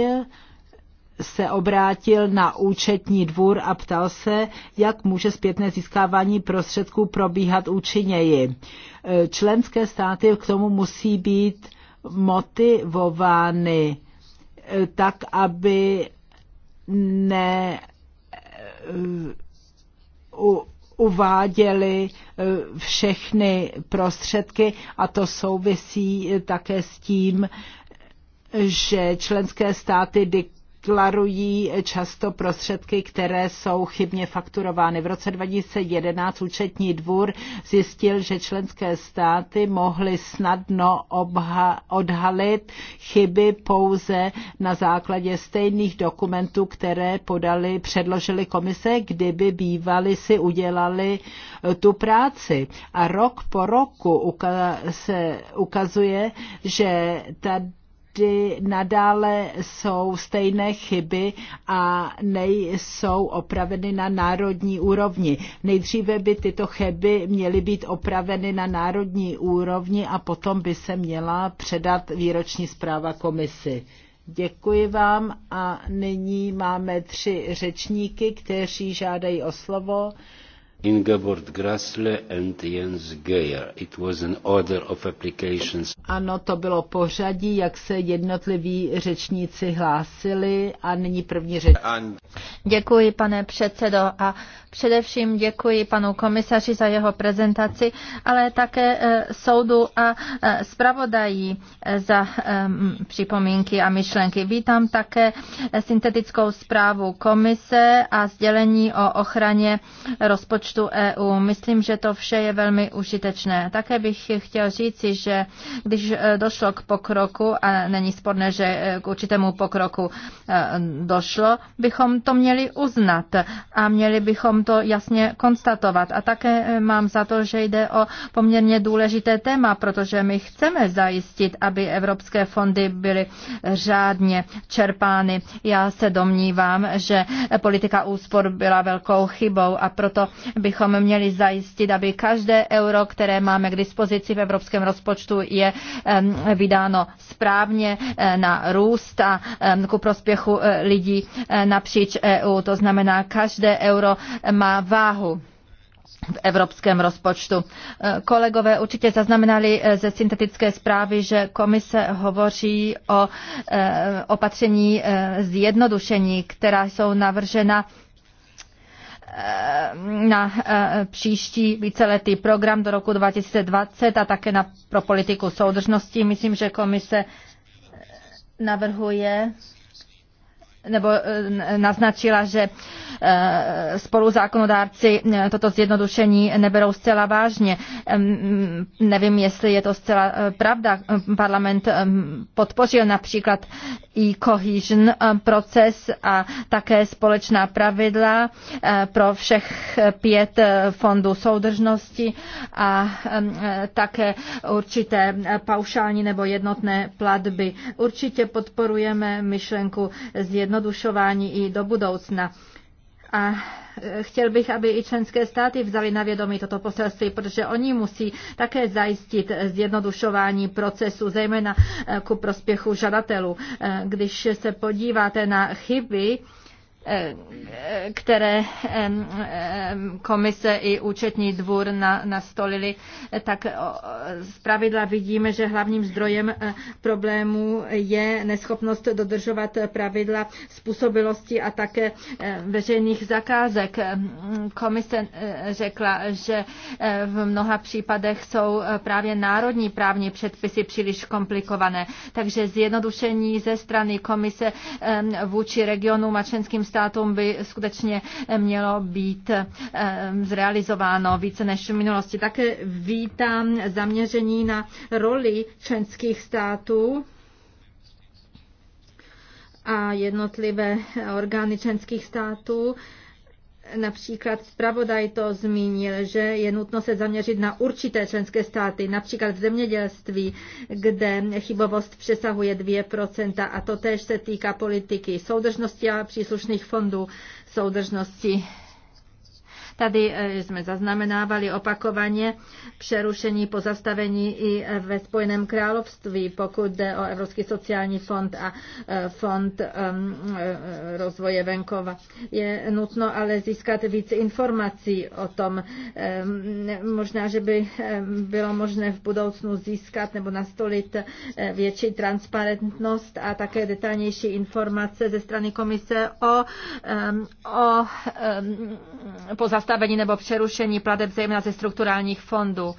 se obrátil na účetní dvůr a ptal se, jak může zpětné získávání prostředků probíhat účinněji. Členské státy k tomu musí být motivovány tak, aby ne u, uváděli e, všechny prostředky a to souvisí také s tím, že členské státy dik- deklarují často prostředky, které jsou chybně fakturovány. V roce 2011 účetní dvůr zjistil, že členské státy mohly snadno obha- odhalit chyby pouze na základě stejných dokumentů, které podali, předložili komise, kdyby bývali si udělali eh, tu práci. A rok po roku se ukazuje, že tady kdy nadále jsou stejné chyby a nejsou opraveny na národní úrovni. Nejdříve by tyto chyby měly být opraveny na národní úrovni a potom by se měla předat výroční zpráva komisi. Děkuji vám a nyní máme tři řečníky, kteří žádají o slovo. Ano, to bylo pořadí, jak se jednotliví řečníci hlásili a nyní první řeč. Děkuji, pane předsedo, a především děkuji panu komisaři za jeho prezentaci, ale také e, soudu a e, zpravodají e, za připomínky a myšlenky. Vítám také syntetickou zprávu komise a sdělení o ochraně rozpočtu rozpočtu EU. Myslím, že to vše je velmi užitečné. Také bych chtěl říci, že když e, došlo k pokroku, a není sporné, že e, k určitému pokroku e, došlo, bychom to měli uznat a měli bychom to jasně konstatovat. A také mám za to, že jde o poměrně důležité téma, protože my chceme zajistit, aby evropské fondy byly řádně čerpány. Já se domnívám, že politika úspor byla velkou chybou a proto bychom měli zajistit, aby každé euro, které máme k dispozici v evropském rozpočtu, je vydáno správně eh, na růst a ku prospěchu eh, lidí eh, napříč EU. To znamená, každé euro má váhu v evropském rozpočtu. Kolegové určitě zaznamenali ze syntetické zprávy, že komise hovoří o opatření zjednodušení, která jsou navržena Eh, na eh, příští víceletý program do roku 2020 a také na, pro politiku soudržnosti. Myslím, že komise navrhuje nebo eh, naznačila, že eh, spolu zákonodárci eh, toto zjednodušení neberou zcela vážně. Nevím, jestli je to zcela pravda. Parlament podpořil například i cohesion proces a také společná pravidla pro všech pět fondů soudržnosti a také určité paušální nebo jednotné platby. Určitě podporujeme myšlenku zjednodušení zjednodušování i do budoucna. A e, chtěl bych, aby i členské státy vzali na vědomí toto poselství, protože oni musí také zajistit zjednodušování procesu, zejména e, ku prospěchu žadatelů. E, když se podíváte na chyby, Eh, které komise i účetní dvůr nastolili, tak z pravidla vidíme, že hlavním zdrojem eh, problémů je neschopnost dodržovat pravidla způsobilosti a také eh, veřejných zakázek. Komise řekla, že v mnoha případech jsou právě národní právní předpisy příliš komplikované, takže zjednodušení ze strany komise vůči regionům a členským státům by skutečně mělo být eh, zrealizováno více než v minulosti. Také vítám zaměření na roli členských států a jednotlivé orgány členských států Například zpravodaj to zmínil, že je nutno se zaměřit na určité členské státy, například v zemědělství, kde chybovost přesahuje 2% a to též se týká politiky soudržnosti a příslušných fondů soudržnosti. Tady e, jsme zaznamenávali opakovaně přerušení pozastavení i ve Spojeném království, pokud jde o Evropský sociální fond a e, fond e, rozvoje venkova. Je nutno ale získat více informací o tom. Možná, že by bylo možné v budoucnu získat nebo nastolit větší transparentnost a také detailnější informace ze strany komise o, o pozastavení zastavení nebo přerušení plateb zejména ze strukturálních fondů.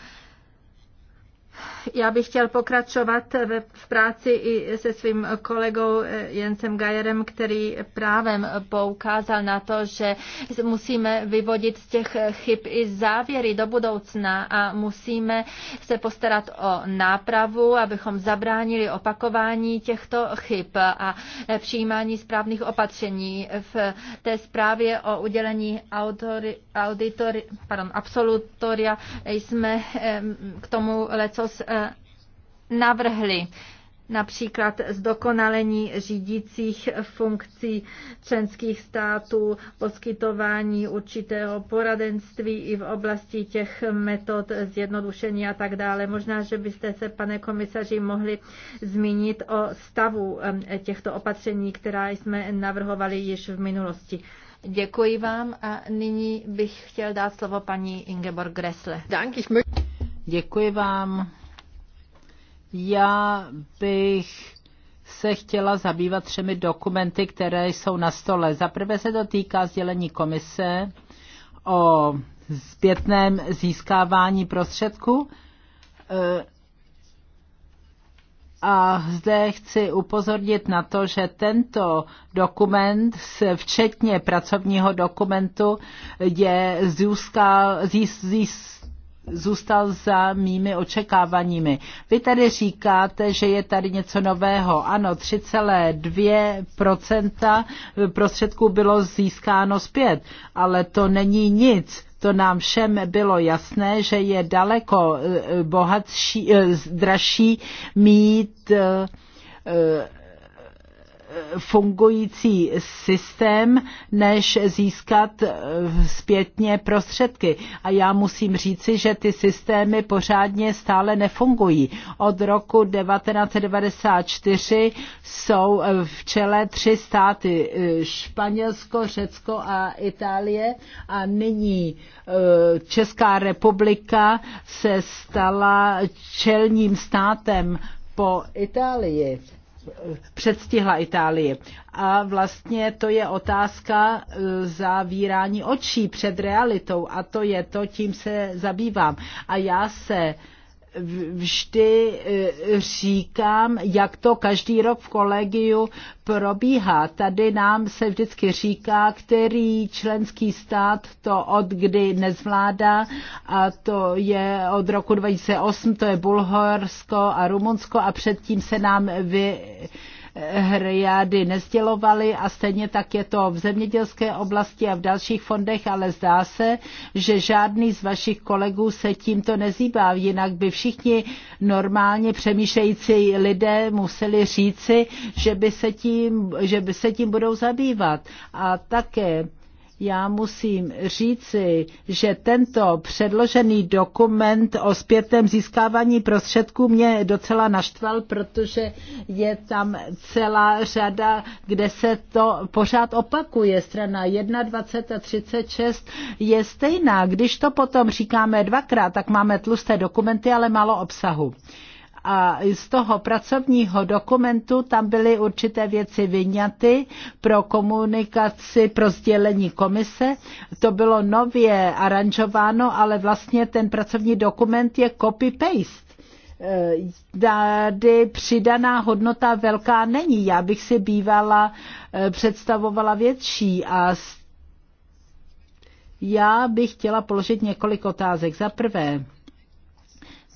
Já bych chtěl pokračovat v práci i se svým kolegou eh, Jensem Gajerem, který právem poukázal na to, že musíme vyvodit z těch chyb i závěry do budoucna a musíme se postarat o nápravu, abychom zabránili opakování těchto chyb a eh, přijímání správných opatření. V té zprávě o udělení autory, auditory, pardon, absolutoria jsme eh, k tomu lecos Eh, navrhli například zdokonalení řídících funkcí členských států, poskytování určitého poradenství i v oblasti těch metod zjednodušení a tak dále. Možná, že byste se, pane komisaři, mohli zmínit o stavu eh, těchto opatření, která jsme navrhovali již v minulosti. Děkuji vám a nyní bych chtěl dát slovo paní Ingeborg Gressle. Děkuji vám. Já bych se chtěla zabývat třemi dokumenty, které jsou na stole. Za prvé se to týká sdělení komise o zpětném získávání prostředků. Eh, a zde chci upozornit na to, že tento dokument, včetně pracovního dokumentu, je získal, zís, zůstal za mými očekáváními. Vy tady říkáte, že je tady něco nového. Ano, 3,2% prostředků bylo získáno zpět, ale to není nic to nám všem bylo jasné, že je daleko eh, bohatší, eh, dražší mít eh, fungující systém, než získat eh, zpětně prostředky. A já musím říci, že ty systémy pořádně stále nefungují. Od roku 1994 jsou eh, v čele tři státy, eh, Španělsko, Řecko a Itálie a nyní Česká republika se stala čelním státem po Itálii předstihla Itálii. A vlastně to je otázka e, zavírání očí před realitou a to je to, tím se zabývám. A já se vždy eh, říkám, jak to každý rok v kolegiu probíhá. Tady nám se vždycky říká, který členský stát to od kdy nezvládá a to je od roku 2008, to je Bulharsko a Rumunsko a předtím se nám vy, hryády nezdělovaly a stejně tak je to v zemědělské oblasti a v dalších fondech, ale zdá se, že žádný z vašich kolegů se tímto nezýbá, jinak by všichni normálně přemýšlející lidé museli říci, že by se tím, že by se tím budou zabývat. A také já musím říci, že tento předložený dokument o zpětném získávání prostředků mě docela naštval, protože je tam celá řada, kde se to pořád opakuje. Strana 21 a 36 je stejná. Když to potom říkáme dvakrát, tak máme tlusté dokumenty, ale málo obsahu. A z toho pracovního dokumentu tam byly určité věci vyňaty pro komunikaci, pro sdělení komise. To bylo nově aranžováno, ale vlastně ten pracovní dokument je copy-paste e, tady přidaná hodnota velká není. Já bych si bývala e, představovala větší a já bych chtěla položit několik otázek. Za prvé,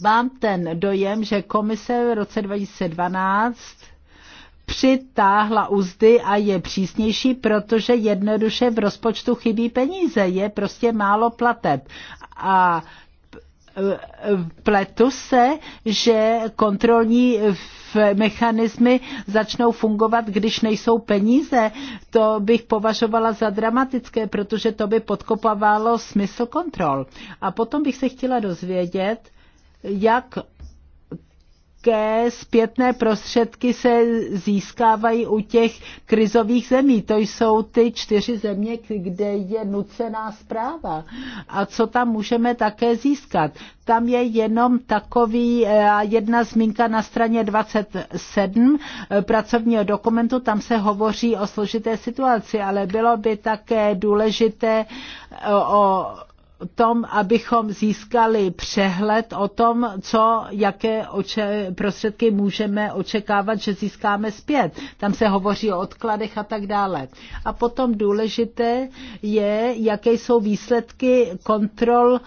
mám ten dojem, že komise v roce 2012 přitáhla úzdy a je přísnější, protože jednoduše v rozpočtu chybí peníze, je prostě málo plateb. A e, pletu se, že kontrolní mechanismy začnou fungovat, když nejsou peníze. To bych považovala za dramatické, protože to by podkopávalo smysl kontrol. A potom bych se chtěla dozvědět, jak ke zpětné prostředky se získávají u těch krizových zemí. To jsou ty čtyři země, kde je nucená zpráva. A co tam můžeme také získat? Tam je jenom takový eh, jedna zmínka na straně 27 eh, pracovního dokumentu, tam se hovoří o složité situaci, ale bylo by také důležité eh, o tom, abychom získali přehled o tom, co, jaké oče- prostředky můžeme očekávat, že získáme zpět. Tam se hovoří o odkladech a tak dále. A potom důležité je, jaké jsou výsledky kontrol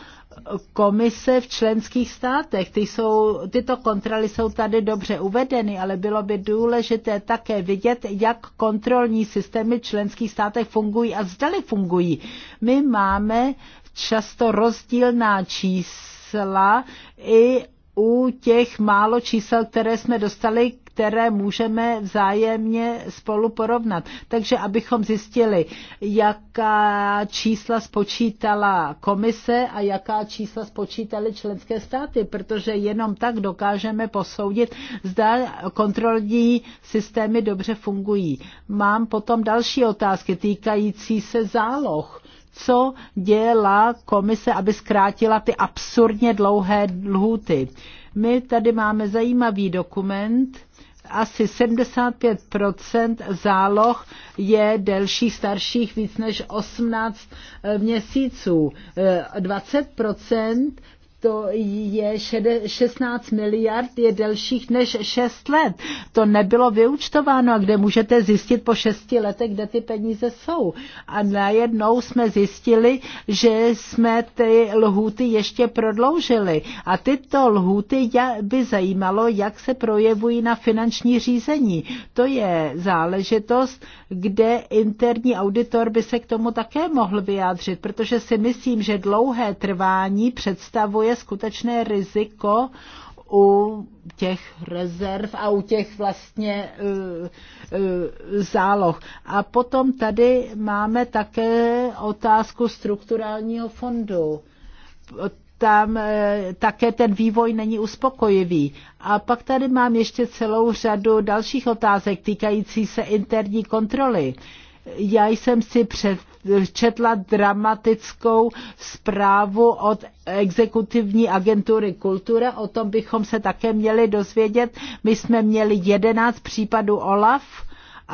komise v členských státech. Ty jsou, tyto kontroly jsou tady dobře uvedeny, ale bylo by důležité také vidět, jak kontrolní systémy v členských státech fungují a zdali fungují. My máme často rozdílná čísla i u těch málo čísel, které jsme dostali, které můžeme vzájemně spolu porovnat. Takže abychom zjistili, jaká čísla spočítala komise a jaká čísla spočítaly členské státy, protože jenom tak dokážeme posoudit, zda kontrolní systémy dobře fungují. Mám potom další otázky týkající se záloh co dělá komise, aby zkrátila ty absurdně dlouhé lhuty. My tady máme zajímavý dokument, asi 75 záloh je delších starších víc než 18 měsíců. 20 e, to je 16 miliard, je delších než 6 let. To nebylo vyučtováno a kde můžete zjistit po 6 letech, kde ty peníze jsou. A najednou jsme zjistili, že jsme ty lhůty ještě prodloužili. A tyto lhůty by zajímalo, jak se projevují na finanční řízení. To je záležitost, kde interní auditor by se k tomu také mohl vyjádřit, protože si myslím, že dlouhé trvání představuje je skutečné riziko u těch rezerv a u těch vlastně uh, uh, záloh. A potom tady máme také otázku strukturálního fondu. Tam uh, také ten vývoj není uspokojivý. A pak tady mám ještě celou řadu dalších otázek týkající se interní kontroly. Já jsem si před četla dramatickou zprávu od exekutivní agentury kultura, o tom bychom se také měli dozvědět. My jsme měli 11 případů OLAF,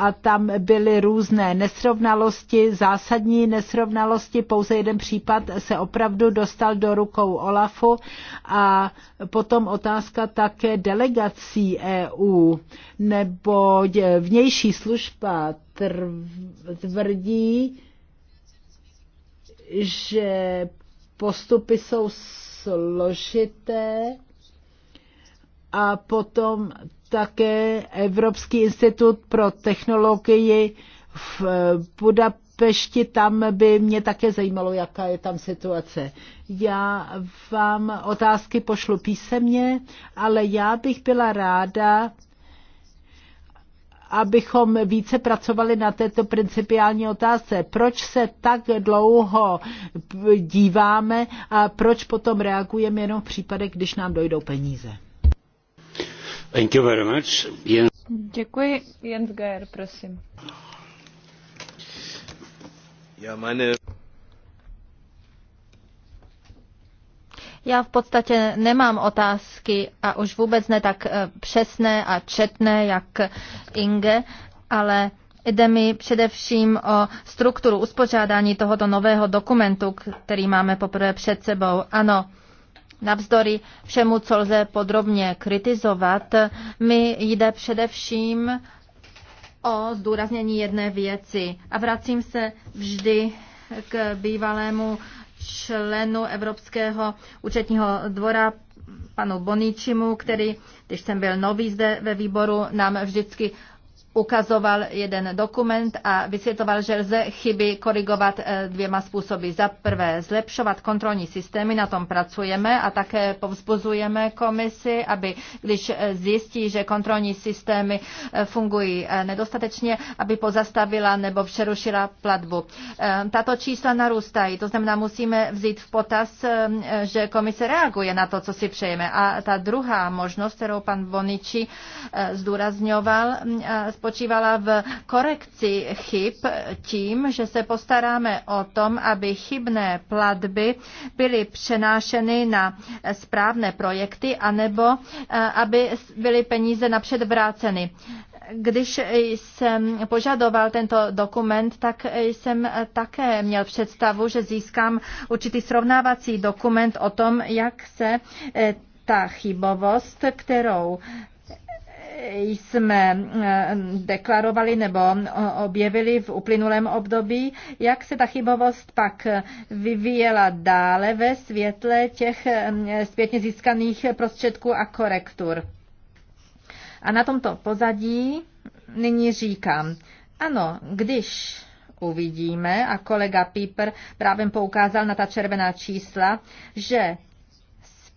a tam byly různé nesrovnalosti, zásadní nesrovnalosti. Pouze jeden případ se opravdu dostal do rukou Olafu a potom otázka také delegací EU nebo vnější služba tvrdí, že postupy jsou složité a potom také Evropský institut pro technologii v Budapešti, tam by mě také zajímalo, jaká je tam situace. Já vám otázky pošlu písemně, ale já bych byla ráda, abychom více pracovali na této principiální otázce. Proč se tak dlouho díváme a proč potom reagujeme jenom v případech, když nám dojdou peníze? Thank you very much. Jens... Děkuji. Jens Geier, prosím. Ja, meine... Já v podstatě nemám otázky a už vůbec ne tak eh, přesné a četné, jak Inge, ale Jde mi především o strukturu uspořádání tohoto nového dokumentu, který máme poprvé před sebou. Ano, navzdory všemu, co lze podrobně kritizovat, mi jde především o zdůraznění jedné věci. A vracím se vždy k bývalému členu Evropského účetního dvora panu Boničimu, který, když jsem byl nový zde ve výboru, nám vždycky ukazoval jeden dokument a vysvětloval, že lze chyby korigovat eh, dvěma způsoby. Za prvé zlepšovat kontrolní systémy, na tom pracujeme a také povzbuzujeme komisi, aby když eh, zjistí, že kontrolní systémy eh, fungují nedostatečně, aby pozastavila nebo přerušila platbu. Tato čísla narůstají, to znamená, musíme vzít v potaz, že komise reaguje na to, co si přejeme. A ta druhá možnost, kterou pan Boniči zdůrazňoval, spočívala v korekci chyb tím, že se postaráme o tom, aby chybné platby byly přenášeny na správné projekty, anebo eh, aby byly peníze napřed vráceny když jsem požadoval tento dokument, tak jsem také měl představu, že získám určitý srovnávací dokument o tom, jak se eh, ta chybovost, kterou jsme eh, deklarovali nebo objevili v uplynulém období, jak se ta chybovost pak vyvíjela dále ve světle těch eh, zpětně získaných prostředků a korektur. A na tomto pozadí nyní říkám, ano, když uvidíme, a kolega Piper právě poukázal na ta červená čísla, že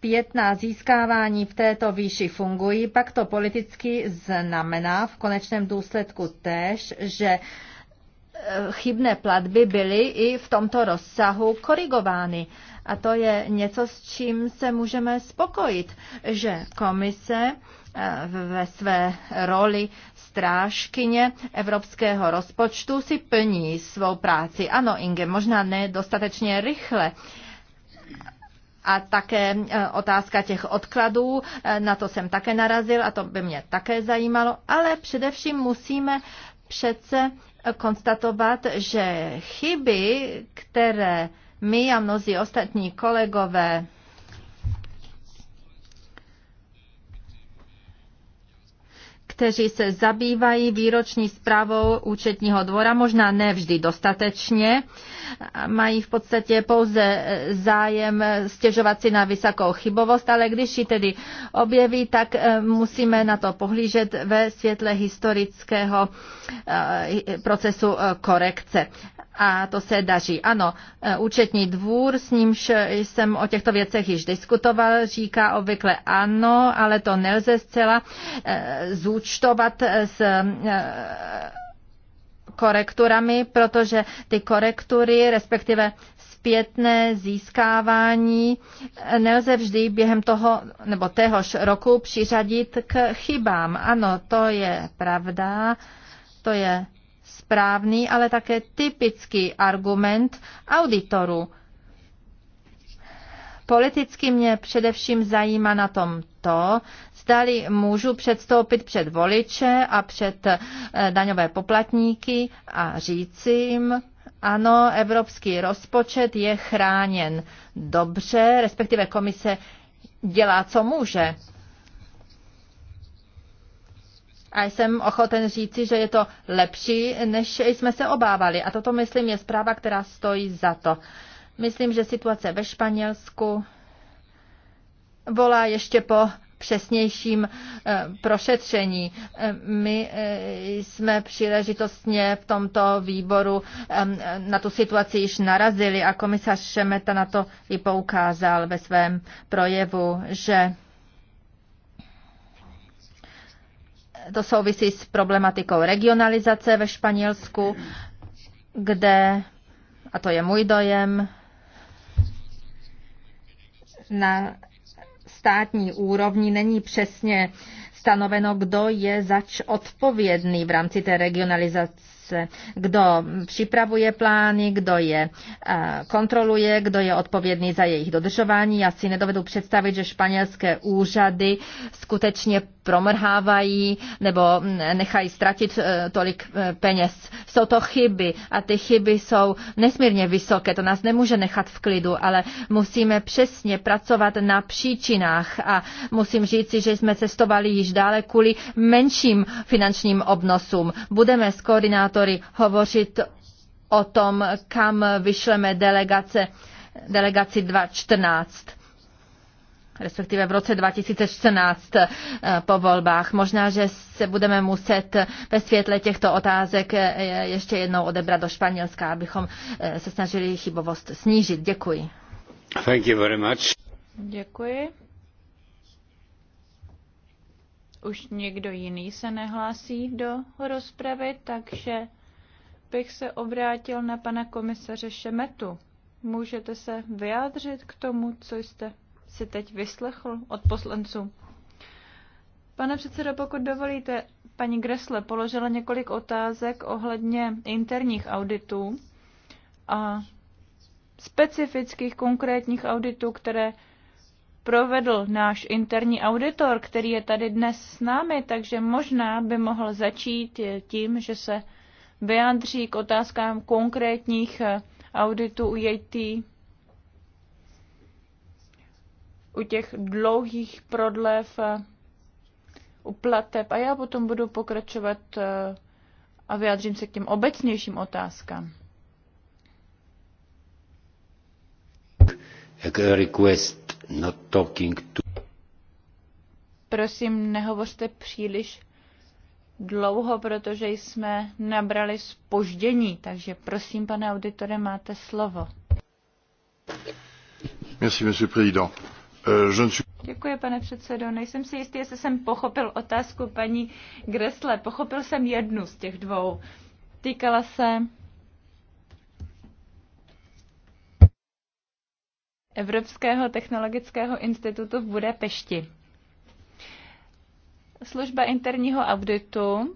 zpětná získávání v této výši fungují, pak to politicky znamená v konečném důsledku též, že e, chybné platby byly i v tomto rozsahu korigovány. A to je něco, s čím se můžeme spokojit, že komise e, ve své roli strážkyně evropského rozpočtu si plní svou práci. Ano, Inge, možná ne dostatečně rychle, a také e, otázka těch odkladů, e, na to jsem také narazil a to by mě také zajímalo, ale především musíme přece konstatovat, že chyby, které my a mnozí ostatní kolegové kteří se zabývají výroční zprávou účetního dvora, možná nevždy dostatečně, mají v podstatě pouze eh, zájem eh, stěžovat si na vysokou chybovost, ale když ji tedy objeví, tak eh, musíme na to pohlížet ve světle historického procesu korekce a to se daří. Ano, e, účetní dvůr, s nímž jsem o těchto věcech již diskutoval, říká obvykle ano, ale to nelze zcela e, zúčtovat e, s korekturami, protože ty korektury, respektive zpětné získávání nelze vždy během toho nebo téhož roku přiřadit k chybám. Ano, to je pravda, to je správný, ale také typický argument auditoru. Politicky mě především zajímá na tom to, zdali můžu předstoupit před voliče a před eh, daňové poplatníky a říci jim, ano, evropský rozpočet je chráněn dobře, respektive komise dělá, co může. A jsem ochoten říci, že je to lepší, než jsme se obávali. A toto, myslím, je zpráva, která stojí za to. Myslím, že situace ve Španělsku volá ještě po přesnějším eh, prošetření. Eh, my eh, jsme příležitostně v tomto výboru na tu situaci již narazili a komisař Šemeta na to i poukázal ve svém projevu, že to souvisí s problematikou regionalizace ve Španělsku, kde, a to je můj dojem, na státní úrovni není přesně stanoveno, kdo je zač odpovědný v rámci té regionalizace, kdo připravuje plány, kdo je kontroluje, kdo je odpovědný za jejich dodržování. Já si nedovedu představit, že španělské úřady skutečně promrhávají nebo nechají ztratit eh, tolik eh, peněz. Jsou to chyby a ty chyby jsou nesmírně vysoké. To nás nemůže nechat v klidu, ale musíme přesně pracovat na příčinách a musím říci, že jsme cestovali již dále kvůli menším finančním obnosům. Budeme s koordinátory hovořit o tom, kam vyšleme delegace, delegaci 214 respektive v roce 2014 eh, po volbách. Možná, že se budeme muset ve světle těchto otázek eh, eh, ještě jednou odebrat do Španělska, abychom se snažili chybovost snížit. Děkuji. Thank you very much. Děkuji. Už někdo jiný se nehlásí do rozpravy, takže bych se obrátil na pana komisaře Šemetu. Můžete se vyjádřit k tomu, co jste si teď vyslechl od poslanců. Pane předsedo, pokud dovolíte, paní Gresle položila několik otázek ohledně interních auditů a specifických konkrétních auditů, které provedl náš interní auditor, který je tady dnes s námi, takže možná by mohl začít tím, že se vyjádří k otázkám konkrétních auditů UAT u těch dlouhých prodlev, eh, u plateb a já potom budu pokračovat eh, a vyjádřím se k těm obecnějším otázkám. Eh, request not talking to... Prosím, nehovořte příliš dlouho, protože jsme nabrali spoždění, takže prosím, pane auditore, máte slovo. Merci, monsieur président. Eh, Děkuji, pane předsedo. Nejsem si jistý, jestli jsem pochopil otázku paní Gresle. Pochopil jsem jednu z těch dvou. Týkala se Evropského technologického institutu v Budapešti. Služba interního auditu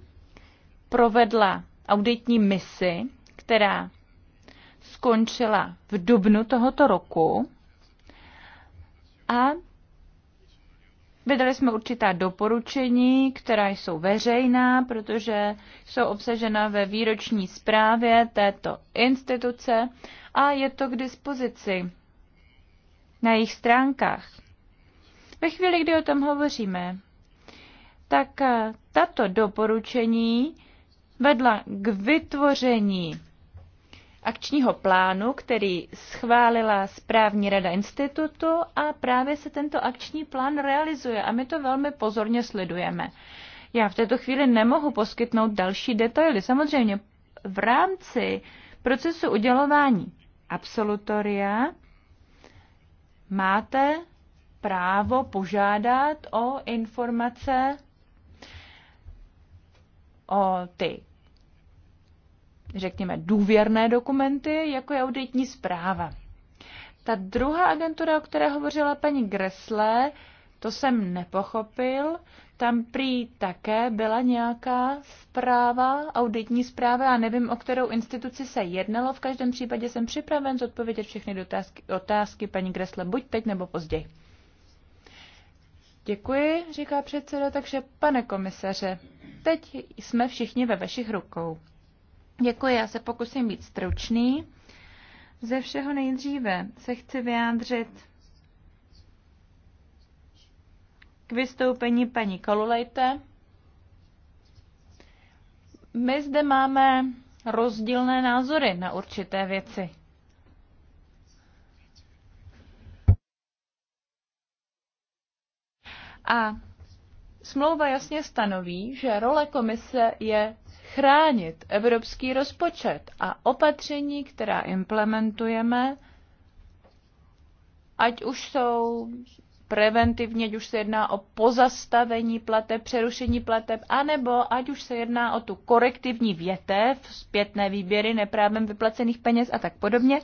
provedla auditní misi, která skončila v dubnu tohoto roku a Vydali jsme určitá doporučení, která jsou veřejná, protože jsou obsažena ve výroční zprávě této instituce a je to k dispozici na jejich stránkách. Ve chvíli, kdy o tom hovoříme, tak eh, tato doporučení vedla k vytvoření akčního plánu, který schválila správní rada institutu a právě se tento akční plán realizuje a my to velmi pozorně sledujeme. Já v této chvíli nemohu poskytnout další detaily. Samozřejmě v rámci procesu udělování absolutoria máte právo požádat o informace o ty řekněme, důvěrné dokumenty, jako je auditní zpráva. Ta druhá agentura, o které hovořila paní Gresle, to jsem nepochopil. Tam prý také byla nějaká zpráva, auditní zpráva, a nevím, o kterou instituci se jednalo. V každém případě jsem připraven zodpovědět všechny dotázky, otázky paní Gresle buď teď nebo později. Děkuji, říká předseda, takže pane komisaře, teď jsme všichni ve vašich rukou. Děkuji, já se pokusím být stručný. Ze všeho nejdříve se chci vyjádřit k vystoupení paní Kalulejte. My zde máme rozdílné názory na určité věci. A smlouva jasně stanoví, že role komise je chránit evropský rozpočet a opatření, která implementujeme, ať už jsou preventivně, ať už se jedná o pozastavení plateb, přerušení plateb, anebo ať už se jedná o tu korektivní větev, zpětné výběry neprávem vyplacených peněz a tak podobně,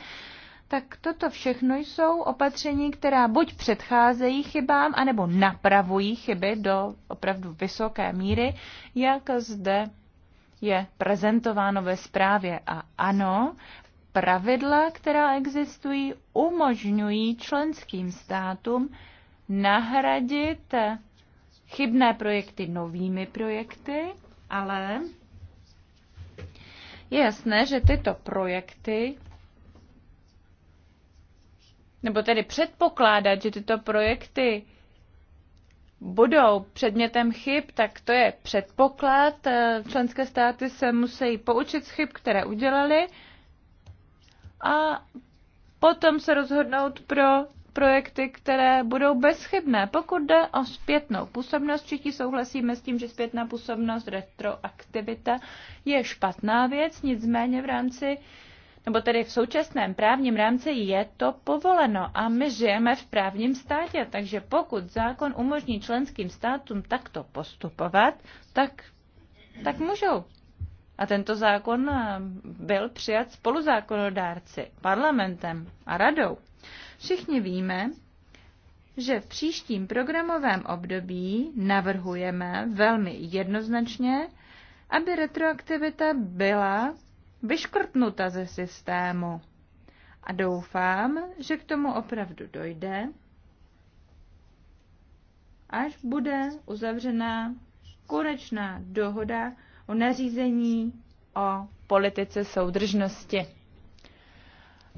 tak toto všechno jsou opatření, která buď předcházejí chybám, anebo napravují chyby do opravdu vysoké míry, jak zde je prezentováno ve zprávě. A ano, pravidla, která existují, umožňují členským státům nahradit chybné projekty novými projekty, ale je jasné, že tyto projekty, nebo tedy předpokládat, že tyto projekty budou předmětem chyb, tak to je předpoklad. Eh, Členské státy se musí poučit z chyb, které udělali a potom se rozhodnout pro projekty, které budou bezchybné. Pokud jde o zpětnou působnost, všichni souhlasíme s tím, že zpětná působnost, retroaktivita je špatná věc, nicméně v rámci uh, nebo tedy v současném právním rámci je to povoleno a my žijeme v právním státě, takže pokud zákon umožní členským státům takto postupovat, tak, tak můžou. A tento zákon eh, byl přijat spoluzákonodárci, parlamentem a radou. Všichni víme, že v příštím programovém období navrhujeme velmi jednoznačně, aby retroaktivita byla vyškrtnuta ze systému. A doufám, že k tomu opravdu dojde, až bude uzavřena konečná dohoda o nařízení o politice soudržnosti.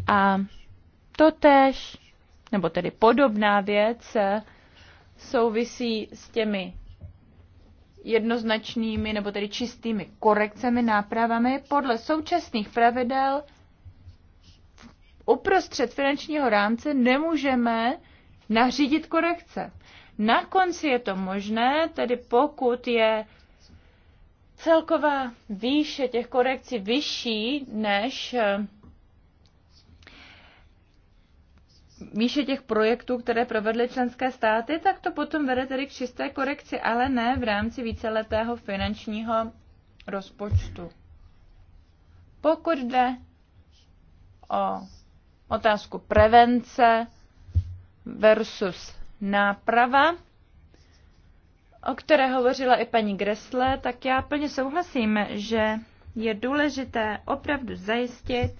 A totež nebo tedy podobná věc, souvisí s těmi jednoznačnými nebo tedy čistými korekcemi, nápravami podle současných pravidel uprostřed finančního rámce nemůžeme nařídit korekce. Na konci je to možné, tedy pokud je celková výše těch korekcí vyšší než eh, výše těch projektů, které provedly členské státy, tak to potom vede tedy k čisté korekci, ale ne v rámci víceletého finančního rozpočtu. Pokud jde o otázku prevence versus náprava, o které hovořila i paní Gresle, tak já plně souhlasím, že je důležité opravdu zajistit,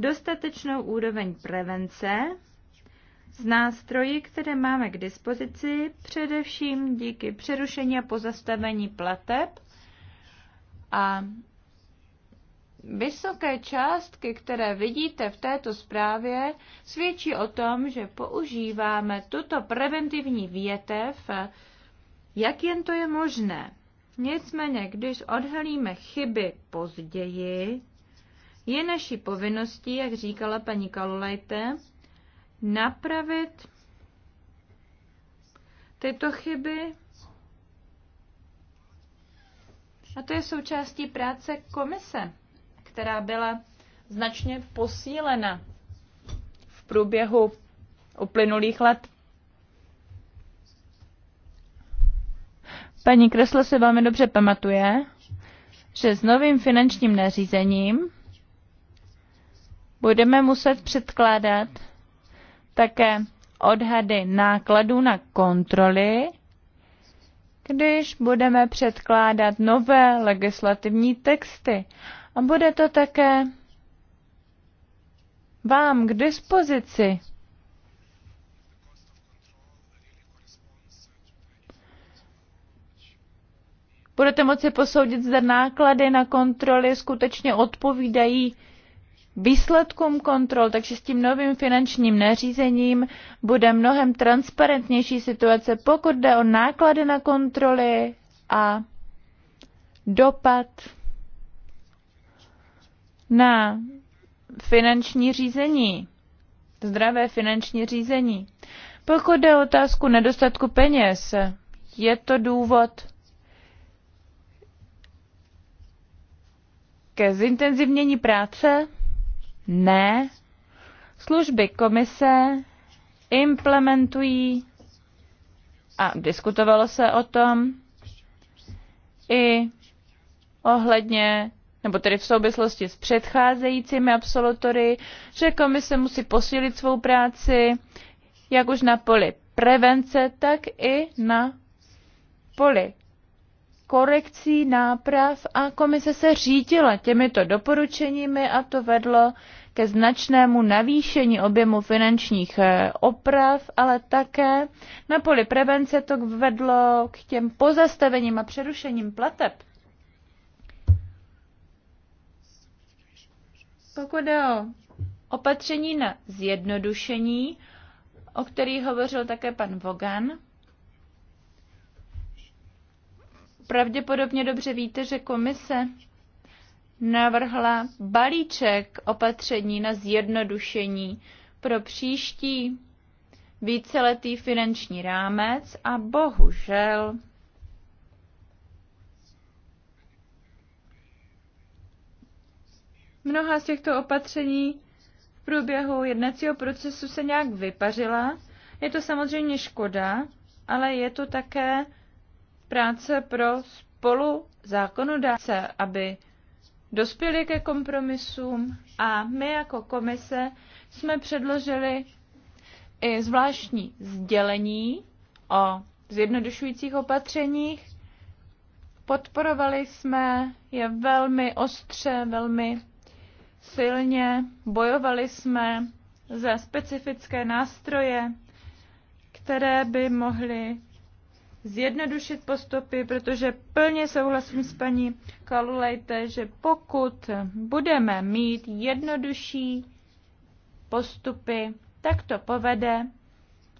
dostatečnou úroveň prevence z nástroji, které máme k dispozici, především díky přerušení a pozastavení plateb a Vysoké částky, které vidíte v této zprávě, svědčí o tom, že používáme tuto preventivní větev, jak jen to je možné. Nicméně, když odhalíme chyby později, je naší povinností, jak říkala paní Kalulajte, napravit tyto chyby. A to je součástí práce komise, která byla značně posílena v průběhu uplynulých let. Paní Kreslo se velmi dobře pamatuje, že s novým finančním nařízením budeme muset předkládat také odhady nákladů na kontroly, když budeme předkládat nové legislativní texty. A bude to také vám k dispozici. Budete moci posoudit, zda náklady na kontroly skutečně odpovídají výsledkům kontrol, takže s tím novým finančním nařízením bude mnohem transparentnější situace, pokud jde o náklady na kontroly a dopad na finanční řízení, zdravé finanční řízení. Pokud jde o otázku nedostatku peněz, je to důvod ke zintenzivnění práce ne. Služby komise implementují a diskutovalo se o tom i ohledně nebo tedy v souvislosti s předcházejícími absolutory, že komise musí posílit svou práci, jak už na poli prevence, tak i na poli korekcí, náprav a komise se řídila těmito doporučeními a to vedlo ke značnému navýšení objemu finančních eh, oprav, ale také na poli prevence to vedlo k těm pozastavením a přerušením plateb. Pokud je o opatření na zjednodušení, o kterých hovořil také pan Vogan, Pravděpodobně dobře víte, že komise navrhla balíček opatření na zjednodušení pro příští víceletý finanční rámec a bohužel mnoha z těchto opatření v průběhu jednacího procesu se nějak vypařila. Je to samozřejmě škoda, ale je to také práce pro spolu zákonodáce, aby dospěli ke kompromisům a my jako komise jsme předložili i zvláštní sdělení o zjednodušujících opatřeních. Podporovali jsme je velmi ostře, velmi silně, bojovali jsme za specifické nástroje, které by mohly zjednodušit postupy, protože plně souhlasím s paní Kalulejte, že pokud budeme mít jednodušší postupy, tak to povede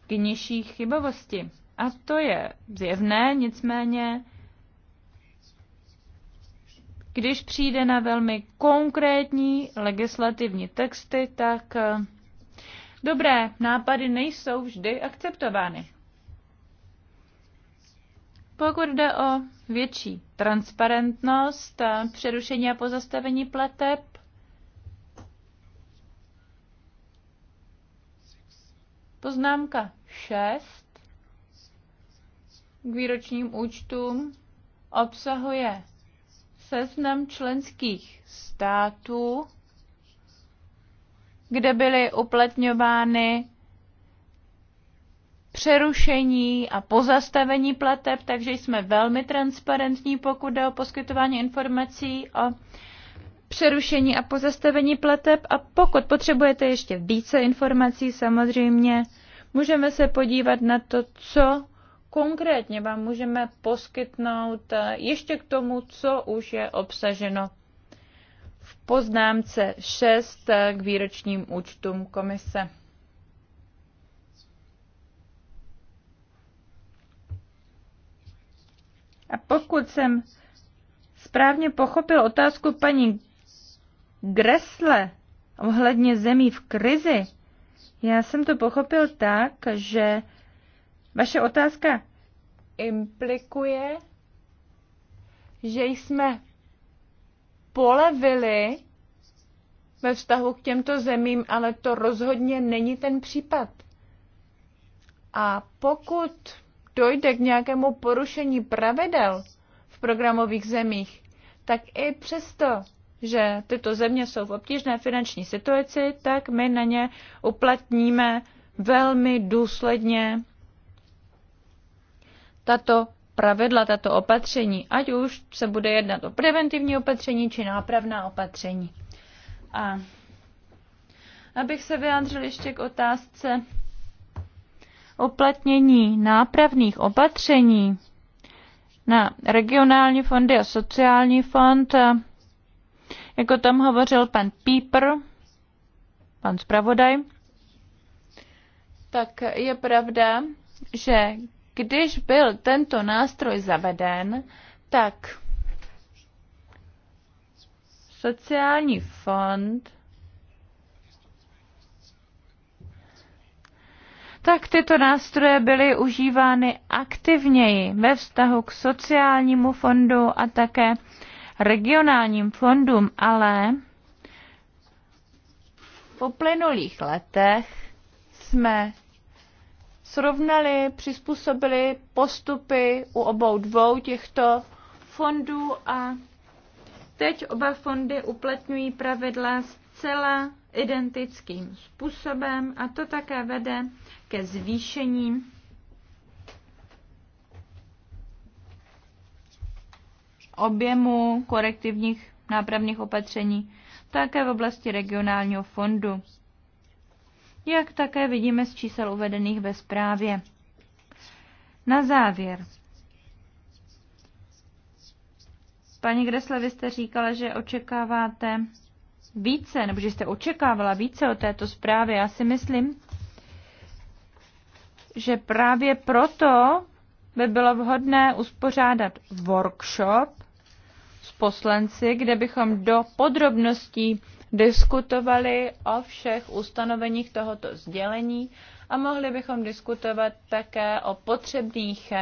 k nižší chybovosti. A to je zjevné, nicméně když přijde na velmi konkrétní legislativní texty, tak eh, dobré nápady nejsou vždy akceptovány. Pokud jde o větší transparentnost, a přerušení a pozastavení plateb, poznámka 6 k výročním účtům obsahuje seznam členských států, kde byly uplatňovány přerušení a pozastavení plateb, takže jsme velmi transparentní, pokud jde o poskytování informací o přerušení a pozastavení plateb. A pokud potřebujete ještě více informací, samozřejmě můžeme se podívat na to, co konkrétně vám můžeme poskytnout eh, ještě k tomu, co už je obsaženo v poznámce 6 eh, k výročním účtům komise. A pokud jsem správně pochopil otázku paní Gresle ohledně zemí v krizi, já jsem to pochopil tak, že vaše otázka implikuje, že jsme polevili ve vztahu k těmto zemím, ale to rozhodně není ten případ. A pokud dojde k nějakému porušení pravidel v programových zemích, tak i přesto, že tyto země jsou v obtížné finanční situaci, tak my na ně uplatníme velmi důsledně tato pravidla, tato opatření, ať už se bude jednat o preventivní opatření či nápravná opatření. A abych se vyjádřil ještě k otázce uplatnění nápravných opatření na regionální fondy a sociální fond, jako tam hovořil pan Píper, pan zpravodaj, tak je pravda, že když byl tento nástroj zaveden, tak sociální fond tak tyto nástroje byly užívány aktivněji ve vztahu k sociálnímu fondu a také regionálním fondům, ale v uplynulých letech jsme srovnali, přizpůsobili postupy u obou dvou těchto fondů a teď oba fondy uplatňují pravidla zcela identickým způsobem a to také vede ke zvýšení objemu korektivních nápravných opatření, také v oblasti regionálního fondu, jak také vidíme z čísel uvedených ve zprávě. Na závěr. Paní Gresle, vy jste říkala, že očekáváte více, nebo že jste očekávala více o této zprávě. Já si myslím, že právě proto by bylo vhodné uspořádat workshop s poslanci, kde bychom do podrobností diskutovali o všech ustanoveních tohoto sdělení a mohli bychom diskutovat také o potřebných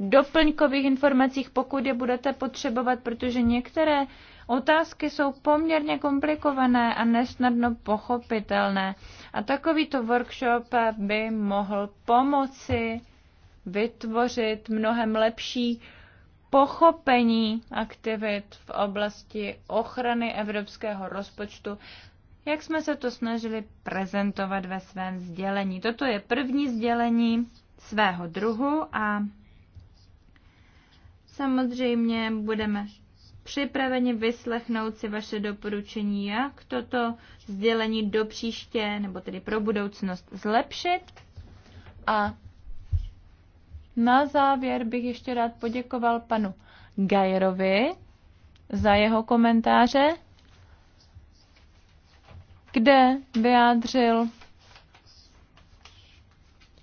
doplňkových informacích, pokud je budete potřebovat, protože některé Otázky jsou poměrně komplikované a nesnadno pochopitelné a takovýto workshop by mohl pomoci vytvořit mnohem lepší pochopení aktivit v oblasti ochrany evropského rozpočtu, jak jsme se to snažili prezentovat ve svém sdělení. Toto je první sdělení svého druhu a samozřejmě budeme připraveni vyslechnout si vaše doporučení, jak toto sdělení do příště, nebo tedy pro budoucnost zlepšit. A na závěr bych ještě rád poděkoval panu Gajerovi za jeho komentáře, kde vyjádřil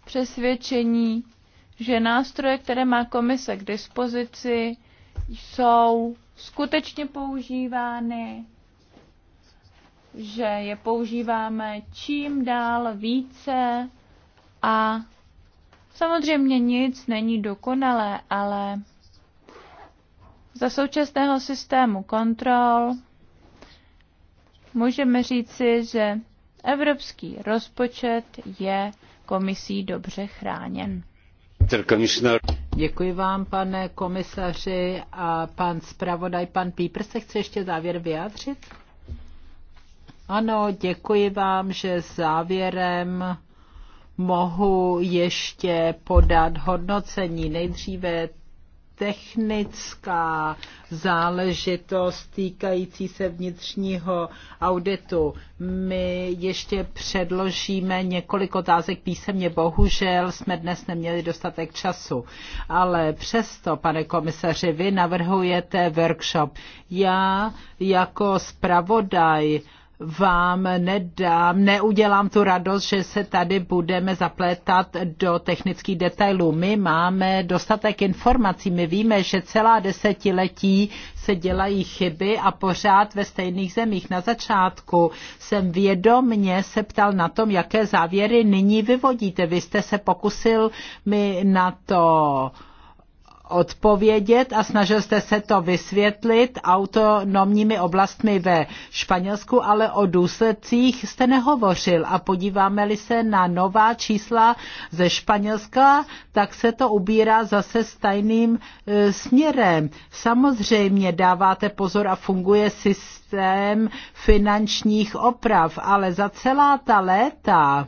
přesvědčení, že nástroje, které má komise k dispozici, jsou skutečně používány, že je používáme čím dál více a samozřejmě nic není dokonalé, ale za současného systému kontrol můžeme říci, že evropský rozpočet je komisí dobře chráněn. Děkuji vám, pane komisaři a pan zpravodaj, pan Pieper, se chce ještě závěr vyjádřit? Ano, děkuji vám, že závěrem mohu ještě podat hodnocení. Nejdříve technická záležitost týkající se vnitřního auditu. My ještě předložíme několik otázek písemně. Bohužel jsme dnes neměli dostatek času. Ale přesto, pane komisaři, vy navrhujete workshop. Já jako zpravodaj vám nedám, neudělám tu radost, že se tady budeme zaplétat do technických detailů. My máme dostatek informací, my víme, že celá desetiletí se dělají chyby a pořád ve stejných zemích. Na začátku jsem vědomně se ptal na tom, jaké závěry nyní vyvodíte. Vy jste se pokusil mi na to odpovědět a snažil jste se to vysvětlit autonomními oblastmi ve Španělsku, ale o důsledcích jste nehovořil a podíváme-li se na nová čísla ze Španělska, tak se to ubírá zase stejným e, směrem. Samozřejmě dáváte pozor a funguje systém finančních oprav, ale za celá ta léta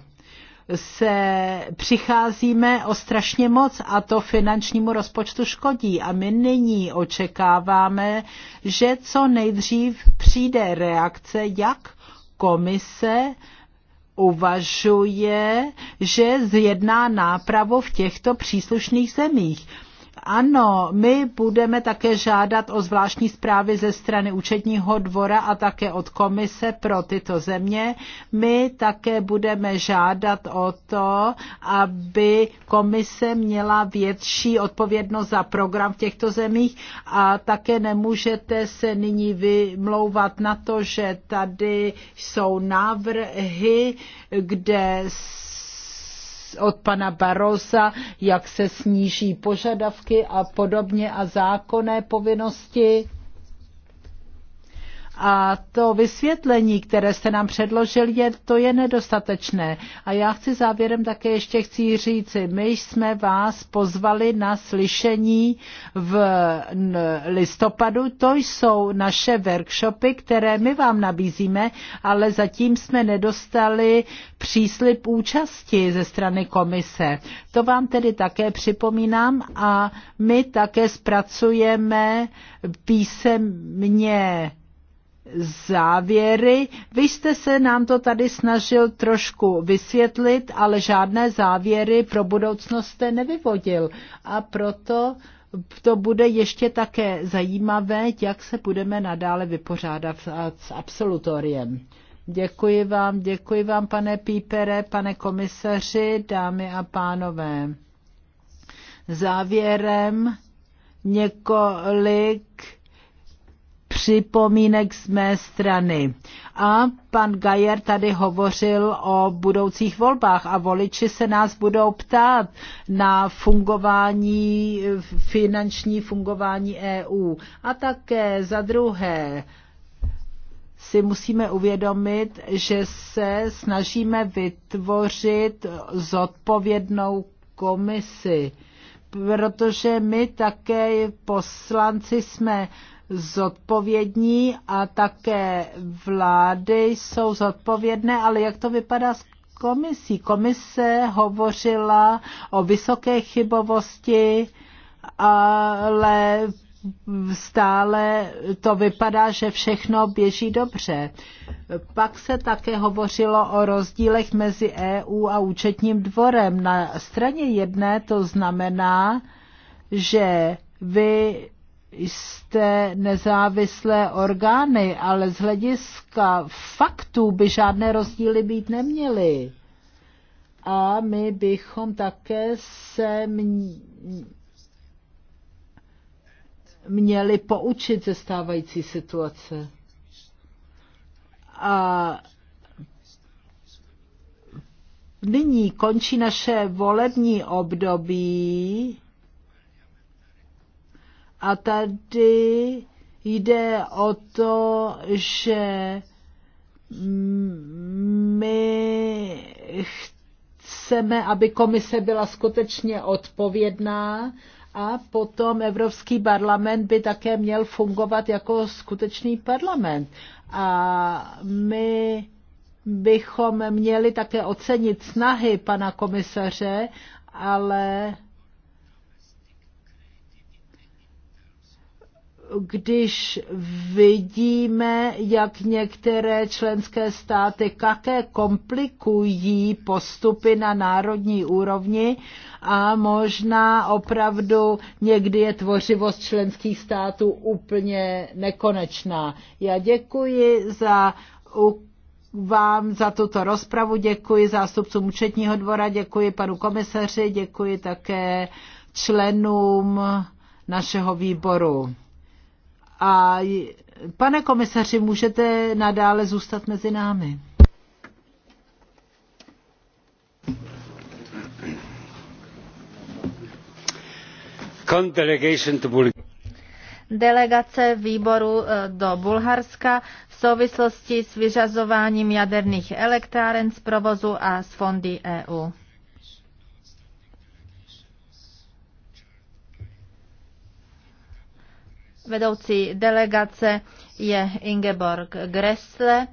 se přicházíme o strašně moc a to finančnímu rozpočtu škodí. A my nyní očekáváme, že co nejdřív přijde reakce, jak komise uvažuje, že zjedná nápravu v těchto příslušných zemích ano, my budeme také žádat o zvláštní zprávy ze strany účetního dvora a také od komise pro tyto země. My také budeme žádat o to, aby komise měla větší odpovědnost za program v těchto zemích a také nemůžete se nyní vymlouvat na to, že tady jsou návrhy, kde od pana Barosa, jak se sníží požadavky a podobně a zákonné povinnosti a to vysvětlení, které jste nám předložil, je, to je nedostatečné. A já chci závěrem také ještě chci říci, my jsme vás pozvali na slyšení v listopadu. To jsou naše workshopy, které my vám nabízíme, ale zatím jsme nedostali příslip účasti ze strany komise. To vám tedy také připomínám a my také zpracujeme písemně závěry. Vy jste se nám to tady snažil trošku vysvětlit, ale žádné závěry pro budoucnost jste nevyvodil. A proto to bude ještě také zajímavé, jak se budeme nadále vypořádat s absolutoriem. Děkuji vám, děkuji vám, pane Pípere, pane komisaři, dámy a pánové. Závěrem několik připomínek z mé strany. A pan Gajer tady hovořil o budoucích volbách a voliči se nás budou ptát na fungování, finanční fungování EU. A také za druhé, si musíme uvědomit, že se snažíme vytvořit zodpovědnou komisi, protože my také poslanci jsme zodpovědní a také vlády jsou zodpovědné, ale jak to vypadá s komisí? Komise hovořila o vysoké chybovosti, ale stále to vypadá, že všechno běží dobře. Pak se také hovořilo o rozdílech mezi EU a účetním dvorem. Na straně jedné to znamená, že vy jste nezávislé orgány, ale z hlediska faktů by žádné rozdíly být neměly. A my bychom také se měli poučit ze stávající situace. A nyní končí naše volební období a tady jde o to, že my chceme, aby komise byla skutečně odpovědná a potom Evropský parlament by také měl fungovat jako skutečný parlament. A my bychom měli také ocenit snahy pana komisaře, ale když vidíme, jak některé členské státy také komplikují postupy na národní úrovni a možná opravdu někdy je tvořivost členských států úplně nekonečná. Já děkuji za vám za tuto rozpravu, děkuji zástupcům účetního dvora, děkuji panu komisaři, děkuji také členům našeho výboru. A pane komisaři, můžete nadále zůstat mezi námi. Delegace výboru eh, do Bulharska v souvislosti s vyřazováním jaderných elektráren z provozu a z fondy EU. Vedoucí delegace je Ingeborg Gressle.